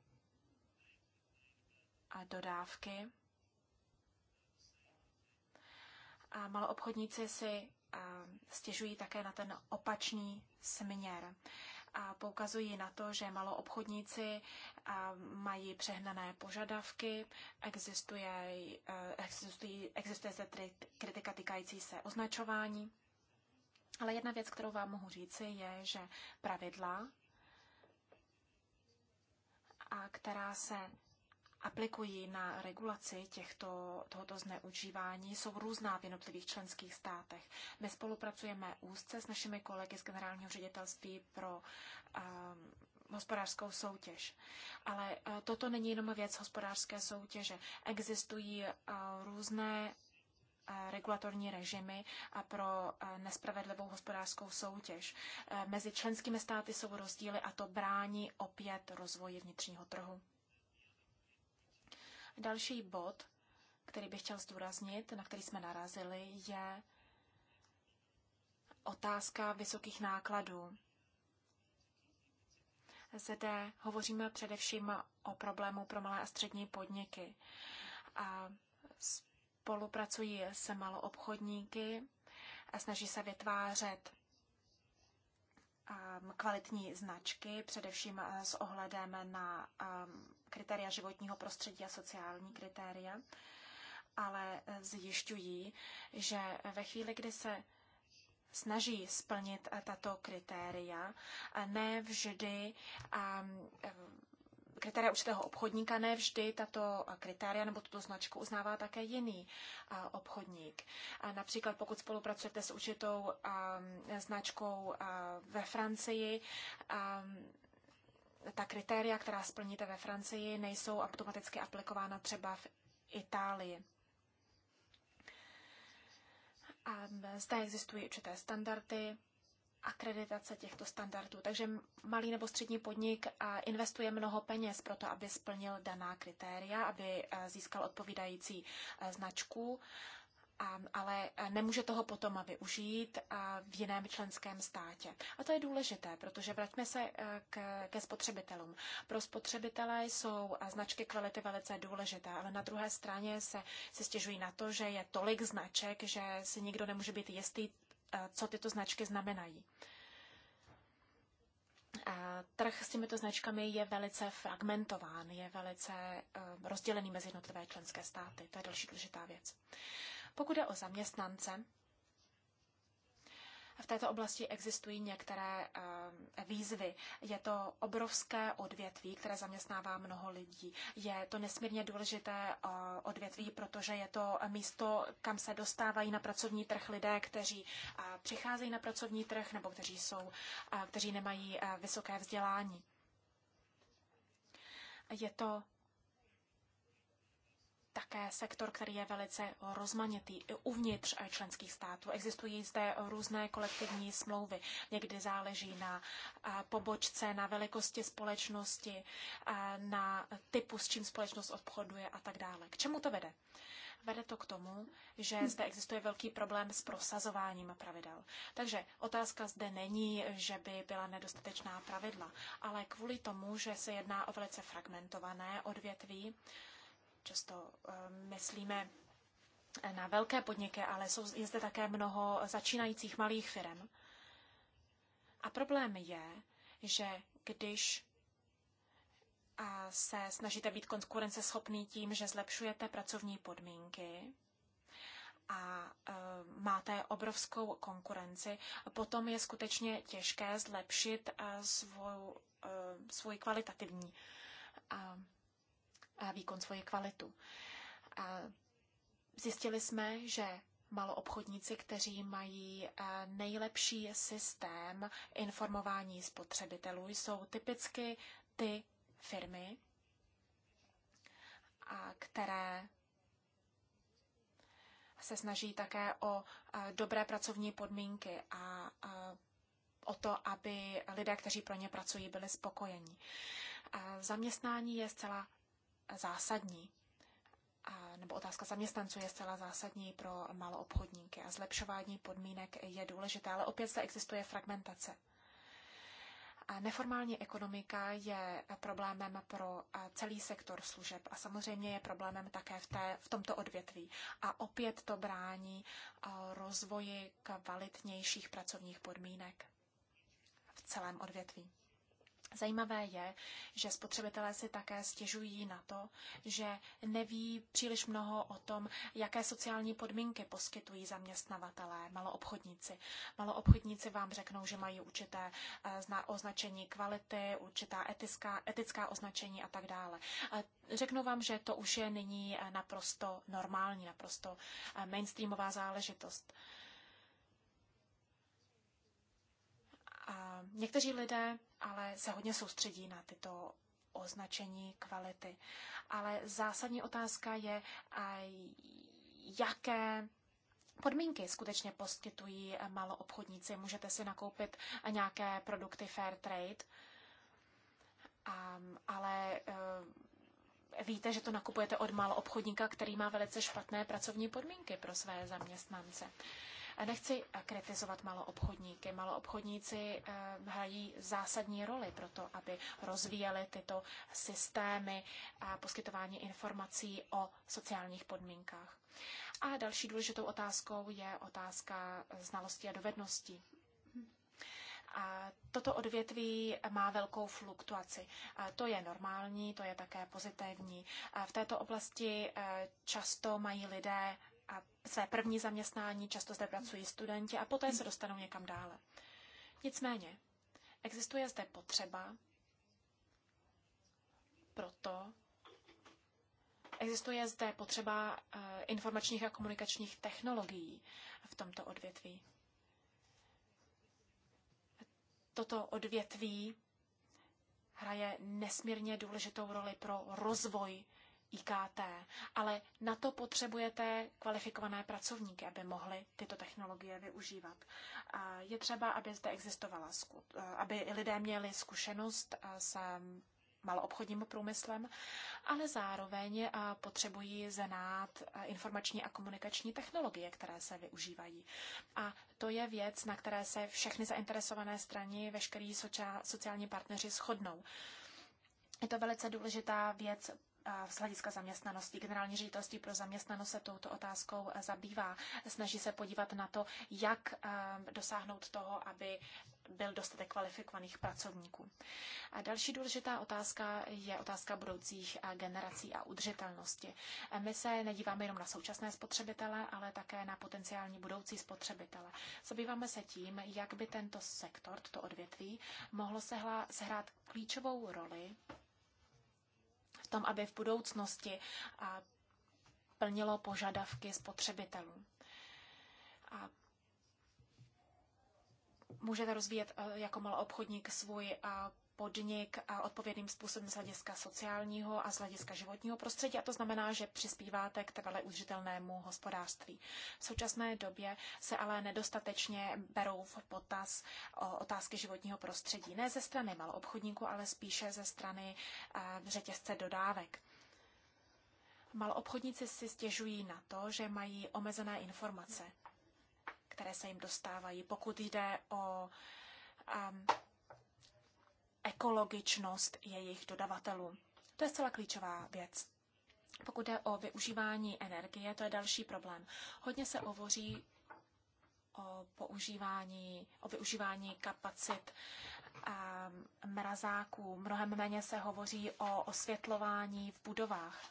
dodávky, A maloobchodníci si stěžují také na ten opačný směr. A poukazují na to, že maloobchodníci mají přehnané požadavky, existuje, existují, existuje zde kritika týkající se označování. Ale jedna věc, kterou vám mohu říci, je, že pravidla, a která se aplikují na regulaci těchto, tohoto zneužívání, jsou různá v jednotlivých členských státech. My spolupracujeme úzce s našimi kolegy z Generálního ředitelství pro um, hospodářskou soutěž. Ale uh, toto není jenom věc hospodářské soutěže. Existují uh, různé uh, regulatorní režimy a pro uh, nespravedlivou hospodářskou soutěž. Uh, mezi členskými státy jsou rozdíly a to brání opět rozvoji vnitřního trhu. Další bod, který bych chtěl zdůraznit, na který jsme narazili, je otázka vysokých nákladů. Zde hovoříme především o problému pro malé a střední podniky. A spolupracují se maloobchodníky a snaží se vytvářet um, kvalitní značky, především s ohledem na um, kritéria životního prostředí a sociální kritéria, ale zjišťují, že ve chvíli, kdy se snaží splnit tato kritéria, ne vždy ehm, kritéria určitého obchodníka, ne vždy tato kritéria nebo tuto značku uznává také jiný eh, obchodník. Například pokud spolupracujete s určitou ehm, značkou eh, ve Francii, ehm, ta kritéria, která splníte ve Francii, nejsou automaticky aplikována třeba v Itálii. A zde existují určité standardy, akreditace těchto standardů. Takže malý nebo střední podnik investuje mnoho peněz pro to, aby splnil daná kritéria, aby e, získal odpovídající e, značku ale nemůže toho potom využít v jiném členském státě. A to je důležité, protože vraťme se e, k, ke spotřebitelům. Pro spotřebitele jsou značky kvality velice důležité, ale na druhé straně se, se stěžují na to, že je tolik značek, že si nikdo nemůže být jistý, e, co tyto značky znamenají. A trh s těmito značkami je velice fragmentován, je velice e, rozdělený mezi jednotlivé členské státy. To je další důležitá věc. Pokud je o zaměstnance, v této oblasti existují některé eh, výzvy. Je to obrovské odvětví, které zaměstnává mnoho lidí. Je to nesmírně důležité eh, odvětví, protože je to místo, kam se dostávají na pracovní trh lidé, kteří eh, přicházejí na pracovní trh nebo kteří, jsou, kteří nemají vysoké vzdělání. Je to také sektor, který je velice rozmanitý i uvnitř členských států. Existují zde různé kolektivní smlouvy. Někdy záleží na pobočce, na velikosti společnosti, na typu, s čím společnost obchoduje a tak dále. K čemu to vede? Vede to k tomu, že zde existuje velký problém s prosazováním pravidel. Takže otázka zde není, že by byla nedostatečná pravidla, ale kvůli tomu, že se jedná o velice fragmentované odvětví, Často eh, myslíme na velké podniky, ale jsou, je zde také mnoho začínajících malých firm. A problém je, že když a eh, se snažíte být konkurenceschopný tím, že zlepšujete pracovní podmínky a e, máte obrovskou konkurenci, potom je skutečně těžké zlepšit e, svou, e, svůj kvalitativní e, výkon, svoji kvalitu. Zjistili jsme, že maloobchodníci, kteří mají eh, nejlepší systém informování spotřebitelů, jsou typicky ty firmy, které se snaží také o eh, dobré pracovní podmínky a eh, o to, aby lidé, kteří pro ně pracují, byli spokojení. Zaměstnání je zcela zásadní, nebo otázka zaměstnanců je zcela zásadní pro maloobchodníky a zlepšování podmínek je důležité, ale opět se existuje fragmentace. Neformální ekonomika je problémem pro celý sektor služeb a samozřejmě je problémem také v, té, v tomto odvětví. A opět to brání rozvoji kvalitnějších pracovních podmínek v celém odvětví. Zajímavé je, že spotřebitelé si také stěžují na to, že neví příliš mnoho o tom, jaké sociální podmínky poskytují zaměstnavatelé, maloobchodníci. Maloobchodníci vám řeknou, že mají určité eh, označení kvality, určitá etická, etická označení a tak dále. Eh, řeknu vám, že to už je nyní eh, naprosto normální, naprosto mainstreamová záležitost. A někteří lidé ale se hodně soustředí na tyto označení kvality. Ale zásadní otázka je, jaké podmínky skutečně poskytují maloobchodníci. Můžete si nakoupit nějaké produkty fair trade, um, ale eh, víte, že to nakupujete od maloobchodníka, který má velice špatné pracovní podmínky pro své zaměstnance. Nechci eh, kritizovat maloobchodníky. Maloobchodníci eh, hrají zásadní roli pro to, aby rozvíjeli tyto systémy a poskytování informací o sociálních podmínkách. A další důležitou otázkou je otázka znalosti a dovedností. A toto odvětví má velkou fluktuaci. A to je normální, to je také pozitivní. A v této oblasti eh, často mají lidé a své první zaměstnání, často zde pracují studenti a poté se dostanou někam dále. Nicméně, existuje zde potřeba proto, existuje zde potřeba eh, informačních a komunikačních technologií v tomto odvětví. Toto odvětví hraje nesmírně důležitou roli pro rozvoj IKT, ale na to potřebujete kvalifikované pracovníky, aby mohli tyto technologie využívat. Je třeba, aby zde existovala, aby lidé měli zkušenost s maloobchodním průmyslem, ale zároveň potřebují znát informační a komunikační technologie, které se využívají. A to je věc, na které se všechny zainteresované strany, veškerý sociální partneři shodnou. Je to velice důležitá věc z hlediska zaměstnanosti. Generální ředitelství pro zaměstnanost se touto otázkou eh, zabývá. Snaží se podívat na to, jak eh, dosáhnout toho, aby byl dostatek kvalifikovaných pracovníků. A další důležitá otázka je otázka budoucích eh, generací a udržitelnosti. My se nedíváme jenom na současné spotřebitele, ale také na potenciální budoucí spotřebitele. Zabýváme se tím, jak by tento sektor, to odvětví, mohlo sehrát klíčovou roli tom, aby v budoucnosti plnilo požadavky spotřebitelů. A můžete rozvíjet e, jako malý obchodník svůj podnik odpovědným způsobem z hlediska sociálního a z hlediska životního prostředí a to znamená, že přispíváte k trvale udržitelnému hospodářství. V současné době se ale nedostatečně berou v potaz otázky životního prostředí. Ne ze strany maloobchodníků, ale spíše ze strany řetězce dodávek. Maloobchodníci si stěžují na to, že mají omezené informace, které se jim dostávají, pokud jde o um, ekologičnost jejich dodavatelů. To je zcela klíčová věc. Pokud jde o využívání energie, to je další problém. Hodně se hovoří o používání, o využívání kapacit ehm, mrazáků. Mnohem méně se hovoří o osvětlování v budovách.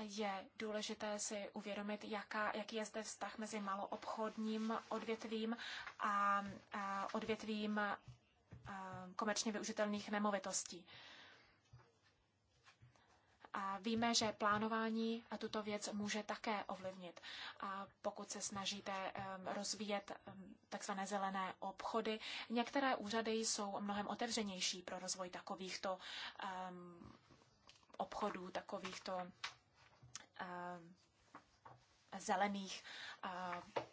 Je důležité si uvědomit, jaká, jaký je zde vztah mezi maloobchodním odvětvím a, a odvětvím komerčně využitelných nemovitostí. A víme, že plánování a tuto věc může také ovlivnit. A pokud se snažíte rozvíjet takzvané zelené obchody, některé úřady jsou mnohem otevřenější pro rozvoj takovýchto obchodů, takovýchto zelených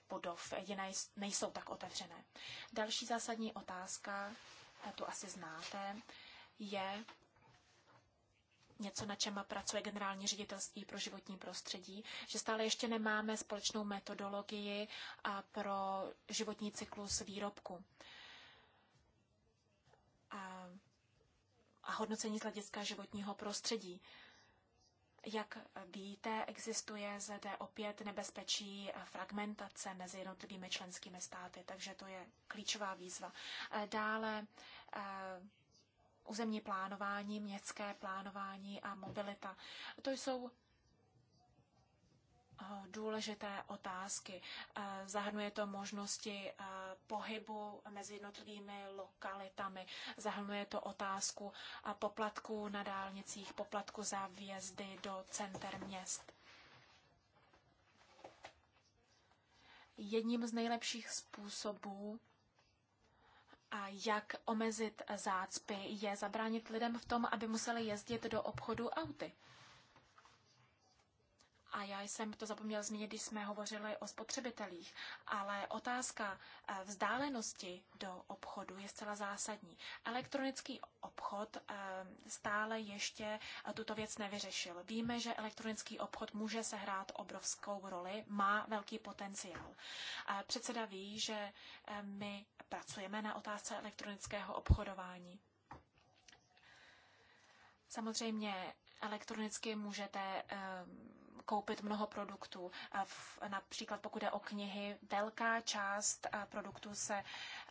budov jiné nejsou tak otevřené. Další zásadní otázka to asi znáte, je něco, na čem pracuje generální ředitelství pro životní prostředí, že stále ještě nemáme společnou metodologii pro životní cyklus výrobku. A, a hodnocení z hlediska životního prostředí. Jak víte, existuje zde opět nebezpečí fragmentace mezi jednotlivými členskými státy, takže to je klíčová výzva. Dále e, územní plánování, městské plánování a mobilita. To jsou Eh, důležité otázky. Eh, zahrnuje to možnosti eh, pohybu mezi jednotlivými lokalitami, zahrnuje to otázku poplatků na dálnicích, poplatku za vjezdy do center měst. Jedním z nejlepších způsobů a jak omezit zácpy je zabránit lidem v tom, aby museli jezdit do obchodu auty. A já jsem to zapomněl zmínit, když jsme hovořili o spotřebitelích, ale otázka eh, vzdálenosti do obchodu je zcela zásadní. Elektronický obchod eh, stále ještě eh, tuto věc nevyřešil. Víme, že elektronický obchod může sehrát obrovskou roli, má velký potenciál. Předseda ví, že my pracujeme na otázce elektronického obchodování. Samozřejmě elektronicky můžete um, koupit mnoho produktů. V, například pokud jde o knihy, velká část produktů se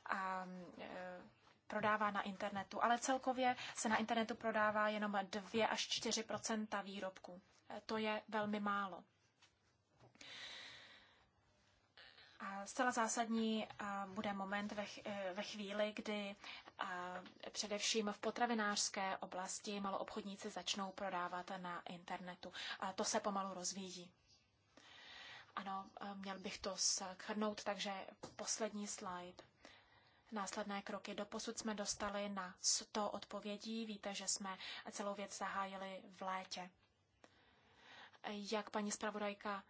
a, e, prodává na internetu, ale celkově se na internetu prodává jenom 2 až 4 výrobků. E, to je velmi málo. Zcela zásadní bude moment ve e, chvíli, kdy především v potravinářské oblasti maloobchodníci začnou prodávat na internetu. To se pomalu rozvíjí. Ano, měl bych to shrnout, takže poslední slide. Následné kroky. Doposud jsme dostali na 100 odpovědí. Víte, že jsme celou věc zahájili v létě. Jak paní zpravodajka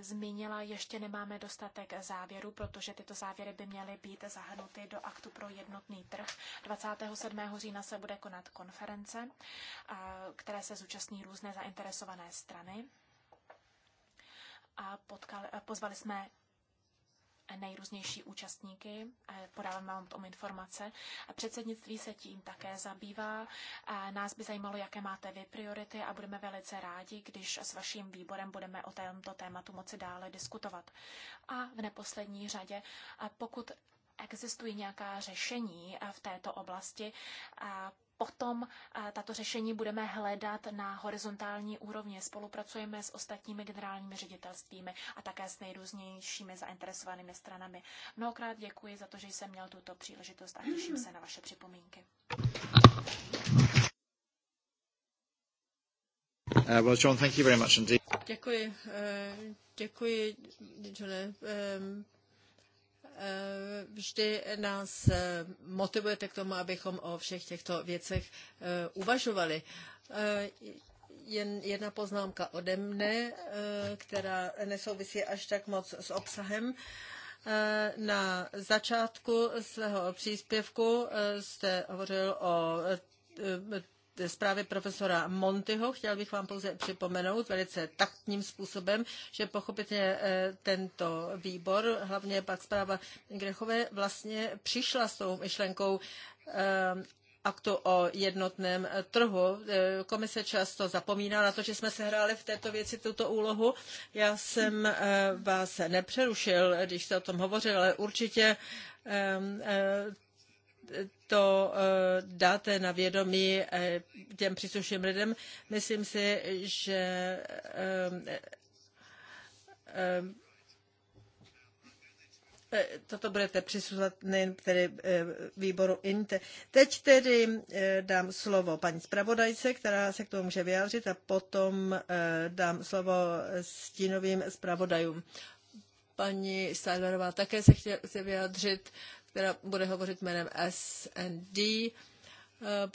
zmínila, ještě nemáme dostatek závěrů, protože tyto závěry by měly být zahrnuty do aktu pro jednotný trh. 27. října se bude konat konference, které se zúčastní různé zainteresované strany. A potkali, pozvali jsme nejrůznější účastníky, eh, podávám vám tom informace. a Předsednictví se tím také zabývá. Eh, nás by zajímalo, jaké máte vy priority a budeme velice rádi, když s vaším výborem budeme o tomto tématu moci dále diskutovat. A v neposlední řadě, eh, pokud existují nějaká řešení v této oblasti, potom eh, tato řešení budeme hledat na horizontální úrovni. Spolupracujeme s ostatními generálními ředitelstvími a také s nejrůznějšími zainteresovanými stranami. Mnohokrát děkuji za to, že jsem měl tuto příležitost a těším se na vaše připomínky. Uh, well, John, thank you very much indeed. Děkuji. Eh, děkuji, Johne. Eh, vždy nás eh, motivujete k tomu, abychom o všech těchto věcech eh, uvažovali. Jen jedna poznámka ode mne, která nesouvisí až tak moc s obsahem. Na začátku svého příspěvku jste hovořil o zprávy profesora Montyho. Chtěl bych vám pouze připomenout velice taktním způsobem, že pochopitelně eh, tento výbor, hlavně pak zpráva Grechové, vlastně přišla s tou myšlenkou eh, aktu o jednotném trhu. Eh, komise často zapomíná na to, že jsme sehráli v této věci tuto úlohu. Já jsem vás nepřerušil, když jste o tom hovořil, ale určitě to eh, dáte na vědomí eh, těm příslušným lidem. Myslím si, že eh, toto budete přisuzovat nejen tedy výboru INTE. Teď tedy dám slovo paní zpravodajce, která se k tomu může vyjádřit a potom dám slovo stínovým zpravodajům. Paní Stajlerová také se chce vyjádřit která bude hovořit jménem SND. Eh, eh,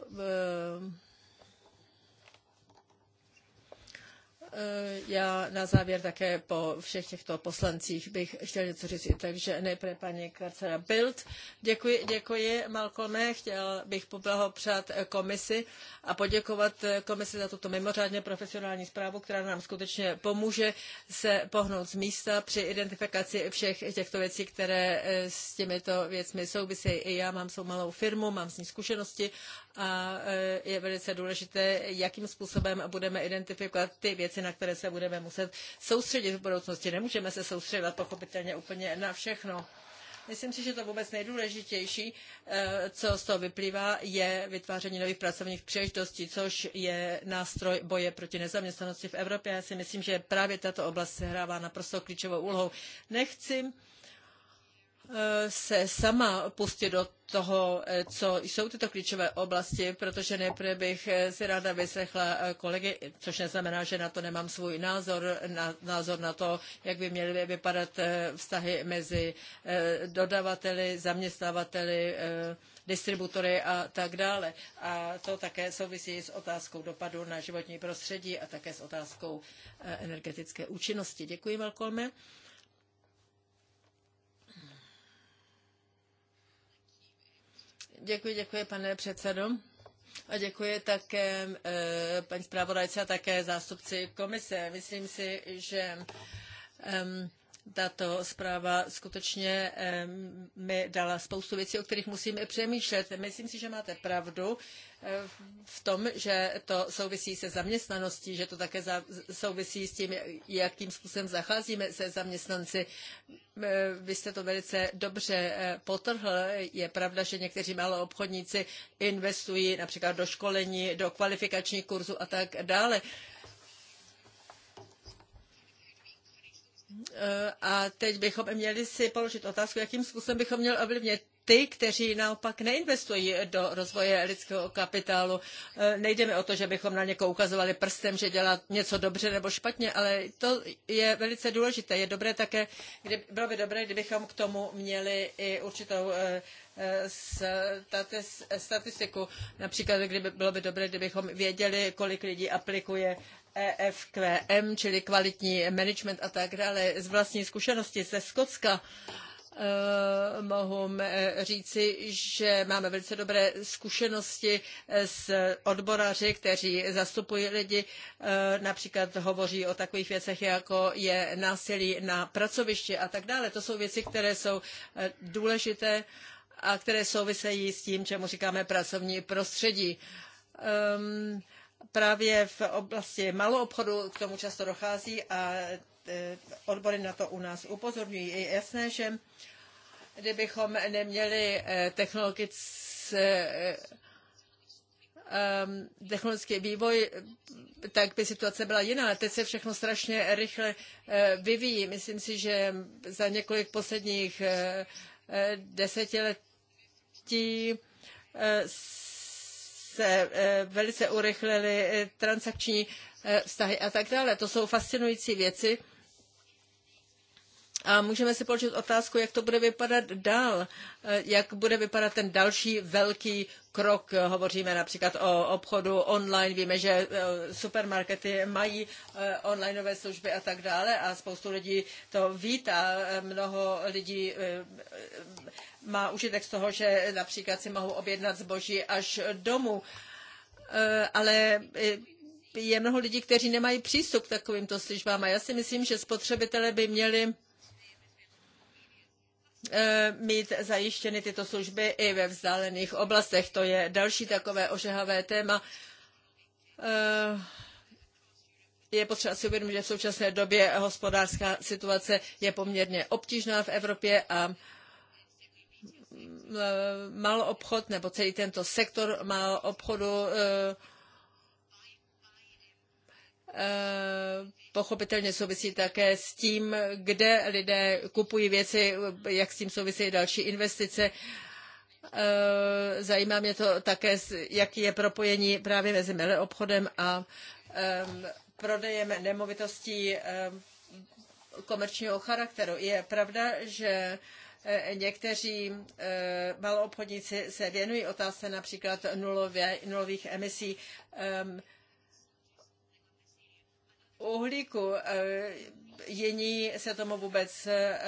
Eh, já na závěr také po všech těchto poslancích bych chtěl něco říct, takže nejprve paní Karcera Bild. Děkuji, děkuji Malcolme, chtěl bych poblahopřát komisi a poděkovat komisi za tuto mimořádně profesionální zprávu, která nám skutečně pomůže se pohnout z místa při identifikaci všech těchto věcí, které eh, s těmito věcmi souvisejí. I já mám svou malou firmu, mám s ní zkušenosti a eh, je velice důležité, jakým způsobem budeme identifikovat ty věci, věci, na které se budeme muset soustředit v budoucnosti. Nemůžeme se soustředit pochopitelně úplně na všechno. Myslím si, že to vůbec nejdůležitější, eh, co z toho vyplývá, je vytváření nových pracovních příležitostí, což je nástroj boje proti nezaměstnanosti v Evropě. Já si myslím, že právě tato oblast sehrává naprosto klíčovou úlohou. Nechci se sama pustit do toho, eh, co jsou tyto klíčové oblasti, protože nejprve bych eh, si ráda vyslechla eh, kolegy, což neznamená, že na to nemám svůj názor, na, názor na to, jak by měly vypadat vztahy mezi dodavateli, zaměstnavateli, distributory a tak dále. A to také souvisí s otázkou dopadu na životní prostředí a také s otázkou energetické účinnosti. Děkuji, Malcolme. Děkuji, děkuji, pane předsedo. A děkuji také eh, paní zpravodajce a také zástupci komise. Myslím si, že tato zpráva skutečně mi dala spoustu věcí, o kterých i přemýšlet. Myslím si, že máte pravdu eh, v tom, že to souvisí se zaměstnaností, že to také souvisí s tím, jakým způsobem zacházíme se zaměstnanci. Eh, vy jste to velice dobře eh, potrhl. Je pravda, že někteří malou obchodníci investují například do školení, do kvalifikačních kurzů a tak dále. Eh, a teď bychom měli si položit otázku, jakým způsobem bychom měli ovlivnit ty, kteří naopak neinvestují do rozvoje lidského kapitálu. Eh, Nejde mi o to, že bychom na někoho ukazovali prstem, že dělá něco dobře nebo špatně, ale to je velice důležité. Je dobré také, kdy, bylo by dobré, kdybychom k tomu měli i určitou eh, statistiku. Například kdyby, bylo by dobré, kdybychom věděli, kolik lidí aplikuje EFQM, čili kvalitní management a tak dále. Z vlastní zkušenosti ze Skotska e, mohu e, říci, že máme velice dobré zkušenosti e, s odboraři, kteří zastupují lidi, například hovoří o takových věcech, jako je násilí na pracovišti a tak dále. To jsou věci, které jsou důležité a které souvisejí s tím, čemu říkáme pracovní prostředí. Um, právě v oblasti malou obchodu k tomu často dochází a e, odbory na to u nás upozorňují. Je jasné, že kdybychom neměli e, technologické e, technologický vývoj, tak by situace byla jiná. Teď se všechno strašně rychle vyvíjí. Myslím si, že za několik posledních desetiletí se eh, velice urychlily eh, transakční eh, vztahy a tak dále. To jsou fascinující věci, a můžeme si položit otázku, jak to bude vypadat dál, eh, jak bude vypadat ten další velký krok. Hovoříme například o obchodu online, víme, že eh, supermarkety mají eh, onlineové služby a tak dále a spoustu lidí to vítá. Mnoho lidí má užitek z toho, že například si mohou objednat zboží až domů. Ale je mnoho lidí, kteří nemají přístup k takovýmto službám a já si myslím, že spotřebitelé by měli Eh, mít zajištěny tyto služby i ve vzdálených oblastech. To je další takové ožehavé téma. Eh, je potřeba si uvědomit, že v současné době hospodářská situace je poměrně obtížná v Evropě a mm, eh, obchod nebo celý tento sektor malobchodu obchodu Eh, pochopitelně souvisí také s tím, kde lidé kupují věci, jak s tím souvisí další investice. Eh, zajímá mě to také, jaký je propojení právě mezi obchodem a prodejem nemovitostí komerčního charakteru. Je pravda, že eh, někteří maloobchodníci se věnují otázce například nulových emisí uhlíku. Eh, jiní se tomu vůbec eh,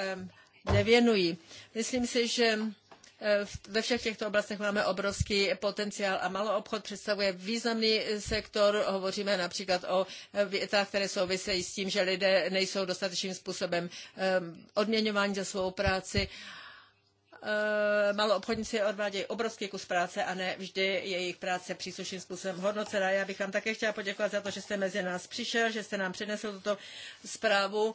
nevěnují. Myslím si, že eh, ve všech těchto oblastech máme obrovský potenciál a obchod představuje významný sektor. Hovoříme například o větách, které souvisejí s tím, že lidé nejsou dostatečným způsobem odměňováni za svou práci Eh, maloobchodníci odvádějí obrovský kus práce a ne vždy je jejich práce příslušným způsobem hodnocena. Já bych vám také chtěla poděkovat za to, že jste mezi nás přišel, že jste nám přinesl tuto zprávu.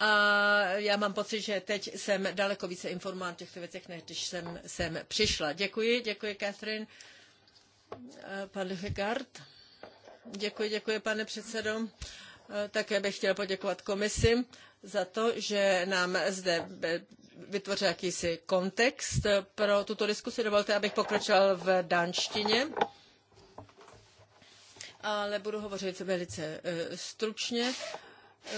A já mám pocit, že teď jsem daleko více informován o těchto věcech, než když jsem sem přišla. Děkuji, děkuji, Catherine. Eh, pan Hegard. Děkuji, děkuji, pane předsedo. Eh, také bych chtěl poděkovat komisi za to, že nám zde vytvořil jakýsi kontext pro tuto diskusi. Dovolte, abych pokračoval v dánštině, ale budu hovořit velice eh, stručně.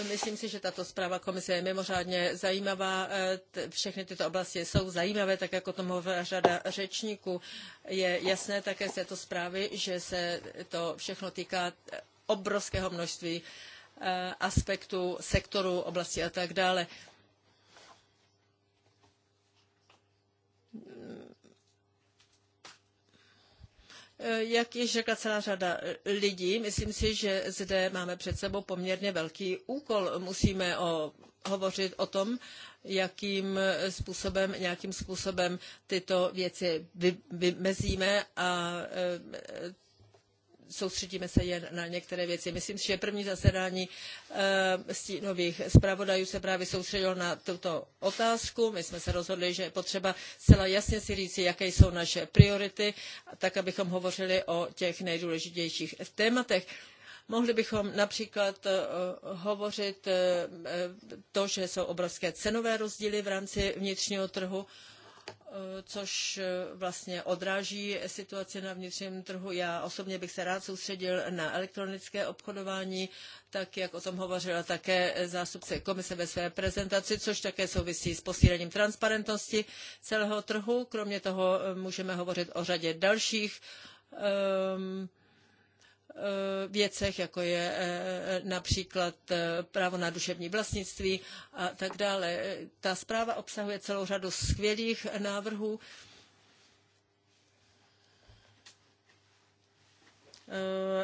Myslím si, že tato zpráva komise je mimořádně zajímavá. Eh, všechny tyto oblasti jsou zajímavé, tak jako tomu hovořila řada řečníků. Je jasné také z této zprávy, že se to všechno týká eh, obrovského množství aspektů, sektorů, oblasti a tak dále. Eh, jak již řekla celá řada eh, lidí, myslím si, že zde máme před sebou poměrně velký úkol. Musíme o, hovořit o tom, jakým eh, způsobem, nějakým způsobem tyto věci vymezíme a soustředíme se jen na některé věci. Myslím si, že první zasedání eh, stínových zpravodajů se právě soustředilo na tuto otázku. My jsme se rozhodli, že je potřeba zcela jasně si říci, jaké jsou naše priority, tak abychom hovořili o těch nejdůležitějších tématech. Mohli bychom například eh, hovořit eh, to, že jsou obrovské cenové rozdíly v rámci vnitřního trhu Eh, což eh, vlastně odráží situaci na vnitřním trhu. Já osobně bych se rád soustředil na elektronické obchodování, tak jak o tom hovořila také zástupce komise ve své prezentaci, což také souvisí s posílením transparentnosti celého trhu. Kromě toho eh, můžeme hovořit o řadě dalších um, Eh, věcech, jako je eh, například eh, právo na duševní vlastnictví a tak dále. Ta zpráva obsahuje celou řadu skvělých návrhů.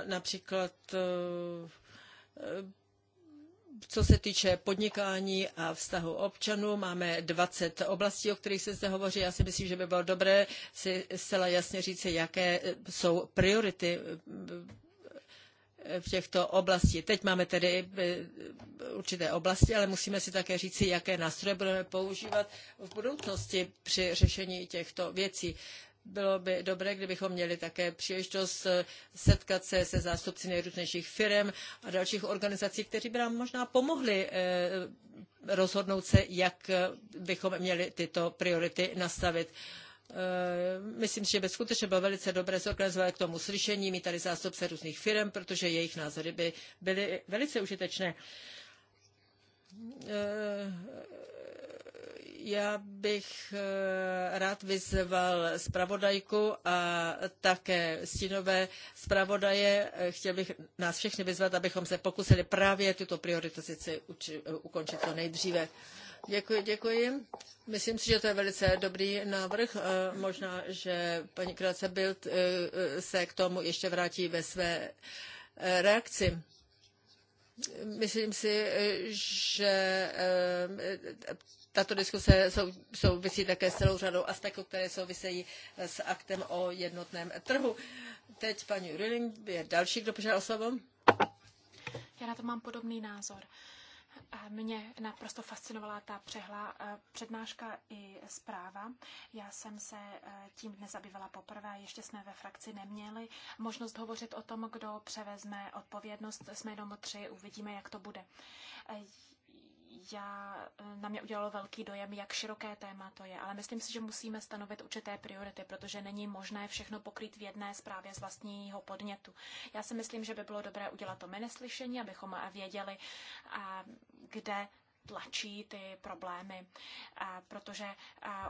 Například co se týče podnikání a vztahu občanů, máme 20 oblastí, o kterých se zde hovoří. Já si myslím, že by bylo dobré si zcela jasně říci, jaké jsou priority v těchto oblasti. Teď máme tedy eh, určité oblasti, ale musíme si také říci, jaké nástroje budeme používat v budoucnosti při řešení těchto věcí. Bylo by dobré, kdybychom měli také příležitost eh, setkat se se zástupci nejrůznějších firm a dalších organizací, kteří by nám možná pomohli eh, rozhodnout se, jak bychom měli tyto priority nastavit. Eh, myslím, že by skutečně bylo velice dobré zorganizovat k tomu slyšení, mít tady zástupce různých firm, protože jejich názory by byly velice užitečné. Eh, já bych eh, rád vyzval zpravodajku a také stínové zpravodaje. Chtěl bych nás všechny vyzvat, abychom se pokusili právě tuto prioritizaci ukončit co nejdříve. Děkuji, děkuji. Myslím si, že to je velice dobrý návrh. Eh, možná, že paní Krace Bild eh, eh, se k tomu ještě vrátí ve své reakci. Myslím si, že tato diskuse souvisí také s celou řadou aspektů, které souvisejí s aktem o jednotném trhu. Teď paní Rilling je další, kdo požádal slovo. Já na to mám podobný názor. Uh, mě naprosto fascinovala ta přehla, eh, přednáška i zpráva. Já jsem se eh, tím nezabývala poprvé, ještě jsme ve frakci neměli možnost hovořit o tom, kdo převezme odpovědnost. Jsme jenom tři, uvidíme, jak to bude. Eh, já, eh, na mě udělalo velký dojem, jak široké téma to je, ale myslím si, že musíme stanovit určité priority, protože není možné všechno pokrýt v jedné zprávě z vlastního podnětu. Já si myslím, že by bylo dobré udělat to meneslyšení, abychom věděli, kde tlačí ty problémy, protože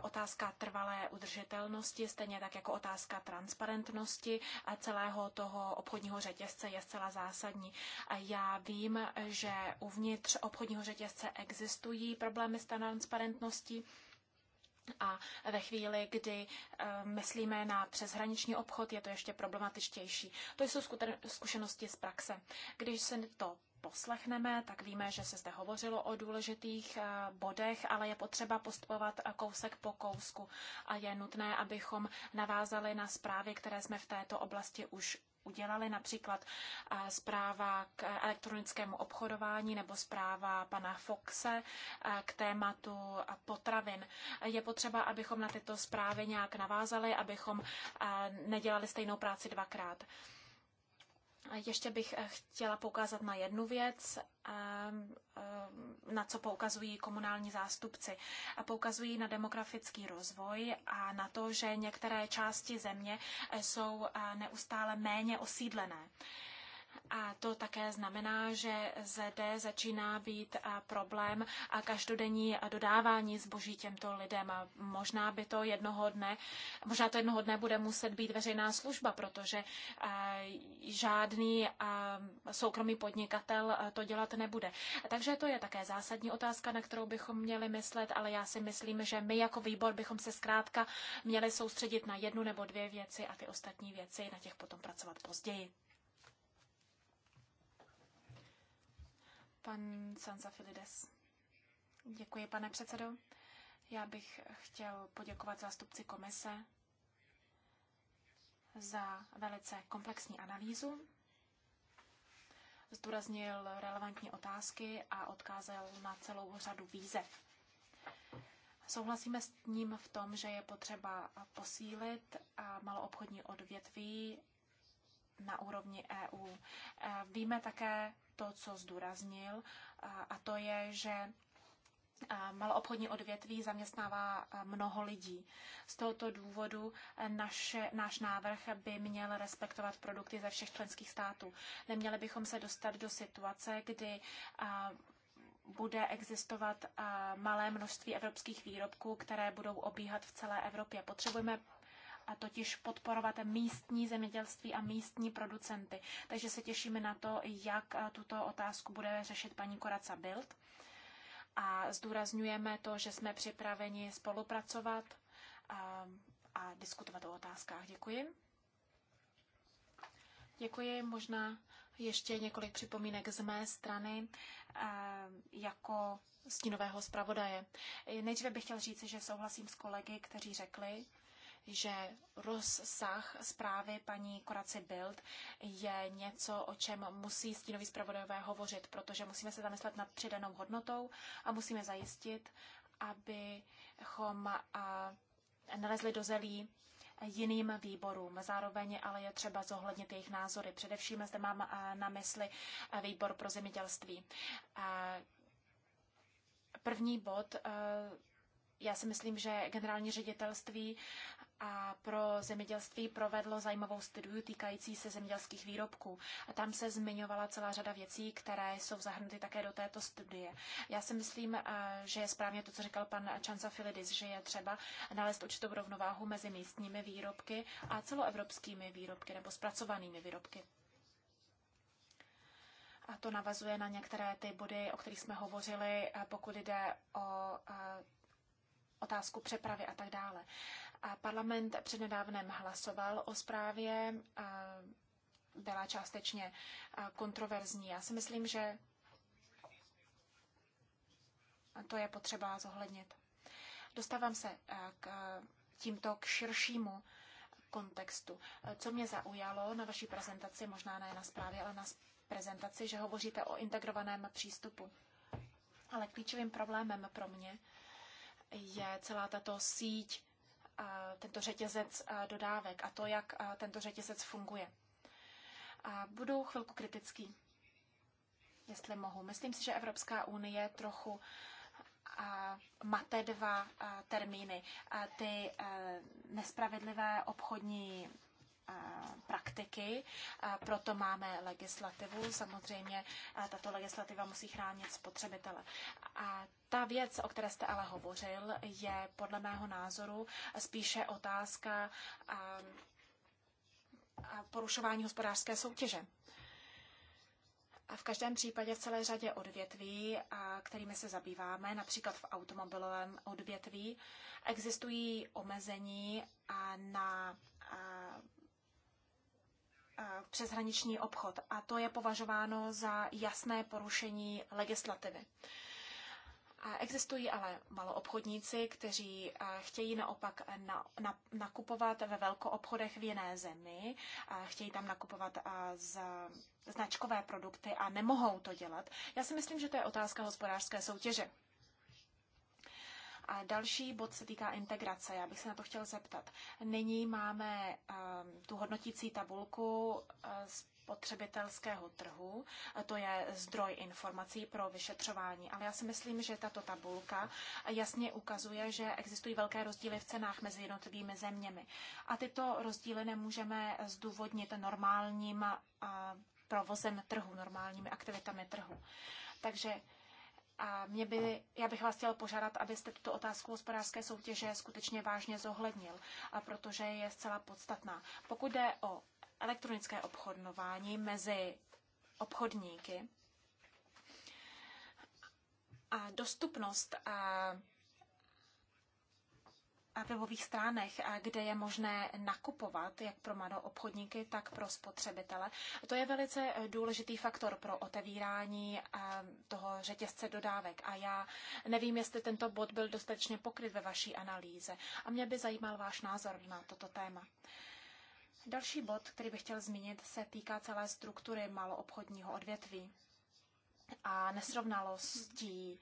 otázka trvalé udržitelnosti, stejně tak jako otázka transparentnosti celého toho obchodního řetězce je zcela zásadní. Já vím, že uvnitř obchodního řetězce existují problémy s transparentností, a ve chvíli, kdy e, myslíme na přeshraniční obchod, je to ještě problematičtější. To jsou zkušenosti z praxe. Když se to poslechneme, tak víme, že se zde hovořilo o důležitých eh, bodech, ale je potřeba postupovat eh, kousek po kousku a je nutné, abychom navázali na zprávy, které jsme v této oblasti už udělali, například eh, zpráva k elektronickému obchodování nebo zpráva pana Foxe k tématu potravin. Je potřeba, abychom na tyto zprávy nějak navázali, abychom nedělali stejnou práci dvakrát. Ještě bych eh, chtěla poukázat na jednu věc, eh, eh, na co poukazují komunální zástupci. Poukazují na demografický rozvoj a na to, že některé části země jsou neustále méně osídlené. A to také znamená, že zde začíná být problém a každodenní dodávání zboží těmto lidem. možná by to jednoho dne, možná to jednoho dne bude muset být veřejná služba, protože žádný soukromý podnikatel to dělat nebude. Takže to je také zásadní otázka, na kterou bychom měli myslet, ale já si myslím, že my jako výbor bychom se zkrátka měli soustředit na jednu nebo dvě věci a ty ostatní věci na těch potom pracovat později. Pan Sansa Filides. Děkuji, pane předsedo. Já bych chtěl poděkovat zástupci komise za velice komplexní analýzu. Zdůraznil relevantní otázky a odkázal na celou řadu výzev. Souhlasíme s ním v tom, že je potřeba posílit maloobchodní odvětví na úrovni EU. E, víme také, to, co zdůraznil, a to je, že maloobchodní odvětví zaměstnává mnoho lidí. Z tohoto důvodu naše, náš návrh by měl respektovat produkty ze všech členských států. Neměli bychom se dostat do situace, kdy bude existovat malé množství evropských výrobků, které budou obíhat v celé Evropě. Potřebujeme a totiž podporovat místní zemědělství a místní producenty. Takže se těšíme na to, jak eh, tuto otázku bude řešit paní Koraca Bild. A zdůrazňujeme to, že jsme připraveni spolupracovat a, eh, a diskutovat o otázkách. Děkuji. Děkuji. Možná ještě několik připomínek z mé strany eh, jako stínového zpravodaje. Nejdříve bych chtěl říct, že souhlasím s kolegy, kteří řekli, že rozsah zprávy paní Koraci Bild je něco, o čem musí stínoví zpravodajové hovořit, protože musíme se zamyslet nad přidanou hodnotou a musíme zajistit, abychom nalezli do zelí jiným výborům. Zároveň ale je třeba zohlednit jejich názory. Především zde mám na mysli výbor pro zemědělství. První bod já si myslím, že generální ředitelství a pro zemědělství provedlo zajímavou studiu týkající se zemědělských výrobků. A tam se zmiňovala celá řada věcí, které jsou zahrnuty také do této studie. Já si myslím, eh, že je správně to, co říkal pan Čansa Filidis, že je třeba nalézt určitou rovnováhu mezi místními výrobky a celoevropskými výrobky nebo zpracovanými výrobky. A to navazuje na některé ty body, o kterých jsme hovořili, eh, pokud jde o eh, otázku přepravy a tak dále. A parlament přednedávnem hlasoval o zprávě, byla částečně kontroverzní. Já si myslím, že to je potřeba zohlednit. Dostávám se k tímto k širšímu kontextu. Co mě zaujalo na vaší prezentaci, možná ne na zprávě, ale na prezentaci, že hovoříte o integrovaném přístupu. Ale klíčovým problémem pro mě je celá tato síť, tento řetězec dodávek a to, jak tento řetězec funguje. A budu chvilku kritický, jestli mohu. Myslím si, že Evropská unie trochu mate dva termíny. A ty nespravedlivé obchodní praktiky, proto máme legislativu. Samozřejmě tato legislativa musí chránit spotřebitele. A ta věc, o které jste ale hovořil, je podle mého názoru spíše otázka porušování hospodářské soutěže. A v každém případě v celé řadě odvětví, kterými se zabýváme, například v automobilovém odvětví, existují omezení na přeshraniční obchod a to je považováno za jasné porušení legislativy. A existují ale maloobchodníci, kteří chtějí naopak na, na, nakupovat ve velkoobchodech v jiné zemi, a chtějí tam nakupovat z, značkové produkty a nemohou to dělat. Já si myslím, že to je otázka hospodářské soutěže. A další bod se týká integrace. Já bych se na to chtěl zeptat. Nyní máme ehm, tu hodnotící tabulku z eh, spotřebitelského trhu, to je zdroj informací pro vyšetřování. Ale já si myslím, že tato tabulka jasně ukazuje, že existují velké rozdíly v cenách mezi jednotlivými zeměmi. A tyto rozdíly nemůžeme zdůvodnit normálním provozem trhu, normálními aktivitami trhu. Takže a mě by, já bych vás chtěl požádat, abyste tuto otázku hospodářské soutěže skutečně vážně zohlednil, a protože je zcela podstatná. Pokud jde o elektronické obchodování mezi obchodníky a dostupnost a webových stránech, kde je možné nakupovat jak pro mladou obchodníky, tak pro spotřebitele. To je velice eh, důležitý faktor pro otevírání eh, toho řetězce dodávek a já nevím, jestli tento bod byl dostatečně pokryt ve vaší analýze a mě by zajímal váš názor na toto téma. Další bod, který bych chtěl zmínit, se týká celé struktury maloobchodního odvětví a nesrovnalostí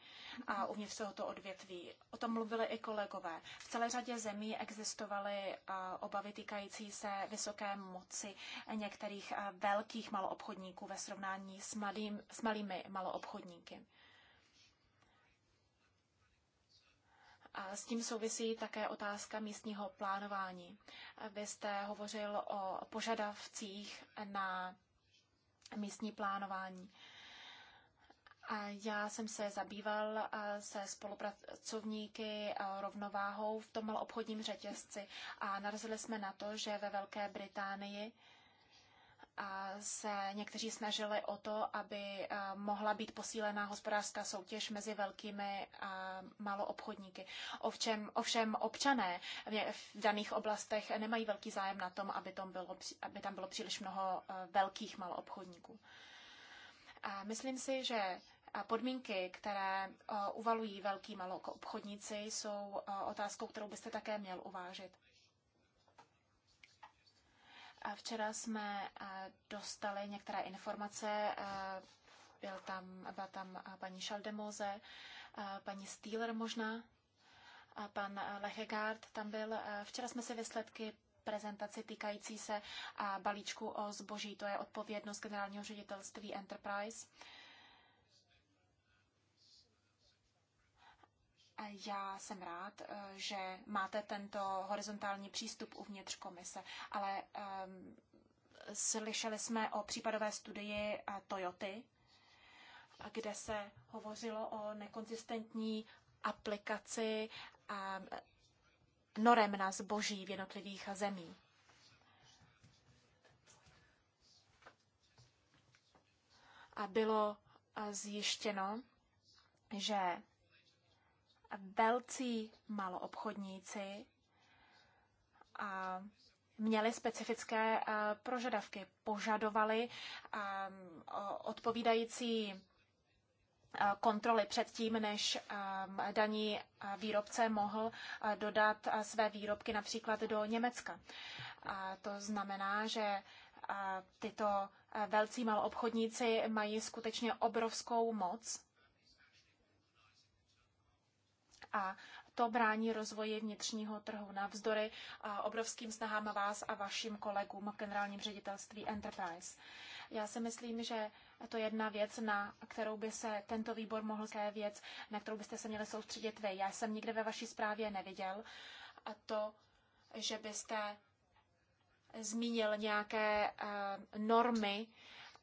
a uvnitř tohoto odvětví. O tom mluvili i kolegové. V celé řadě zemí existovaly obavy týkající se vysoké moci některých velkých maloobchodníků ve srovnání s, malým, s malými maloobchodníky. A s tím souvisí také otázka místního plánování. Vy jste hovořil o požadavcích na místní plánování. Já jsem se zabýval se spolupracovníky rovnováhou v tom obchodním řetězci a narazili jsme na to, že ve Velké Británii se někteří snažili o to, aby mohla být posílená hospodářská soutěž mezi velkými a maloobchodníky. Ovčem, ovšem občané v daných oblastech nemají velký zájem na tom, aby, tom bylo, aby tam bylo příliš mnoho velkých maloobchodníků. A myslím si, že podmínky, které eh, uvalují velký obchodníci, jsou eh, otázkou, kterou byste také měl uvážit. A včera jsme eh, dostali některé informace, byl tam, byla tam paní Šaldemoze, paní Steeler možná, a pan Lechegard tam byl. Včera jsme si výsledky prezentaci týkající se balíčku o zboží. To je odpovědnost generálního ředitelství Enterprise. Já jsem rád, eh, že máte tento horizontální přístup uvnitř komise, ale um, slyšeli jsme o případové studii eh, Toyoty, kde se hovořilo o nekonzistentní aplikaci um, norem na zboží v jednotlivých zemích. A bylo eh, zjištěno, že velcí maloobchodníci a měli specifické eh, prožadavky, požadovali eh, odpovídající eh, kontroly předtím, než daní výrobce mohl dodat své výrobky například do Německa. A to znamená, že tyto velcí maloobchodníci mají skutečně obrovskou moc a to brání rozvoji vnitřního trhu navzdory obrovským snahám vás a vašim kolegům v generálním ředitelství Enterprise. Já si myslím, že to je jedna věc, na kterou by se tento výbor mohl také věc, na kterou byste se měli soustředit vy. Já jsem nikde ve vaší zprávě neviděl a to, že byste zmínil nějaké normy,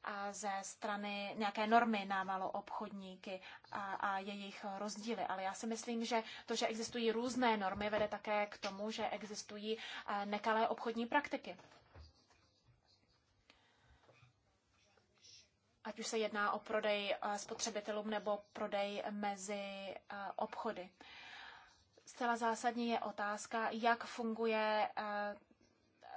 a ze strany nějaké normy na maloobchodníky a, a jejich rozdíly. Ale já si myslím, že to, že existují různé normy, vede také k tomu, že existují eh, nekalé obchodní praktiky. Ať už se jedná o prodej eh, spotřebitelům nebo prodej mezi eh, obchody. Zcela zásadní je otázka, jak funguje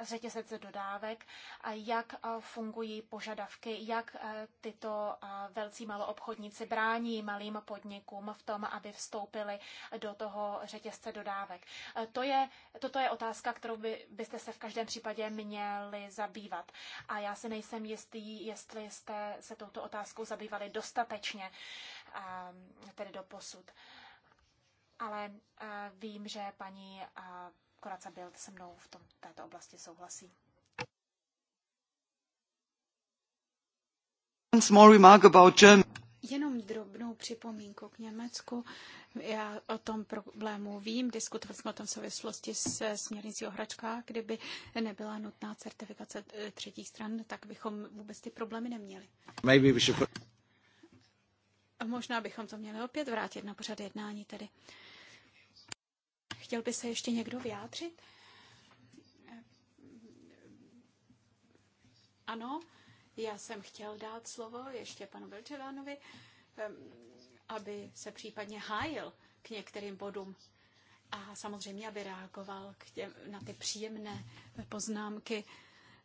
řetězec dodávek, jak eh, fungují požadavky, jak eh, tyto eh, velcí maloobchodníci brání malým podnikům v tom, aby vstoupili do toho řetězce dodávek. To je, toto je otázka, kterou by, byste se v každém případě měli zabývat. A já si nejsem jistý, jestli jste se touto otázkou zabývali dostatečně, ehm, tedy do posud. Ale vím, že paní Koraca byl se mnou v tom, této oblasti souhlasí. Jenom drobnou připomínku k Německu. Já o tom problému vím, diskutovali jsme o tom v souvislosti s směrnicí o hračkách. Kdyby nebyla nutná certifikace eh, třetích stran, tak bychom vůbec ty problémy neměli. Maybe we should... Možná bychom to měli opět vrátit na pořad jednání tedy. Uh, Chtěl by se ještě někdo vyjádřit? Ano, já jsem chtěl dát slovo ještě panu Belčevánovi, eh, aby se případně hájil k některým bodům a samozřejmě, aby reagoval k těm, na ty příjemné poznámky.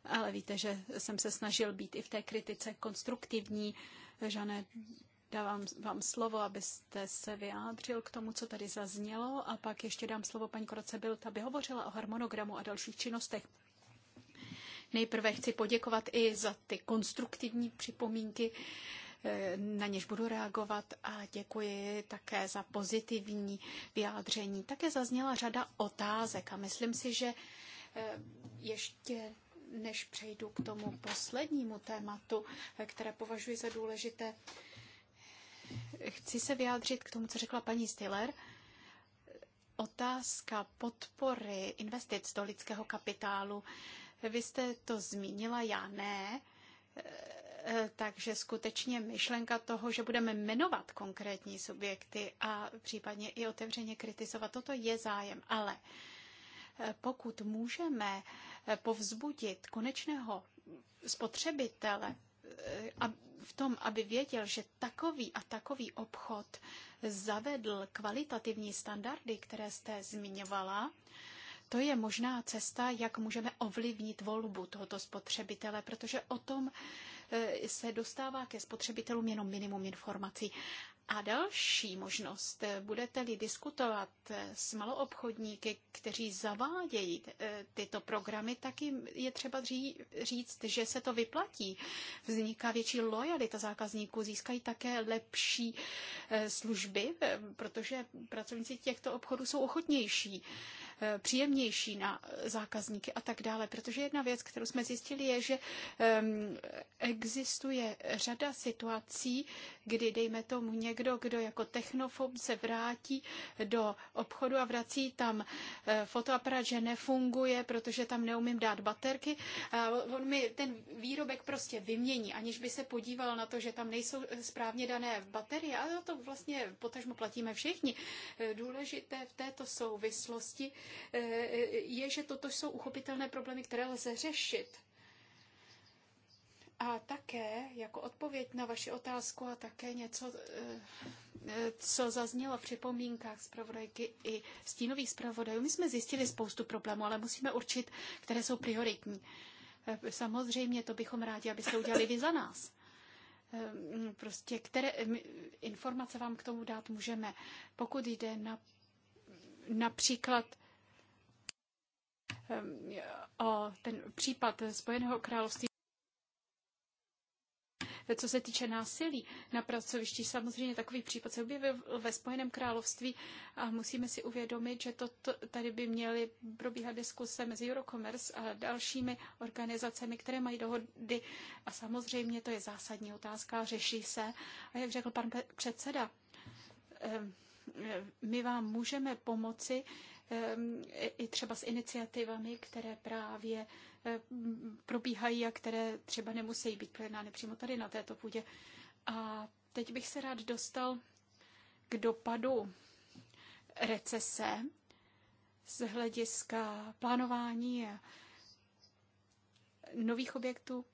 Ale víte, že jsem se snažil být i v té kritice konstruktivní. Žané Dávám vám slovo, abyste se vyjádřil k tomu, co tady zaznělo a pak ještě dám slovo paní Koroce Bilt, aby hovořila o harmonogramu a dalších činnostech. Nejprve chci poděkovat i za ty konstruktivní připomínky, eh, na něž budu reagovat a děkuji také za pozitivní vyjádření. Také zazněla řada otázek a myslím si, že eh, ještě než přejdu k tomu poslednímu tématu, eh, které považuji za důležité, Chci se vyjádřit k tomu, co řekla paní Stiller. Otázka podpory investic do lidského kapitálu. Vy jste to zmínila, já ne e, takže skutečně myšlenka toho, že budeme jmenovat konkrétní subjekty a případně i otevřeně kritizovat, toto je zájem. Ale e, pokud můžeme e, povzbudit konečného spotřebitele, v tom, aby věděl, že takový a takový obchod zavedl kvalitativní standardy, které jste zmiňovala, to je možná cesta, jak můžeme ovlivnit volbu tohoto spotřebitele, protože o tom eh, se dostává ke spotřebitelům jenom minimum informací. A další možnost, budete-li diskutovat s maloobchodníky, kteří zavádějí eh, tyto programy, tak jim je třeba říct, že se to vyplatí. Vzniká větší lojalita zákazníků, získají také lepší eh, služby, eh, protože pracovníci těchto obchodů jsou ochotnější Eh, příjemnější na zákazníky a tak dále. Protože jedna věc, kterou jsme zjistili, je, že existuje řada situací, kdy, dejme tomu, někdo, kdo jako technofob se vrátí do obchodu a vrací tam eh, fotoaparát, že nefunguje, protože tam neumím dát baterky. A on mi ten výrobek prostě vymění, aniž by se podíval na to, že tam nejsou správně dané baterie. A to vlastně potažmo platíme všichni. Eh, důležité v této souvislosti je, že toto jsou uchopitelné problémy, které lze řešit. A také jako odpověď na vaši otázku a také něco, eh, co zaznělo v připomínkách zpravodajky i stínových zpravodajů, my jsme zjistili spoustu problémů, ale musíme určit, které jsou prioritní. Eh, samozřejmě to bychom rádi, abyste udělali vy za nás eh, prostě které informace vám k tomu dát můžeme. Pokud jde na, například o ten případ Spojeného království. Co se týče násilí na pracovišti, samozřejmě takový případ se objevil ve Spojeném království a musíme si uvědomit, že to, to, tady by měly probíhat diskuse mezi Eurocommerce a dalšími organizacemi, které mají dohody. A samozřejmě to je zásadní otázka, řeší se. A jak řekl pan předseda, my vám můžeme pomoci Ehm, i třeba s iniciativami, které právě ehm, probíhají a které třeba nemusí být projednány přímo tady na této půdě. A teď bych se rád dostal k dopadu recese z hlediska plánování nových objektů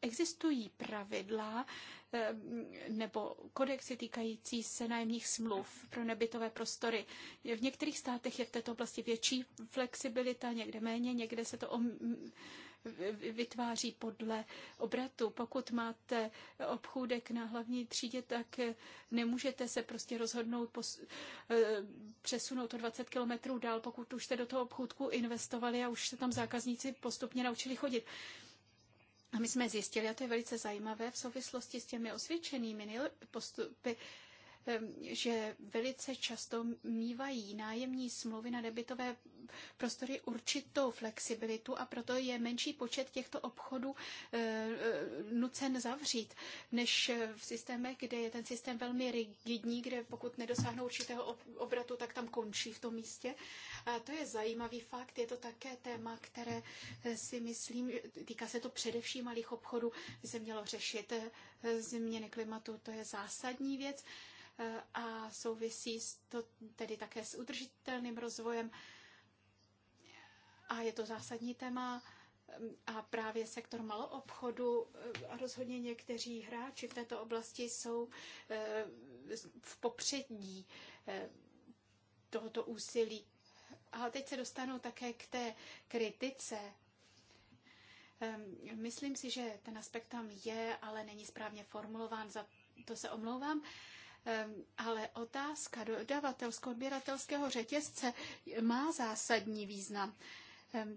existují pravidla eh, nebo kodexy týkající se nájemních smluv pro nebytové prostory. V některých státech je v této oblasti větší flexibilita, někde méně, někde se to om vytváří podle obratu. Pokud máte obchůdek na hlavní třídě, tak nemůžete se prostě rozhodnout eh, přesunout o 20 kilometrů dál, pokud už jste do toho obchůdku investovali a už se tam zákazníci postupně naučili chodit. A my jsme zjistili, a to je velice zajímavé, v souvislosti s těmi osvědčenými postupy Ehm, že velice často mývají nájemní smlouvy na debitové prostory určitou flexibilitu a proto je menší počet těchto obchodů eh, eh, nucen zavřít, než eh, v systémech, kde je ten systém velmi rigidní, kde pokud nedosáhnou určitého obratu, tak tam končí v tom místě. A to je zajímavý fakt, je to také téma, které si myslím, týká se to především malých obchodů, by se mělo řešit změny klimatu, to je zásadní věc. Eh, a souvisí to tedy také s udržitelným rozvojem. A je to zásadní téma mm, a právě sektor maloobchodu eh, a rozhodně někteří hráči v této oblasti jsou eh, v popředí tohoto úsilí. A teď se dostanu také k té kritice. Ehm, myslím si, že ten aspekt tam je, ale není správně formulován, za to se omlouvám ale otázka dodavatelsko-odběratelského řetězce má zásadní význam.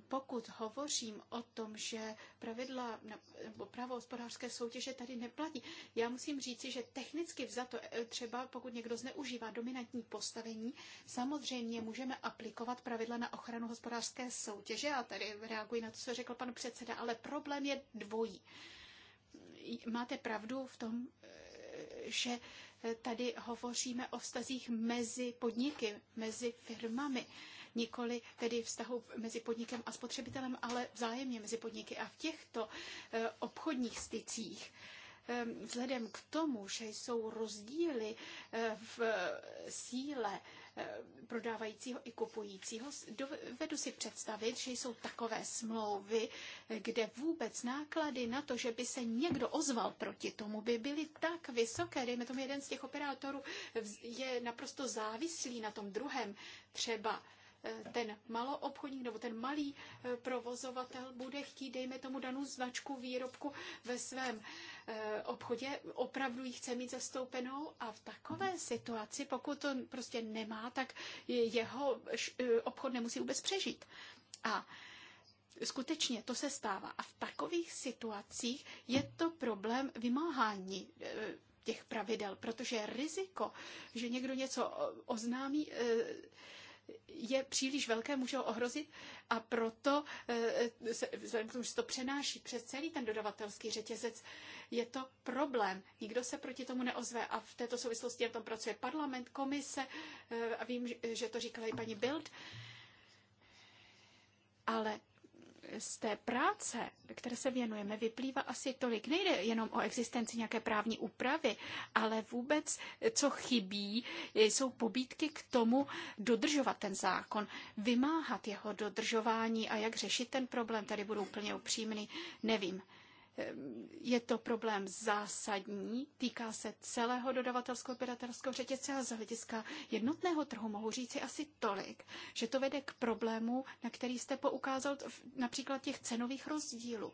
Pokud hovořím o tom, že pravidla nebo právo hospodářské soutěže tady neplatí, já musím říci, že technicky vzato e, třeba, pokud někdo zneužívá dominantní postavení, samozřejmě můžeme aplikovat pravidla na ochranu hospodářské soutěže a tady reaguji na to, co řekl pan předseda, ale problém je dvojí. Máte pravdu v tom, e, že Eh, tady hovoříme o vztazích mezi podniky, mezi firmami, nikoli tedy vztahu mezi podnikem a spotřebitelem, ale vzájemně mezi podniky. A v těchto eh, obchodních stycích ehm, vzhledem k tomu, že jsou rozdíly eh, v síle Eh, prodávajícího i kupujícího. Dovedu si představit, že jsou takové smlouvy, eh, kde vůbec náklady na to, že by se někdo ozval proti tomu, by byly tak vysoké. Dejme tomu, jeden z těch operátorů je naprosto závislý na tom druhém. Třeba eh, ten maloobchodník nebo ten malý provozovatel bude chtít, dejme tomu, danou značku výrobku ve svém Eh, obchodě opravdu ji chce mít zastoupenou a v takové mhm. situaci, pokud to prostě nemá, tak jeho eh, obchod nemusí vůbec přežít. A Skutečně to se stává. A v takových situacích je to problém vymáhání eh, těch pravidel, protože riziko, že někdo něco oznámí, je příliš velké, může ho ohrozit a proto, eh, vzhledem k tomu, že se to přenáší přes celý ten dodavatelský řetězec, je to problém. Nikdo se proti tomu neozve a v této souvislosti na tom pracuje parlament, komise eh, a vím, že to říkala i paní Bild. Ale z té práce, které se věnujeme, vyplývá asi tolik. Nejde jenom o existenci nějaké právní úpravy, ale vůbec, co chybí, jsou pobídky k tomu dodržovat ten zákon, vymáhat jeho dodržování a jak řešit ten problém. Tady budu úplně upřímný, nevím. Ehm, je to problém zásadní, týká se celého dodavatelského operatelského řetězce a z hlediska jednotného trhu mohu říci asi tolik, že to vede k problému, na který jste poukázal například těch cenových rozdílů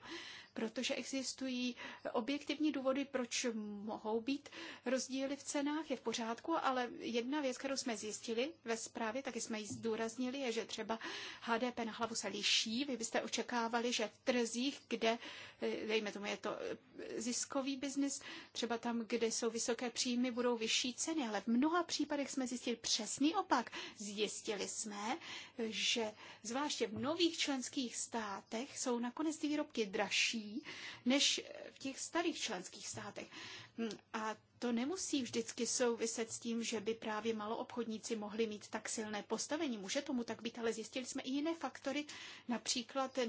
protože existují objektivní důvody, proč mohou být rozdíly v cenách, je v pořádku, ale jedna věc, kterou jsme zjistili ve zprávě, taky jsme ji zdůraznili, je, že třeba HDP na hlavu se liší. Vy byste očekávali, že v trzích, kde, eh, dejme tomu, je to eh, ziskový biznis, třeba tam, kde jsou vysoké příjmy, budou vyšší ceny, ale v mnoha případech jsme zjistili přesný opak. Zjistili jsme, eh, že zvláště v nových členských státech jsou nakonec ty výrobky dražší, než v těch starých členských státech. A to nemusí vždycky souviset s tím, že by právě maloobchodníci mohli mít tak silné postavení. Může tomu tak být, ale zjistili jsme i jiné faktory, například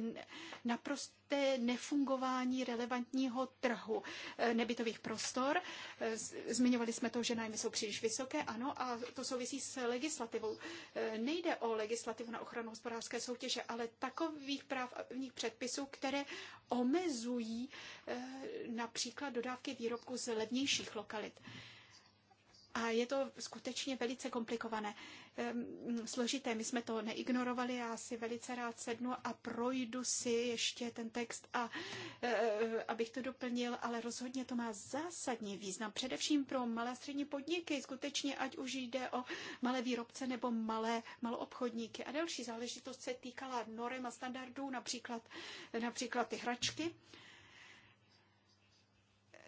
naprosté nefungování relevantního trhu eh, nebytových prostor. Eh, zmiňovali jsme to, že nájmy jsou příliš vysoké, ano, a to souvisí s legislativou. Eh, nejde o legislativu na ochranu hospodářské soutěže, ale takových právních předpisů, které omezují například dodávky výrobků z levnějších lokalit schválit. A je to skutečně velice komplikované, ehm, složité. My jsme to neignorovali, já si velice rád sednu a projdu si ještě ten text, a, e, e, abych to doplnil, ale rozhodně to má zásadní význam, především pro malé a střední podniky, skutečně ať už jde o malé výrobce nebo malé maloobchodníky. A další záležitost se týkala norem a standardů, například, například ty hračky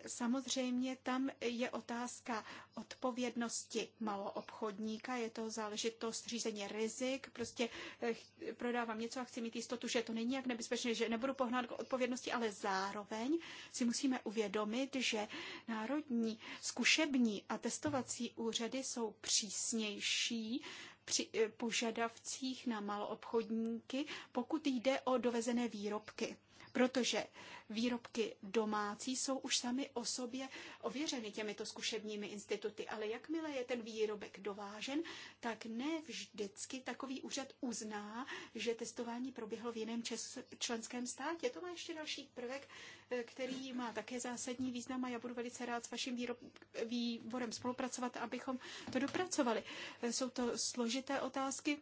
Samozřejmě tam je otázka odpovědnosti maloobchodníka, je to záležitost řízení rizik, prostě eh, prodávám něco a chci mít jistotu, že to není jak nebezpečné, že nebudu pohnat k odpovědnosti, ale zároveň si musíme uvědomit, že národní zkušební a testovací úřady jsou přísnější při eh, požadavcích na maloobchodníky, pokud jde o dovezené výrobky protože výrobky domácí jsou už sami o sobě ověřeny těmito zkušebními instituty, ale jakmile je ten výrobek dovážen, tak ne vždycky takový úřad uzná, že testování proběhlo v jiném čes- členském státě. To má ještě další prvek, eh, který má také zásadní význam a já budu velice rád s vaším výrob- výborem spolupracovat, abychom to dopracovali. Eh, jsou to složité otázky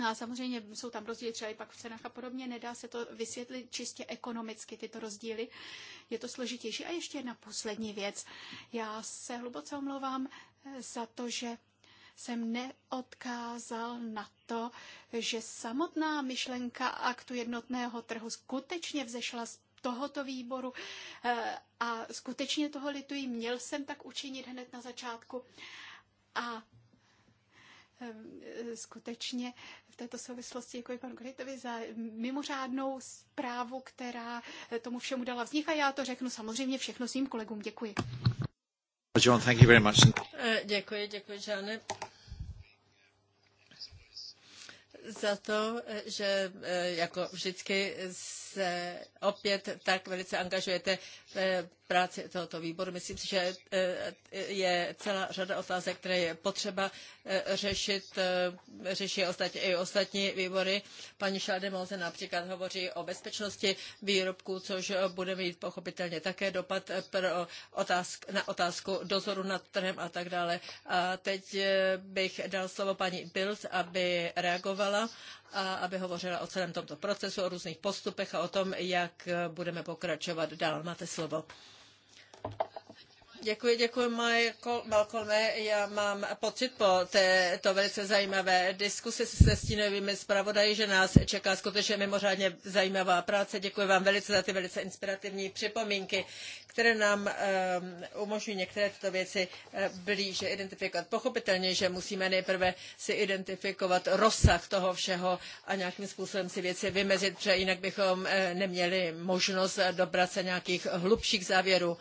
No a samozřejmě jsou tam rozdíly třeba i pak v cenách a podobně. Nedá se to vysvětlit čistě ekonomicky, tyto rozdíly. Je to složitější. A ještě jedna poslední věc. Já se hluboce omlouvám eh, za to, že jsem neodkázal na to, že samotná myšlenka aktu jednotného trhu skutečně vzešla z tohoto výboru eh, a skutečně toho lituji. Měl jsem tak učinit hned na začátku. A Ehm, skutečně v této souvislosti děkuji panu Krejtovi za mimořádnou zprávu, která eh, tomu všemu dala vznik a já to řeknu samozřejmě všechno svým kolegům. Děkuji. John, thank you very much. Eh, děkuji, děkuji, Žáne za to, eh, že jako vždycky se opět tak velice angažujete v eh, práci tohoto výboru. Myslím si, že eh, je celá řada otázek, které je potřeba eh, řešit. Řeší ostatně i ostatní výbory. Paní Šaldemoze například hovoří o bezpečnosti výrobků, což bude mít pochopitelně také dopad pro otázk, na otázku dozoru nad trhem a tak dále. A teď bych dal slovo paní Bild, aby reagovala a aby hovořila o celém tomto procesu, o různých postupech a o tom, jak budeme pokračovat dál. Máte slovo. Děkuji, děkuji, Malcolme. Já mám pocit po této velice zajímavé diskusi se stínovými zpravodaji, že nás čeká skutečně mimořádně zajímavá práce. Děkuji vám velice za ty velice inspirativní připomínky, které nám eh, umožňují některé tyto věci eh, blíže identifikovat. Pochopitelně, že musíme nejprve si identifikovat rozsah toho všeho a nějakým způsobem si věci vymezit, protože jinak bychom eh, neměli možnost dobrat se nějakých hlubších závěrů.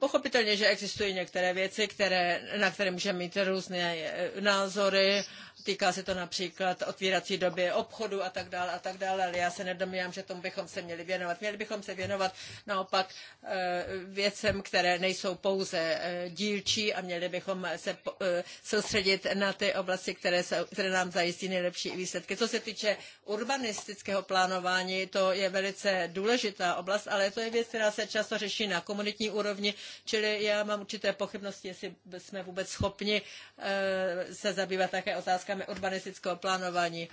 Pochopitelně, že existují některé věci, které, na které můžeme mít různé eh, názory Týká se to například otvírací doby obchodu a tak dále a tak dále, ale já se nedomnívám, že tomu bychom se měli věnovat. Měli bychom se věnovat naopak eh, věcem, které nejsou pouze eh, dílčí a měli bychom se eh, soustředit na ty oblasti, které, se, které nám zajistí nejlepší výsledky. Co se týče urbanistického plánování, to je velice důležitá oblast, ale to je věc, která se často řeší na komunitní úrovni, čili já mám určité pochybnosti, jestli jsme vůbec schopni se zabývat také otázkami otázkami urbanistického plánování.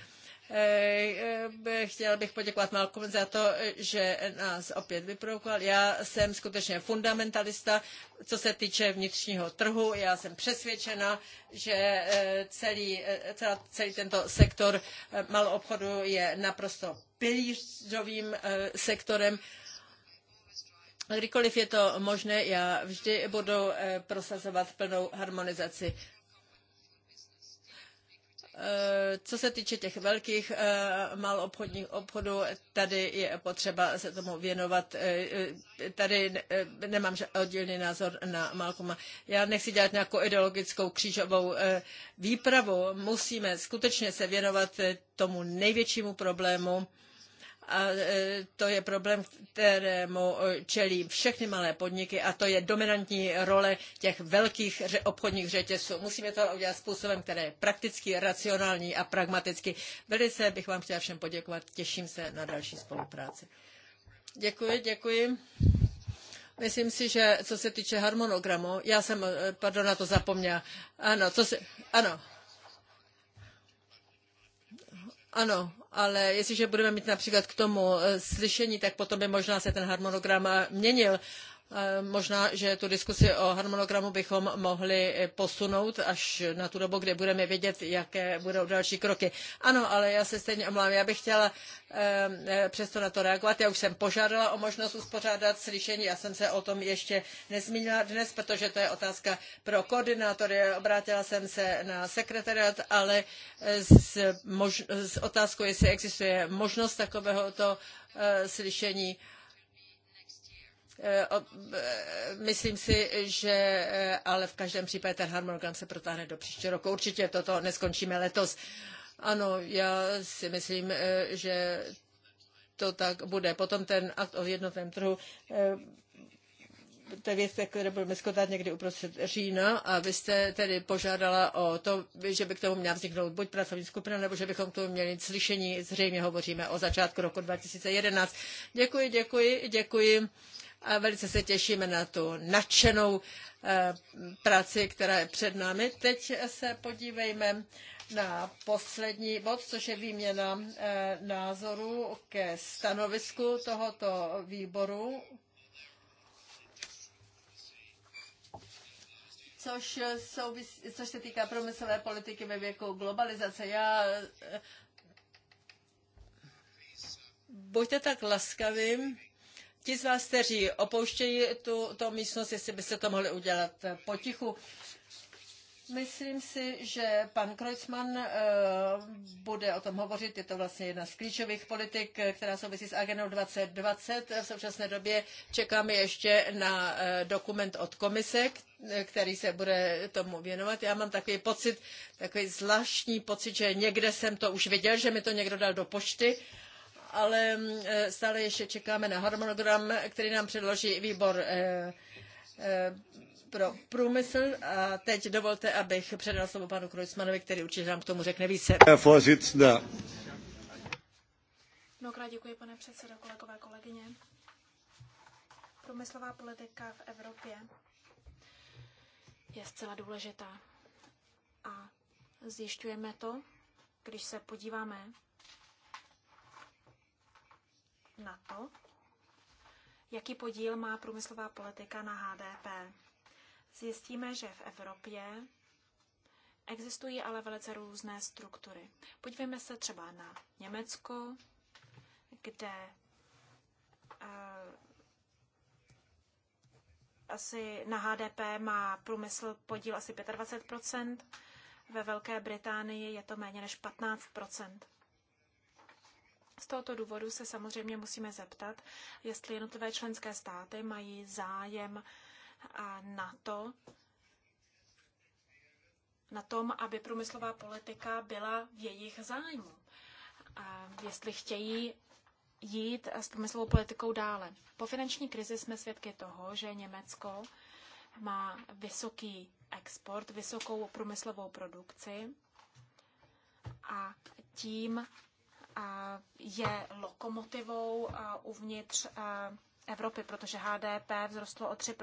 Eh, eh, chtěla bych poděkovat Malkovi za to, že nás opět vyprovokoval. Já jsem skutečně fundamentalista, co se týče vnitřního trhu. Já jsem přesvědčena, že eh, celý, celá, celý tento sektor malou obchodu je naprosto pilířovým sektorem. Kdykoliv je to možné, já vždy budu prosazovat plnou harmonizaci Eh, co se týče těch velkých eh, malobchodních obchodů, tady je potřeba se tomu věnovat. Eh, tady nemám oddělný názor na Malkoma. Já nechci dělat nějakou ideologickou křížovou výpravu. Musíme skutečně se věnovat tomu největšímu problému, a e, to je problém, kterému čelí všechny malé podniky a to je dominantní role těch velkých obchodních řetězců. Musíme to udělat způsobem, který je prakticky, racionální a pragmaticky. Velice bych vám chtěla všem poděkovat, těším se na další spolupráci. Děkuji, děkuji. Myslím si, že co se týče harmonogramu, já jsem, e, pardon, na to zapomněla. Ano, co se, ano. Ano, ale jestliže budeme mít například k tomu eh, slyšení, tak potom by možná se ten harmonogram eh, měnil. Eh, možná, že tu diskusi o harmonogramu bychom mohli eh, posunout až na tu dobu, kdy budeme vědět, jaké budou další kroky. Ano, ale já se stejně omlávám. Já bych chtěla eh, přesto na to reagovat. Já už jsem požádala o možnost uspořádat slyšení. Já jsem se o tom ještě nezmínila dnes, protože to je otázka pro koordinátory. Obrátila jsem se na sekretariat, ale s, mož- s otázkou, jestli existuje možnost takovéhoto slyšení. Eh, eh, myslím si, že eh, ale v každém případě ten harmonogram se protáhne do příštího roku. Určitě toto neskončíme letos. Ano, já si myslím, že to tak bude. Potom ten akt o jednotném trhu, to je věc, které budeme skotat někdy uprostřed října a vy jste tedy požádala o to, že by k tomu měla vzniknout buď pracovní skupina, nebo že bychom k tomu měli slyšení. Zřejmě hovoříme o začátku roku 2011. Děkuji, děkuji, děkuji a velice se těšíme na tu nadšenou eh, práci, která je před námi. Teď se podívejme na poslední bod, což je výměna eh, názorů ke stanovisku tohoto výboru. Což, souvis, což se týká průmyslové politiky ve věku globalizace. Já eh, buďte tak laskavým Ti z vás, kteří opouštějí tu, to místnost, jestli by se to mohli udělat eh, potichu. Myslím si, že pan Kreuzmann eh, bude o tom hovořit. Je to vlastně jedna z klíčových politik, eh, která souvisí s agendou 2020. V současné době čekáme ještě na dokument od komise, který se bude tomu věnovat. Já mám takový pocit, takový zvláštní pocit, že někde jsem to už viděl, že mi to někdo dal do pošty ale mm, e, stále ještě čekáme na harmonogram, který nám předloží výbor e, e, pro průmysl. A teď dovolte, abych předal slovo panu Krojcmanovi, který určitě nám k tomu řekne více. Mnohokrát děkuji, pane předsedo, kolegové, kolegyně. Průmyslová politika v Evropě je zcela důležitá. A zjišťujeme to, když se podíváme na to, jaký podíl má průmyslová politika na HDP. Zjistíme, že v Evropě existují ale velice různé struktury. Podívejme se třeba na Německo, kde eh, asi na HDP má průmysl podíl asi 25 ve Velké Británii je to méně než 15 z tohoto důvodu se samozřejmě musíme zeptat, jestli jednotlivé členské státy mají zájem na to, na tom, aby průmyslová politika byla v jejich zájmu. A jestli chtějí jít s průmyslovou politikou dále. Po finanční krizi jsme svědky toho, že Německo má vysoký export, vysokou průmyslovou produkci a tím je lokomotivou uvnitř Evropy, protože HDP vzrostlo o 3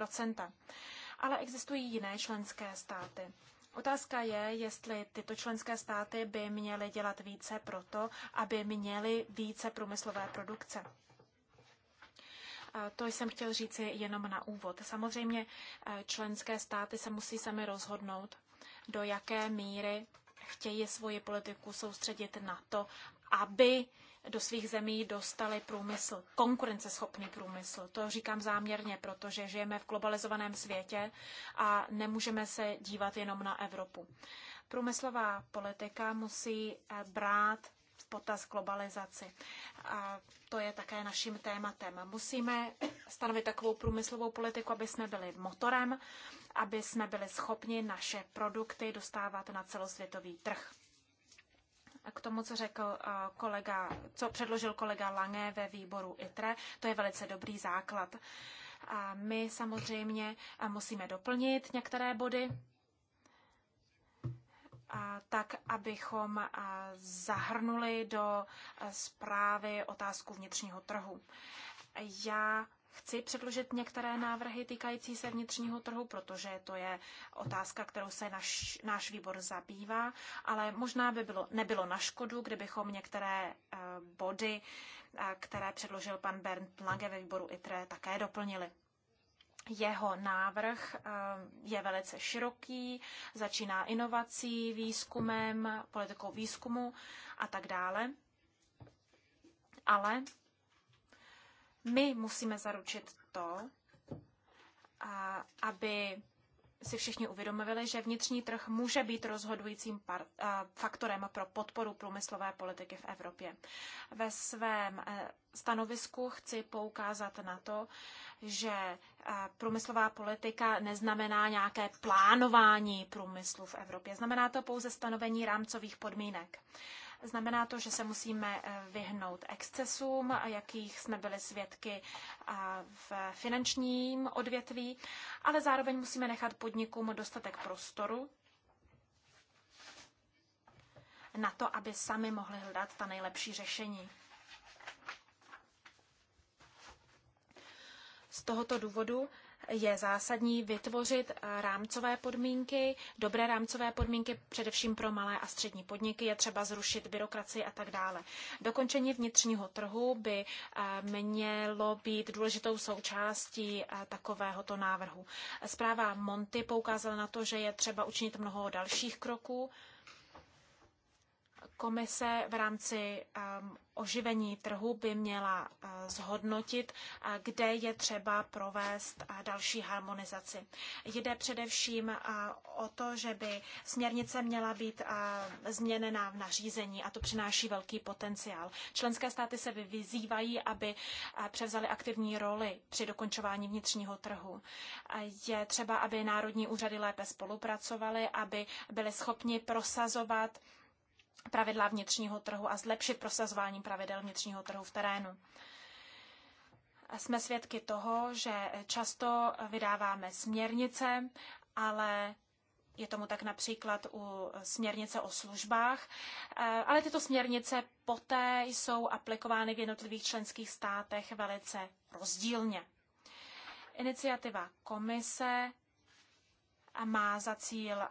Ale existují jiné členské státy. Otázka je, jestli tyto členské státy by měly dělat více proto, aby měly více průmyslové produkce. To jsem chtěl říci jenom na úvod. Samozřejmě členské státy se musí sami rozhodnout, do jaké míry chtějí svoji politiku soustředit na to, aby do svých zemí dostali průmysl, konkurenceschopný průmysl. To říkám záměrně, protože žijeme v globalizovaném světě a nemůžeme se dívat jenom na Evropu. Průmyslová politika musí eh, brát v potaz globalizaci. A to je také naším tématem. Musíme stanovit takovou průmyslovou politiku, aby jsme byli motorem, aby jsme byli schopni naše produkty dostávat na celosvětový trh k tomu, co řekl eh, kolega, co předložil kolega Lange ve výboru ITRE. To je velice dobrý základ. A my samozřejmě eh, musíme doplnit některé body, tak abychom eh, zahrnuli do zprávy otázku vnitřního trhu. Já Chci předložit některé návrhy týkající se vnitřního trhu, protože to je otázka, kterou se naš, náš výbor zabývá, ale možná by bylo, nebylo na škodu, kdybychom některé eh, body, eh, které předložil pan Bernd Lange ve výboru ITRE, také doplnili. Jeho návrh eh, je velice široký, začíná inovací, výzkumem, politikou výzkumu a tak dále. Ale my musíme zaručit to, a aby si všichni uvědomili, že vnitřní trh může být rozhodujícím faktorem pro podporu průmyslové politiky v Evropě. Ve svém e, stanovisku chci poukázat na to, že e, průmyslová politika neznamená nějaké plánování průmyslu v Evropě. Znamená to pouze stanovení rámcových podmínek. Znamená to, že se musíme eh, vyhnout excesům, jakých jsme byli svědky eh, v finančním odvětví, ale zároveň musíme nechat podnikům dostatek prostoru na to, aby sami mohli hledat ta nejlepší řešení. Z tohoto důvodu je zásadní vytvořit eh, rámcové podmínky, dobré rámcové podmínky především pro malé a střední podniky, je třeba zrušit byrokracii a tak dále. Dokončení vnitřního trhu by eh, mělo být důležitou součástí eh, takovéhoto návrhu. Zpráva Monty poukázala na to, že je třeba učinit mnoho dalších kroků, Komise v rámci um, oživení trhu by měla uh, zhodnotit, uh, kde je třeba provést uh, další harmonizaci. Jde především o to, že by směrnice měla být změněna v nařízení a to přináší velký potenciál. Členské státy se vyzývají, aby převzaly aktivní roli při dokončování vnitřního trhu. Je třeba, aby národní úřady lépe spolupracovaly, aby byly schopni prosazovat pravidla vnitřního trhu a zlepšit prosazování pravidel vnitřního trhu v terénu. Jsme svědky toho, že často vydáváme směrnice, ale je tomu tak například u směrnice o službách, ale tyto směrnice poté jsou aplikovány v jednotlivých členských státech velice rozdílně. Iniciativa komise má za cíl eh,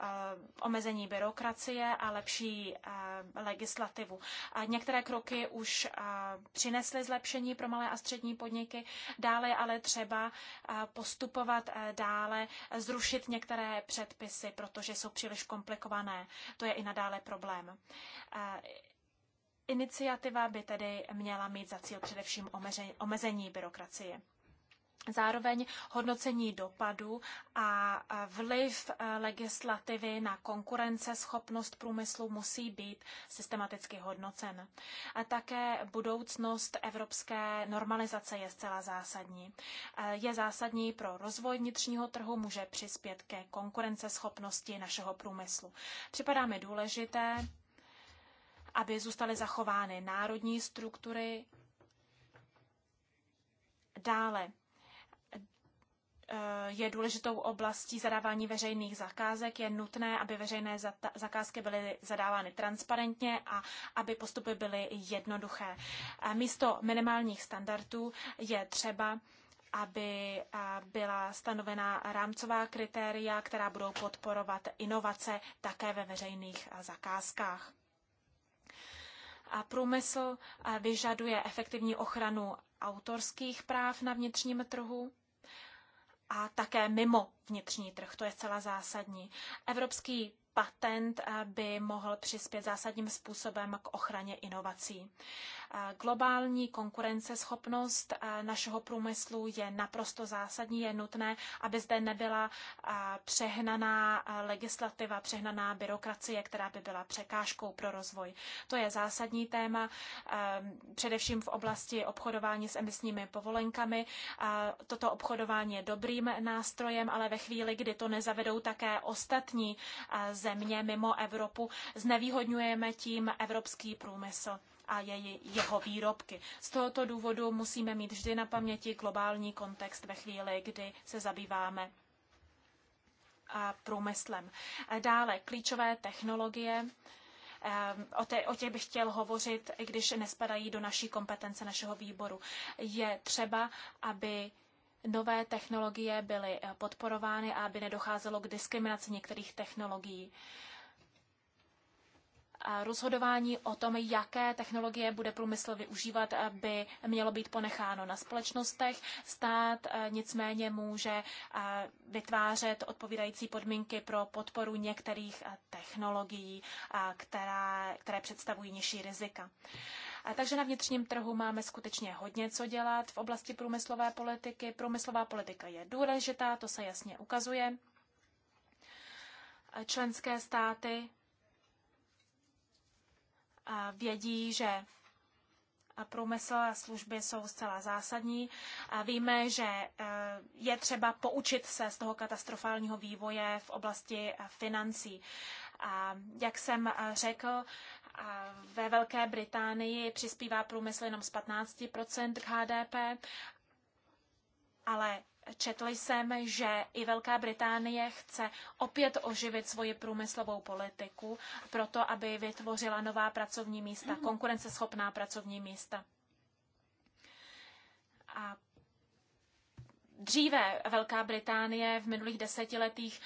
omezení byrokracie a lepší eh, legislativu. Některé kroky už eh, přinesly zlepšení pro malé a střední podniky, dále ale třeba postupovat dále, zrušit některé předpisy, protože jsou příliš komplikované. To je i nadále problém. Iniciativa by tedy měla mít za cíl především omezení byrokracie. Zároveň hodnocení dopadu a vliv e, legislativy na konkurenceschopnost průmyslu musí být systematicky hodnocen. A také budoucnost evropské normalizace je zcela zásadní. E, je zásadní pro rozvoj vnitřního trhu, může přispět ke konkurenceschopnosti našeho průmyslu. Připadá mi důležité, aby zůstaly zachovány národní struktury. Dále je důležitou oblastí zadávání veřejných zakázek. Je nutné, aby veřejné zakázky byly zadávány transparentně a aby postupy byly jednoduché. Místo minimálních standardů je třeba aby byla stanovena rámcová kritéria, která budou podporovat inovace také ve veřejných zakázkách. A průmysl vyžaduje efektivní ochranu autorských práv na vnitřním trhu a také mimo vnitřní trh. To je celá zásadní. Evropský patent eh, by mohl přispět zásadním způsobem k ochraně inovací. Globální konkurenceschopnost našeho průmyslu je naprosto zásadní. Je nutné, aby zde nebyla přehnaná legislativa, přehnaná byrokracie, která by byla překážkou pro rozvoj. To je zásadní téma, především v oblasti obchodování s emisními povolenkami. Toto obchodování je dobrým nástrojem, ale ve chvíli, kdy to nezavedou také ostatní země mimo Evropu, znevýhodňujeme tím evropský průmysl a její, jeho výrobky. Z tohoto důvodu musíme mít vždy na paměti globální kontext ve chvíli, kdy se zabýváme a průmyslem. Dále klíčové technologie. O, té, o těch bych chtěl hovořit, i když nespadají do naší kompetence našeho výboru. Je třeba, aby nové technologie byly podporovány a aby nedocházelo k diskriminaci některých technologií rozhodování o tom, jaké technologie bude průmysl využívat, eh, by mělo být ponecháno na společnostech. Stát eh, nicméně může eh, vytvářet odpovídající podmínky pro podporu některých technologií, která, které představují nižší rizika. Takže na vnitřním trhu máme skutečně hodně co dělat v oblasti průmyslové politiky. Průmyslová politika je důležitá, to se jasně ukazuje. Členské státy vědí, že průmysl a služby jsou zcela zásadní. A víme, že e, je třeba poučit se z toho katastrofálního vývoje v oblasti e, financí. A jak jsem e, řekl, ve Velké Británii přispívá průmysl jenom z 15 k HDP, ale Četl jsem, že i Velká Británie chce opět oživit svoji průmyslovou politiku, proto aby vytvořila nová pracovní místa, mhm. konkurenceschopná pracovní místa. A dříve Velká Británie v minulých desetiletích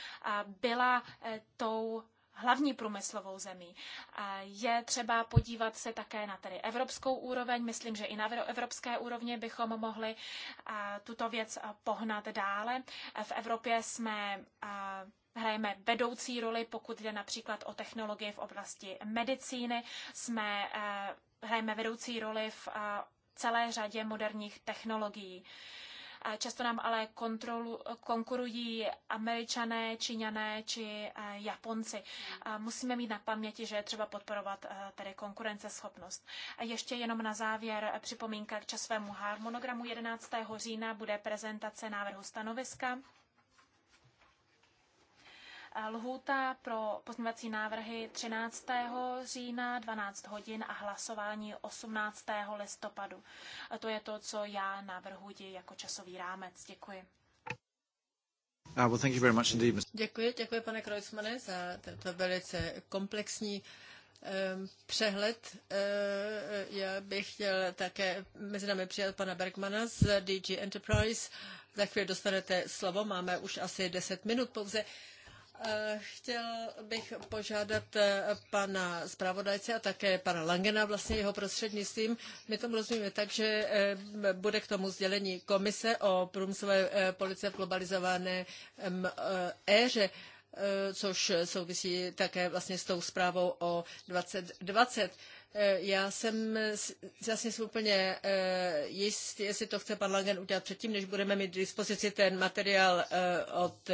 byla e, tou hlavní průmyslovou zemí. Je třeba podívat se také na tedy evropskou úroveň. Myslím, že i na evropské úrovni bychom mohli tuto věc pohnat dále. V Evropě jsme Hrajeme vedoucí roli, pokud jde například o technologie v oblasti medicíny. Jsme, hrajeme vedoucí roli v celé řadě moderních technologií. Často nám ale kontrolu, konkurují američané, číňané či eh, Japonci. Musíme mít na paměti, že je třeba podporovat eh, tedy konkurenceschopnost. A ještě jenom na závěr eh, připomínka k časovému harmonogramu 11. října bude prezentace návrhu stanoviska. Eh, lhůta pro pozměňovací návrhy 13. října 12 hodin a hlasování 18. listopadu. A eh, to je to, co já navrhuji jako časový rámec. Děkuji. Ah, děkuji, děkuji pane Kreuzmane za tento velice komplexní přehled. Eh, já bych chtěl také mezi námi přijat pana Bergmana z DG Enterprise. Za chvíli dostanete slovo, máme už asi 10 minut pouze. Chtěl bych požádat eh, pana zpravodajce a také pana Langena vlastně jeho prostřednictvím. My tomu rozumíme tak, že eh, bude k tomu sdělení komise o průmyslové eh, police v globalizované éře což souvisí také vlastně s tou zprávou o 2020. Já jsem jasně úplně jist, jestli to chce pan Langen udělat předtím, než budeme mít k dispozici ten materiál od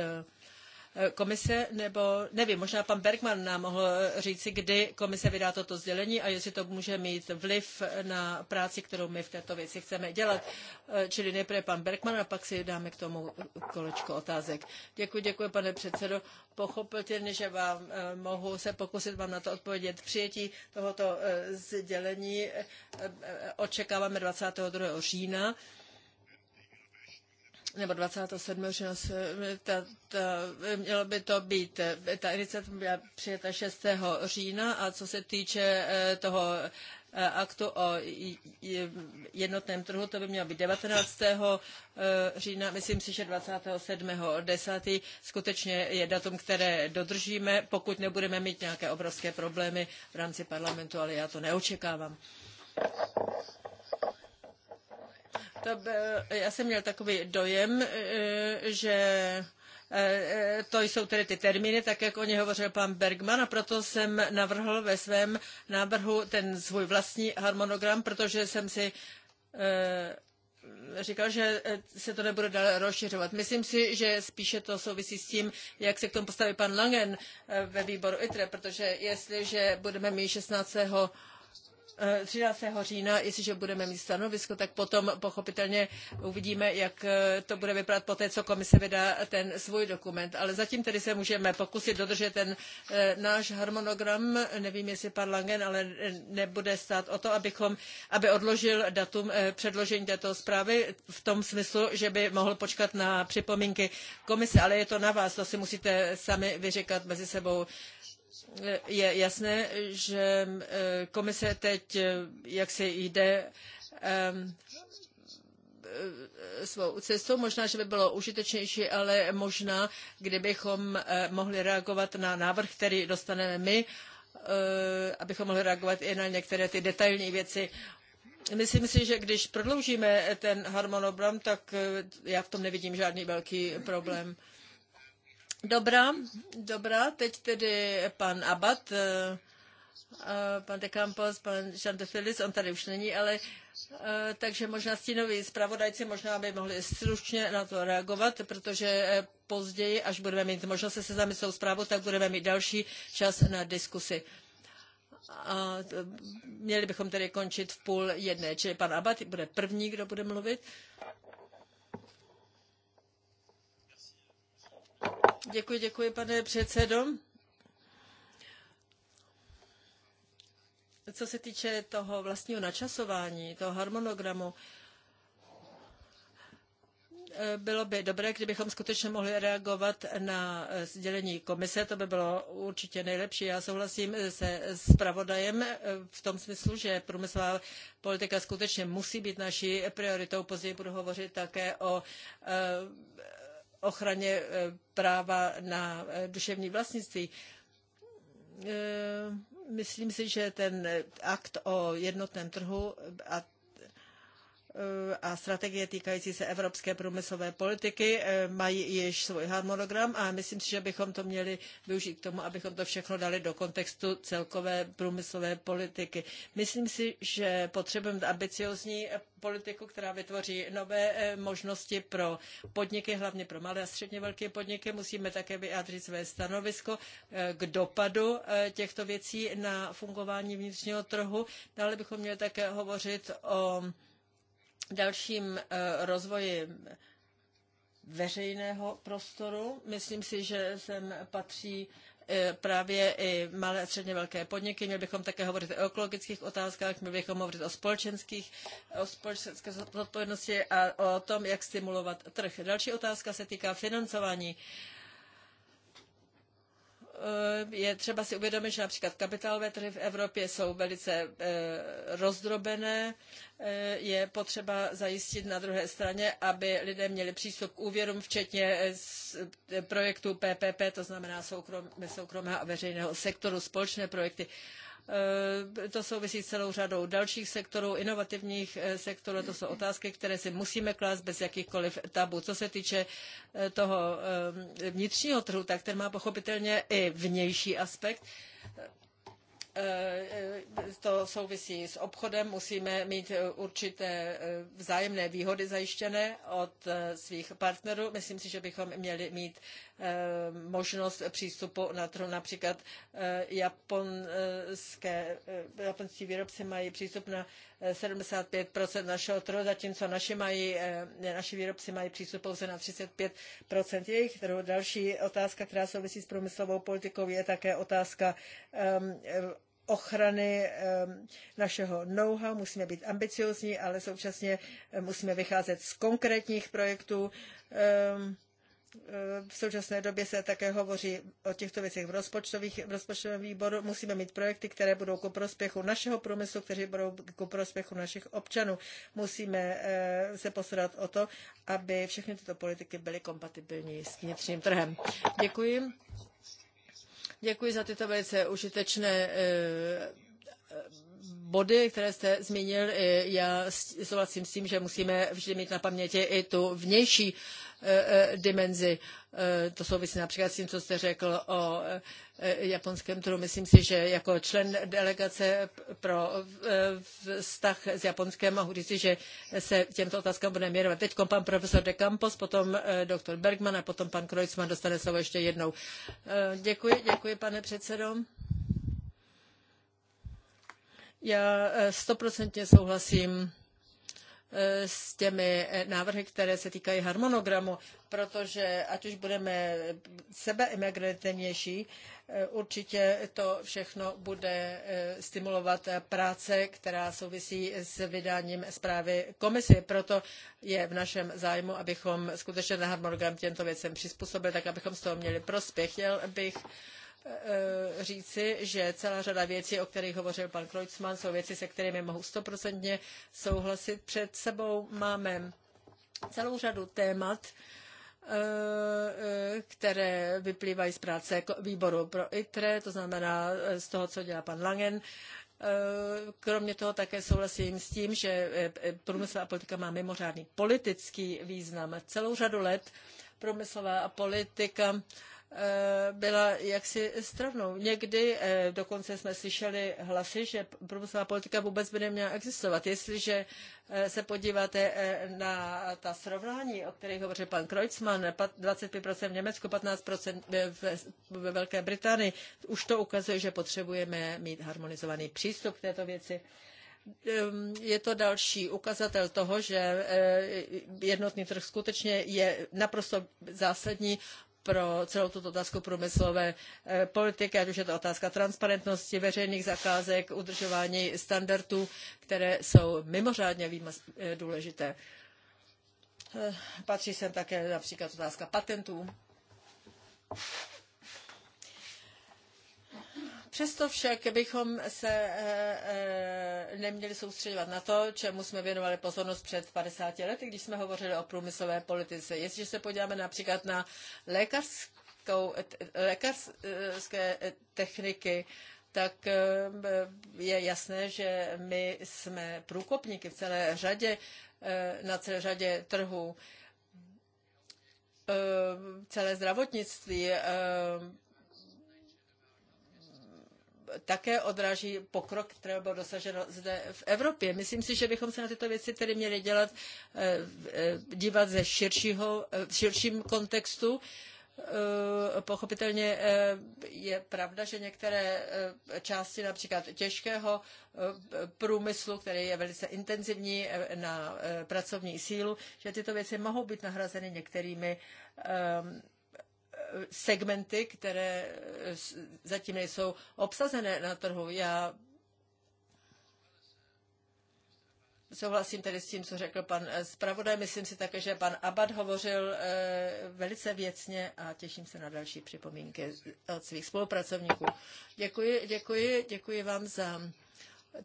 Eh, komise, nebo nevím, možná pan Bergman nám mohl eh, říci, kdy komise vydá toto sdělení a jestli to může mít vliv na práci, kterou my v této věci chceme dělat. Eh, čili nejprve pan Bergman a pak si dáme k tomu kolečko otázek. Děkuji, děkuji, pane předsedo. Pochopitelně, že vám mohu se pokusit vám na to odpovědět. Přijetí tohoto sdělení očekáváme 22. října nebo 27. října, ta, ta, mělo by to být, ta iniciativa byla přijata 6. října a co se týče eh, toho eh, aktu o jednotném trhu, to by mělo být 19. Eh, října, myslím si, že 27. 10. skutečně je datum, které dodržíme, pokud nebudeme mít nějaké obrovské problémy v rámci parlamentu, ale já to neočekávám. To byl, já jsem měl takový dojem, eh, že eh, eh, to jsou tedy ty termíny, tak jak o ně hovořil pan Bergman a proto jsem navrhl ve svém návrhu ten svůj vlastní harmonogram, protože jsem si říkal, že se to nebude dále rozšiřovat. Myslím si, že spíše to souvisí s tím, jak se k tomu postaví pan Langen ve výboru ITRE, protože jestliže budeme mít 16. Eh, 13. října, jestliže budeme mít stanovisko, tak potom pochopitelně uvidíme, jak eh, to bude vypadat poté, co komise vydá ten svůj dokument. Ale zatím tedy se můžeme pokusit dodržet ten eh, náš harmonogram. Nevím, jestli pan Langen, ale nebude stát o to, abychom, aby odložil datum předložení této zprávy v tom smyslu, že by mohl počkat na připomínky komise, ale je to na vás, to si musíte sami vyříkat mezi sebou je jasné, že eh, komise teď, eh, jak se jde ehm, eh, svou cestou. Možná, že by bylo užitečnější, ale možná, kdybychom mohli reagovat na návrh, který dostaneme my, abychom mohli reagovat i na některé ty detailní věci. Myslím si, že když prodloužíme ten harmonogram, tak já v tom nevidím žádný velký problém. Dobrá, dobrá, teď tedy pan Abad, eh, eh, pan de Campos, pan Chantefilis, on tady už není, ale eh, takže možná stínoví zpravodajci možná by mohli stručně na to reagovat, protože později, až budeme mít možnost se seznámit s tou zprávou, tak budeme mít další čas na diskusi. A měli bychom tedy končit v půl jedné, čili pan Abad bude první, kdo bude mluvit. Děkuji, děkuji, pane předsedo. Co se týče toho vlastního načasování, toho harmonogramu, bylo by dobré, kdybychom skutečně mohli reagovat na sdělení komise, to by bylo určitě nejlepší. Já souhlasím se zpravodajem v tom smyslu, že průmyslová politika skutečně musí být naší prioritou. Později budu hovořit také o ochraně eh, práva na eh, duševní vlastnictví. Eh, myslím si, že ten akt o jednotném trhu a Eh, a strategie týkající se evropské průmyslové politiky eh, mají již svůj harmonogram a myslím si, že bychom to měli využít k tomu, abychom to všechno dali do kontextu celkové průmyslové politiky. Myslím si, že potřebujeme ambiciozní politiku, která vytvoří nové eh, možnosti pro podniky, hlavně pro malé a středně velké podniky. Musíme také vyjádřit své stanovisko k dopadu těchto věcí na fungování vnitřního trhu. Dále bychom měli také hovořit o dalším eh, rozvoji veřejného prostoru. Myslím si, že sem patří eh, právě i malé a středně velké podniky. Měli bychom také hovořit o ekologických otázkách, měli bychom hovořit o společenských, o společenské zodpovědnosti a o tom, jak stimulovat trh. Další otázka se týká financování Eh, je třeba si uvědomit, že například kapitálové trhy v Evropě jsou velice eh, rozdrobené. Eh, je potřeba zajistit na druhé straně, aby lidé měli přístup k úvěrům, včetně projektů PPP, to znamená soukromé, soukromého a veřejného sektoru, společné projekty. Eh, to souvisí s celou řadou dalších sektorů, inovativních eh, sektorů. To jsou otázky, které si musíme klást bez jakýchkoliv tabu. Co se týče eh, toho vnitřního trhu, tak ten má pochopitelně i vnější aspekt to souvisí s obchodem, musíme mít určité vzájemné výhody zajištěné od svých partnerů. Myslím si, že bychom měli mít Eh, možnost přístupu na trhu. Například eh, japonské, eh, japonští výrobci mají přístup na 75 našeho trhu, zatímco naši, mají, naši výrobci mají přístup pouze na 35 jejich trhu. Další otázka, která souvisí s průmyslovou politikou, je také otázka ochrany našeho know-how, musíme být ambiciozní, ale současně musíme vycházet z konkrétních projektů. Um, v současné době se také hovoří o těchto věcech v, rozpočtových, v rozpočtovém výboru. Musíme mít projekty, které budou ku prospěchu našeho průmyslu, které budou ku prospěchu našich občanů. Musíme eh, se postarat o to, aby všechny tyto politiky byly kompatibilní s vnitřním trhem. Děkuji. Děkuji za tyto velice užitečné eh, body, které jste zmínil, eh, já souhlasím s tím, že musíme vždy mít na paměti i tu vnější E, e, dimenzi. E, to souvisí například s tím, co jste řekl o japonském trhu. Myslím si, že jako člen delegace pro vztah s Japonskem mohu říct, že se těmto otázkám budeme věnovat. Teď pan profesor De Campos, potom doktor Bergman a potom pan Krojcman dostane slovo ještě jednou. Děkuji, děkuji pane předsedo. Já stoprocentně souhlasím Eh, s těmi eh, návrhy, které se týkají harmonogramu, protože ať už budeme sebeimigrantější, eh, určitě to všechno bude stimulovat práce, která souvisí s vydáním zprávy komisy. Proto je v našem zájmu, abychom skutečně na harmonogram těmto věcem přizpůsobili, tak abychom z toho měli prospěch. Chtěl bych Eh, říci, že celá řada věcí, o kterých hovořil pan Kreutzmann, jsou věci, se kterými mohu stoprocentně souhlasit. Před sebou máme celou řadu témat, eh, eh, které vyplývají z práce výboru pro ITRE, to znamená z toho, co dělá pan Langen. Kromě toho také souhlasím s tím, že průmyslová politika má mimořádný politický význam. Celou řadu let průmyslová politika Eh, byla jaksi stranou. Někdy eh, dokonce jsme slyšeli hlasy, že průmyslová politika vůbec by neměla existovat. Jestliže eh, se podíváte na ta srovnání, o kterých hovořil pan Kreutzmann, 25% v Německu, 15% ve Velké Británii, už to ukazuje, že potřebujeme mít harmonizovaný přístup k této věci ehm, je to další ukazatel toho, že jednotný trh skutečně je naprosto zásadní pro celou tuto otázku průmyslové eh, politiky, ať už je to otázka transparentnosti, veřejných zakázek, udržování standardů, které jsou mimořádně eh, důležité. Eh, patří sem také například otázka patentů. Přesto však bychom se eh, eh, neměli soustředovat na to, čemu jsme věnovali pozornost před 50 lety, když jsme hovořili o průmyslové politice. Jestliže se podíváme například na lékařskou, lékařské techniky, tak eh, je jasné, že my jsme průkopníky v celé řadě, na celé řadě trhů. Celé zdravotnictví, také odráží pokrok, který byl dosažen zde v Evropě. Myslím si, že bychom se na tyto věci tedy měli dělat, eh, dívat ze širšího, eh, v širším kontextu. Eh, pochopitelně je pravda, že některé části například těžkého průmyslu, který je velice intenzivní na pracovní sílu, že tyto věci mohou být nahrazeny některými segmenty, které eh, zatím nejsou obsazené na trhu. Já Souhlasím tedy s tím, co řekl pan eh, zpravodaj. Myslím si také, že pan Abad hovořil eh, velice věcně a těším se na další připomínky od svých spolupracovníků. Děkuji, děkuji, děkuji vám za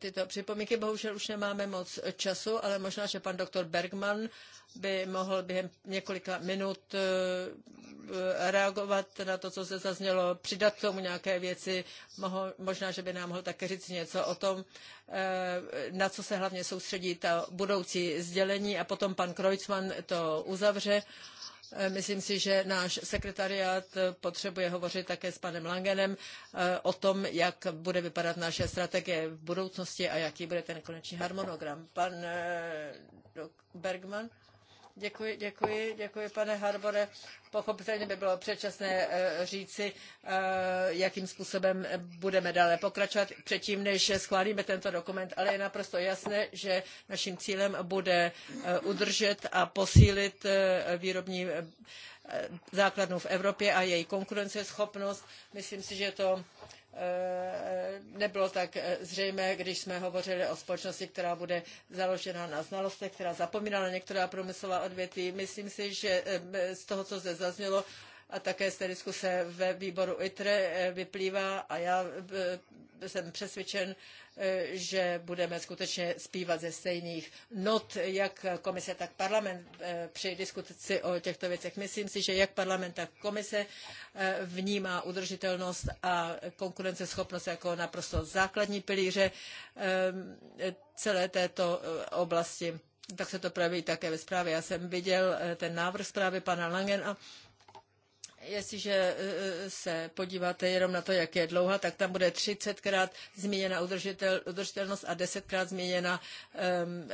tyto připomínky. Bohužel už nemáme moc času, ale možná, že pan doktor Bergman by mohl během několika minut eh, reagovat na to, co se zaznělo, přidat k tomu nějaké věci. Mohl, možná, že by nám mohl také říct něco o tom, eh, na co se hlavně soustředí ta budoucí sdělení a potom pan Kreuzmann to uzavře. Eh, myslím si, že náš sekretariát eh, potřebuje hovořit také s panem Langenem eh, o tom, jak bude vypadat naše strategie v budoucnosti a jaký bude ten konečný harmonogram. Pan Bergman? Děkuji, děkuji, děkuji, pane Harbore. Pochopitelně by bylo předčasné eh, říci, eh, jakým způsobem budeme dále pokračovat předtím, než schválíme tento dokument, ale je naprosto jasné, že naším cílem bude eh, udržet a posílit výrobní základnu v Evropě a její konkurenceschopnost. Myslím si, že to Eh, nebylo tak eh, zřejmé, když jsme hovořili o společnosti, která bude založena na znalostech, která zapomíná na některá průmyslová odvětví. Myslím si, že eh, z toho, co zde zaznělo, a také z té diskuse ve výboru ITRE vyplývá a já jsem přesvědčen, Eh, že budeme skutečně zpívat ze stejných not, jak komise, tak parlament eh, při diskutaci o těchto věcech. Myslím si, že jak parlament, tak komise eh, vnímá udržitelnost a konkurenceschopnost jako naprosto základní pilíře celé této oblasti. Tak se to projeví také ve zprávě. Já jsem viděl ten návrh zprávy pana Langena Jestliže e, e, se podíváte jenom na to, jak je dlouhá, tak tam bude 30krát změněna udržitel, udržitelnost a 10krát změněna um,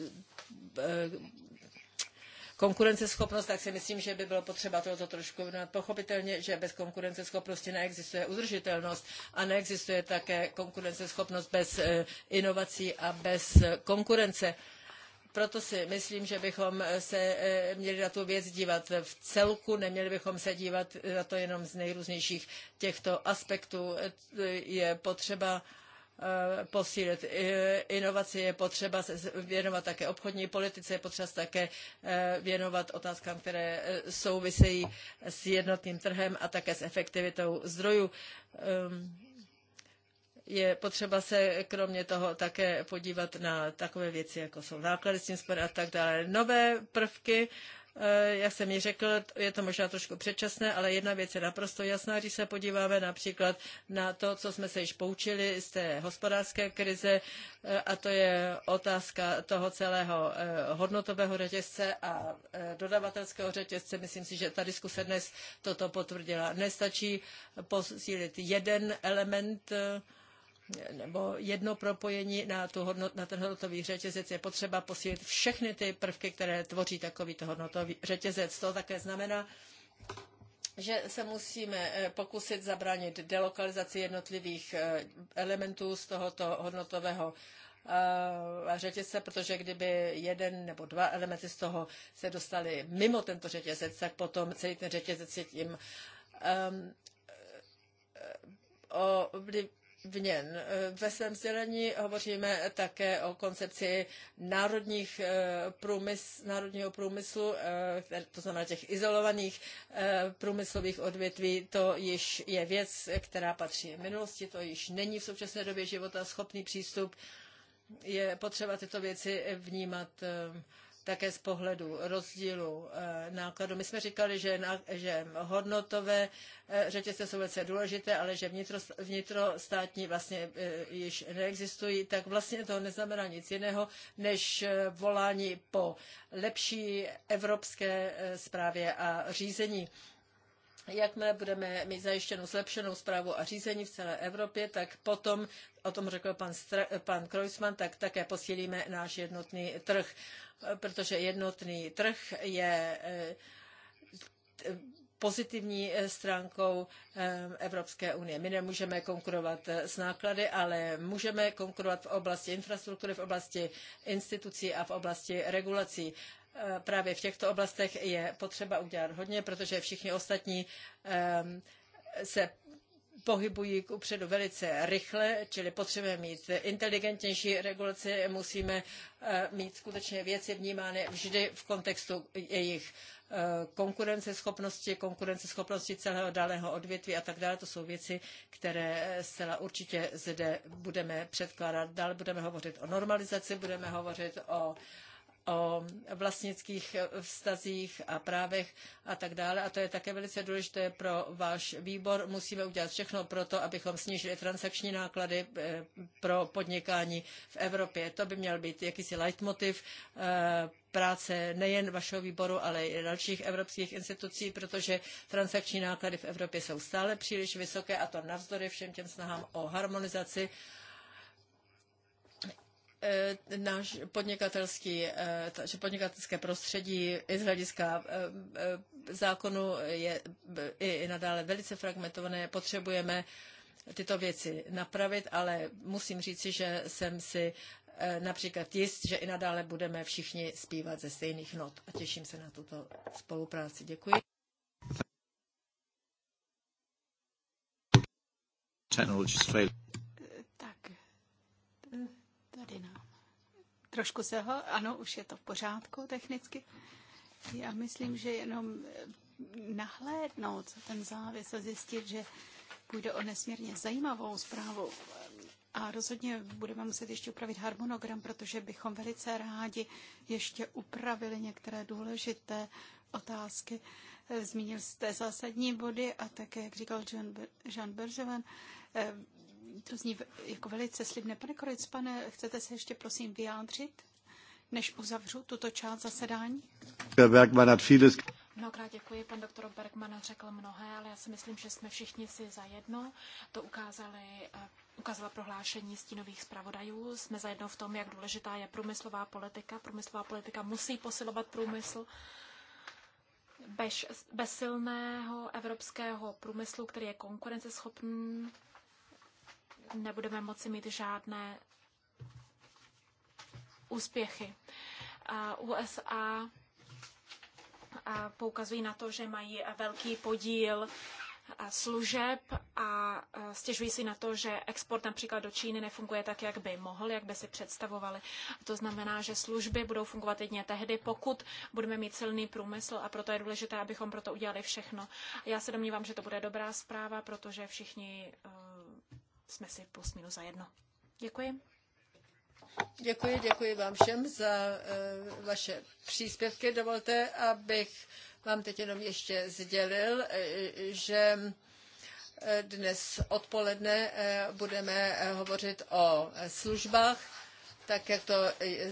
um, konkurenceschopnost, tak si myslím, že by bylo potřeba toto trošku pochopitelně, že bez konkurenceschopnosti neexistuje udržitelnost a neexistuje také konkurenceschopnost bez inovací a bez konkurence. Proto si myslím, že bychom eh, se eh, měli na tu věc dívat v celku, neměli bychom se dívat na eh, to jenom z nejrůznějších těchto aspektů. Je potřeba posílit inovaci, je potřeba se věnovat také obchodní politice, je potřeba se také věnovat otázkám, které souvisejí s jednotným trhem a také s efektivitou zdrojů. Ehm, je potřeba se kromě toho také podívat na takové věci, jako jsou náklady s tím spory a tak dále. Nové prvky, eh, jak jsem ji řekl, je to možná trošku předčasné, ale jedna věc je naprosto jasná, když se podíváme například na to, co jsme se již poučili z té hospodářské krize, eh, a to je otázka toho celého eh, hodnotového řetězce a dodavatelského řetězce. Myslím si, že ta diskuse dnes toto potvrdila. Nestačí posílit jeden element, nebo jedno propojení na, tu hodnot, na ten hodnotový řetězec je potřeba posílit všechny ty prvky, které tvoří takovýto hodnotový řetězec. To také znamená, že se musíme eh, pokusit zabránit delokalizaci jednotlivých eh, elementů z tohoto hodnotového eh, řetězce, protože kdyby jeden nebo dva elementy z toho se dostali mimo tento řetězec, tak potom celý ten řetězec je tím um, o, vněn. Ve svém sdělení hovoříme také o koncepci národních eh, průmysl, národního průmyslu, eh, to znamená těch izolovaných eh, průmyslových odvětví. To již je věc, která patří v minulosti, to již není v současné době života schopný přístup. Je potřeba tyto věci vnímat také z pohledu rozdílu eh, nákladu. My jsme říkali, že, na, že hodnotové eh, řetězce jsou velice důležité, ale že vnitro, vnitrostátní vlastně eh, již neexistují, tak vlastně to neznamená nic jiného, než volání po lepší evropské zprávě a řízení. Jakmile budeme mít zajištěnou zlepšenou zprávu a řízení v celé Evropě, tak potom, o tom řekl pan, Str- pan Kreuzmann, tak také posílíme náš jednotný trh, protože jednotný trh je eh, pozitivní stránkou eh, Evropské unie. My nemůžeme konkurovat s náklady, ale můžeme konkurovat v oblasti infrastruktury, v oblasti institucí a v oblasti regulací. Eh, právě v těchto oblastech je potřeba udělat hodně, protože všichni ostatní ehm, se pohybují k upředu velice rychle, čili potřebujeme mít inteligentnější regulaci, musíme eh, mít skutečně věci vnímány vždy v kontextu jejich eh, konkurenceschopnosti, konkurenceschopnosti celého daného odvětví a tak dále. To jsou věci, které zcela určitě zde budeme předkládat. Dále budeme hovořit o normalizaci, budeme hovořit o uh, o vlastnických vztazích a právech a tak dále. A to je také velice důležité pro váš výbor. Musíme udělat všechno pro to, abychom snížili transakční náklady eh, pro podnikání v Evropě. To by měl být jakýsi leitmotiv eh, práce nejen vašeho výboru, ale i dalších evropských institucí, protože transakční náklady v Evropě jsou stále příliš vysoké a to navzdory všem těm snahám o harmonizaci Eh, náš podnikatelský, eh, že podnikatelské prostředí i z hlediska eh, zákonu je i nadále velice fragmentované. Potřebujeme tyto věci napravit, ale musím říci, že jsem si například jist, že i nadále budeme všichni zpívat ze stejných not a těším se na tuto spolupráci. Děkuji. Tak, Tady nám. Trošku se ho, ano, už je to v pořádku technicky. Já myslím, že jenom eh, nahlédnout ten závěs a zjistit, že půjde o nesmírně zajímavou zprávu. Eh, a rozhodně budeme muset ještě upravit harmonogram, protože bychom velice rádi ještě upravili některé důležité otázky. Eh, zmínil jste zásadní body a také, jak říkal Jean Bergevin, to zní jako velice slibné. Pane Korec, pane, chcete se ještě prosím vyjádřit, než uzavřu tuto část zasedání? Mnohokrát děkuji, pan doktor Bergman řekl mnohé, ale já si myslím, že jsme všichni si zajedno. To ukázali, eh, ukázala prohlášení stínových zpravodajů. Jsme zajedno v tom, jak důležitá je průmyslová politika. Průmyslová politika musí posilovat průmysl. Bez, bez silného evropského průmyslu, který je konkurenceschopný, nebudeme moci mít žádné úspěchy. USA poukazují na to, že mají velký podíl služeb a stěžují si na to, že export například do Číny nefunguje tak, jak by mohl, jak by si představovali. To znamená, že služby budou fungovat jedně tehdy, pokud budeme mít silný průmysl a proto je důležité, abychom proto udělali všechno. Já se domnívám, že to bude dobrá zpráva, protože všichni jsme si plus minus za jedno. Děkuji. Děkuji, děkuji vám všem za uh, vaše příspěvky. Dovolte, abych vám teď jenom ještě sdělil, eh, že eh, dnes odpoledne budeme hovořit o službách, tak jak to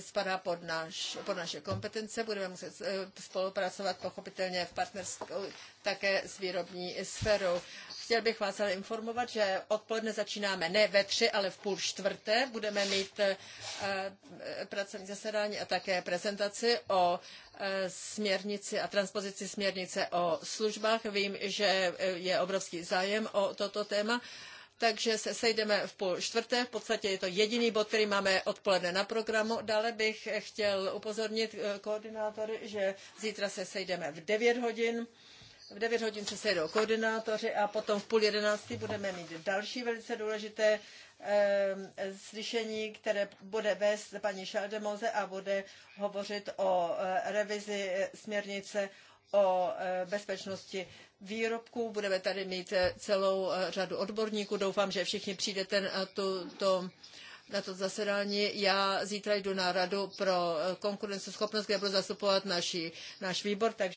spadá pod, naš, pod naše kompetence. Budeme muset spolupracovat pochopitelně v partnerskou také s výrobní sférou. Chtěl bych vás ale informovat, že odpoledne začínáme ne ve tři, ale v půl čtvrté. Budeme mít eh, eh, pracovní zasedání a také prezentaci o eh, směrnici a transpozici směrnice o službách. Vím, že je obrovský zájem o toto téma takže se sejdeme v půl čtvrté. V podstatě je to jediný bod, který máme odpoledne na programu. Dále bych chtěl upozornit koordinátory, že zítra se sejdeme v 9 hodin. V 9 hodin se sejdou koordinátoři a potom v půl jedenácti budeme mít další velice důležité ehm, slyšení, které bude vést paní Šaldemoze a bude hovořit o eh, revizi eh, směrnice o eh, bezpečnosti výrobků. Budeme tady mít celou řadu odborníků. Doufám, že všichni přijdete na, tu, to, na to zasedání. Já zítra jdu na radu pro konkurenceschopnost, kde budu zastupovat naši, náš výbor, takže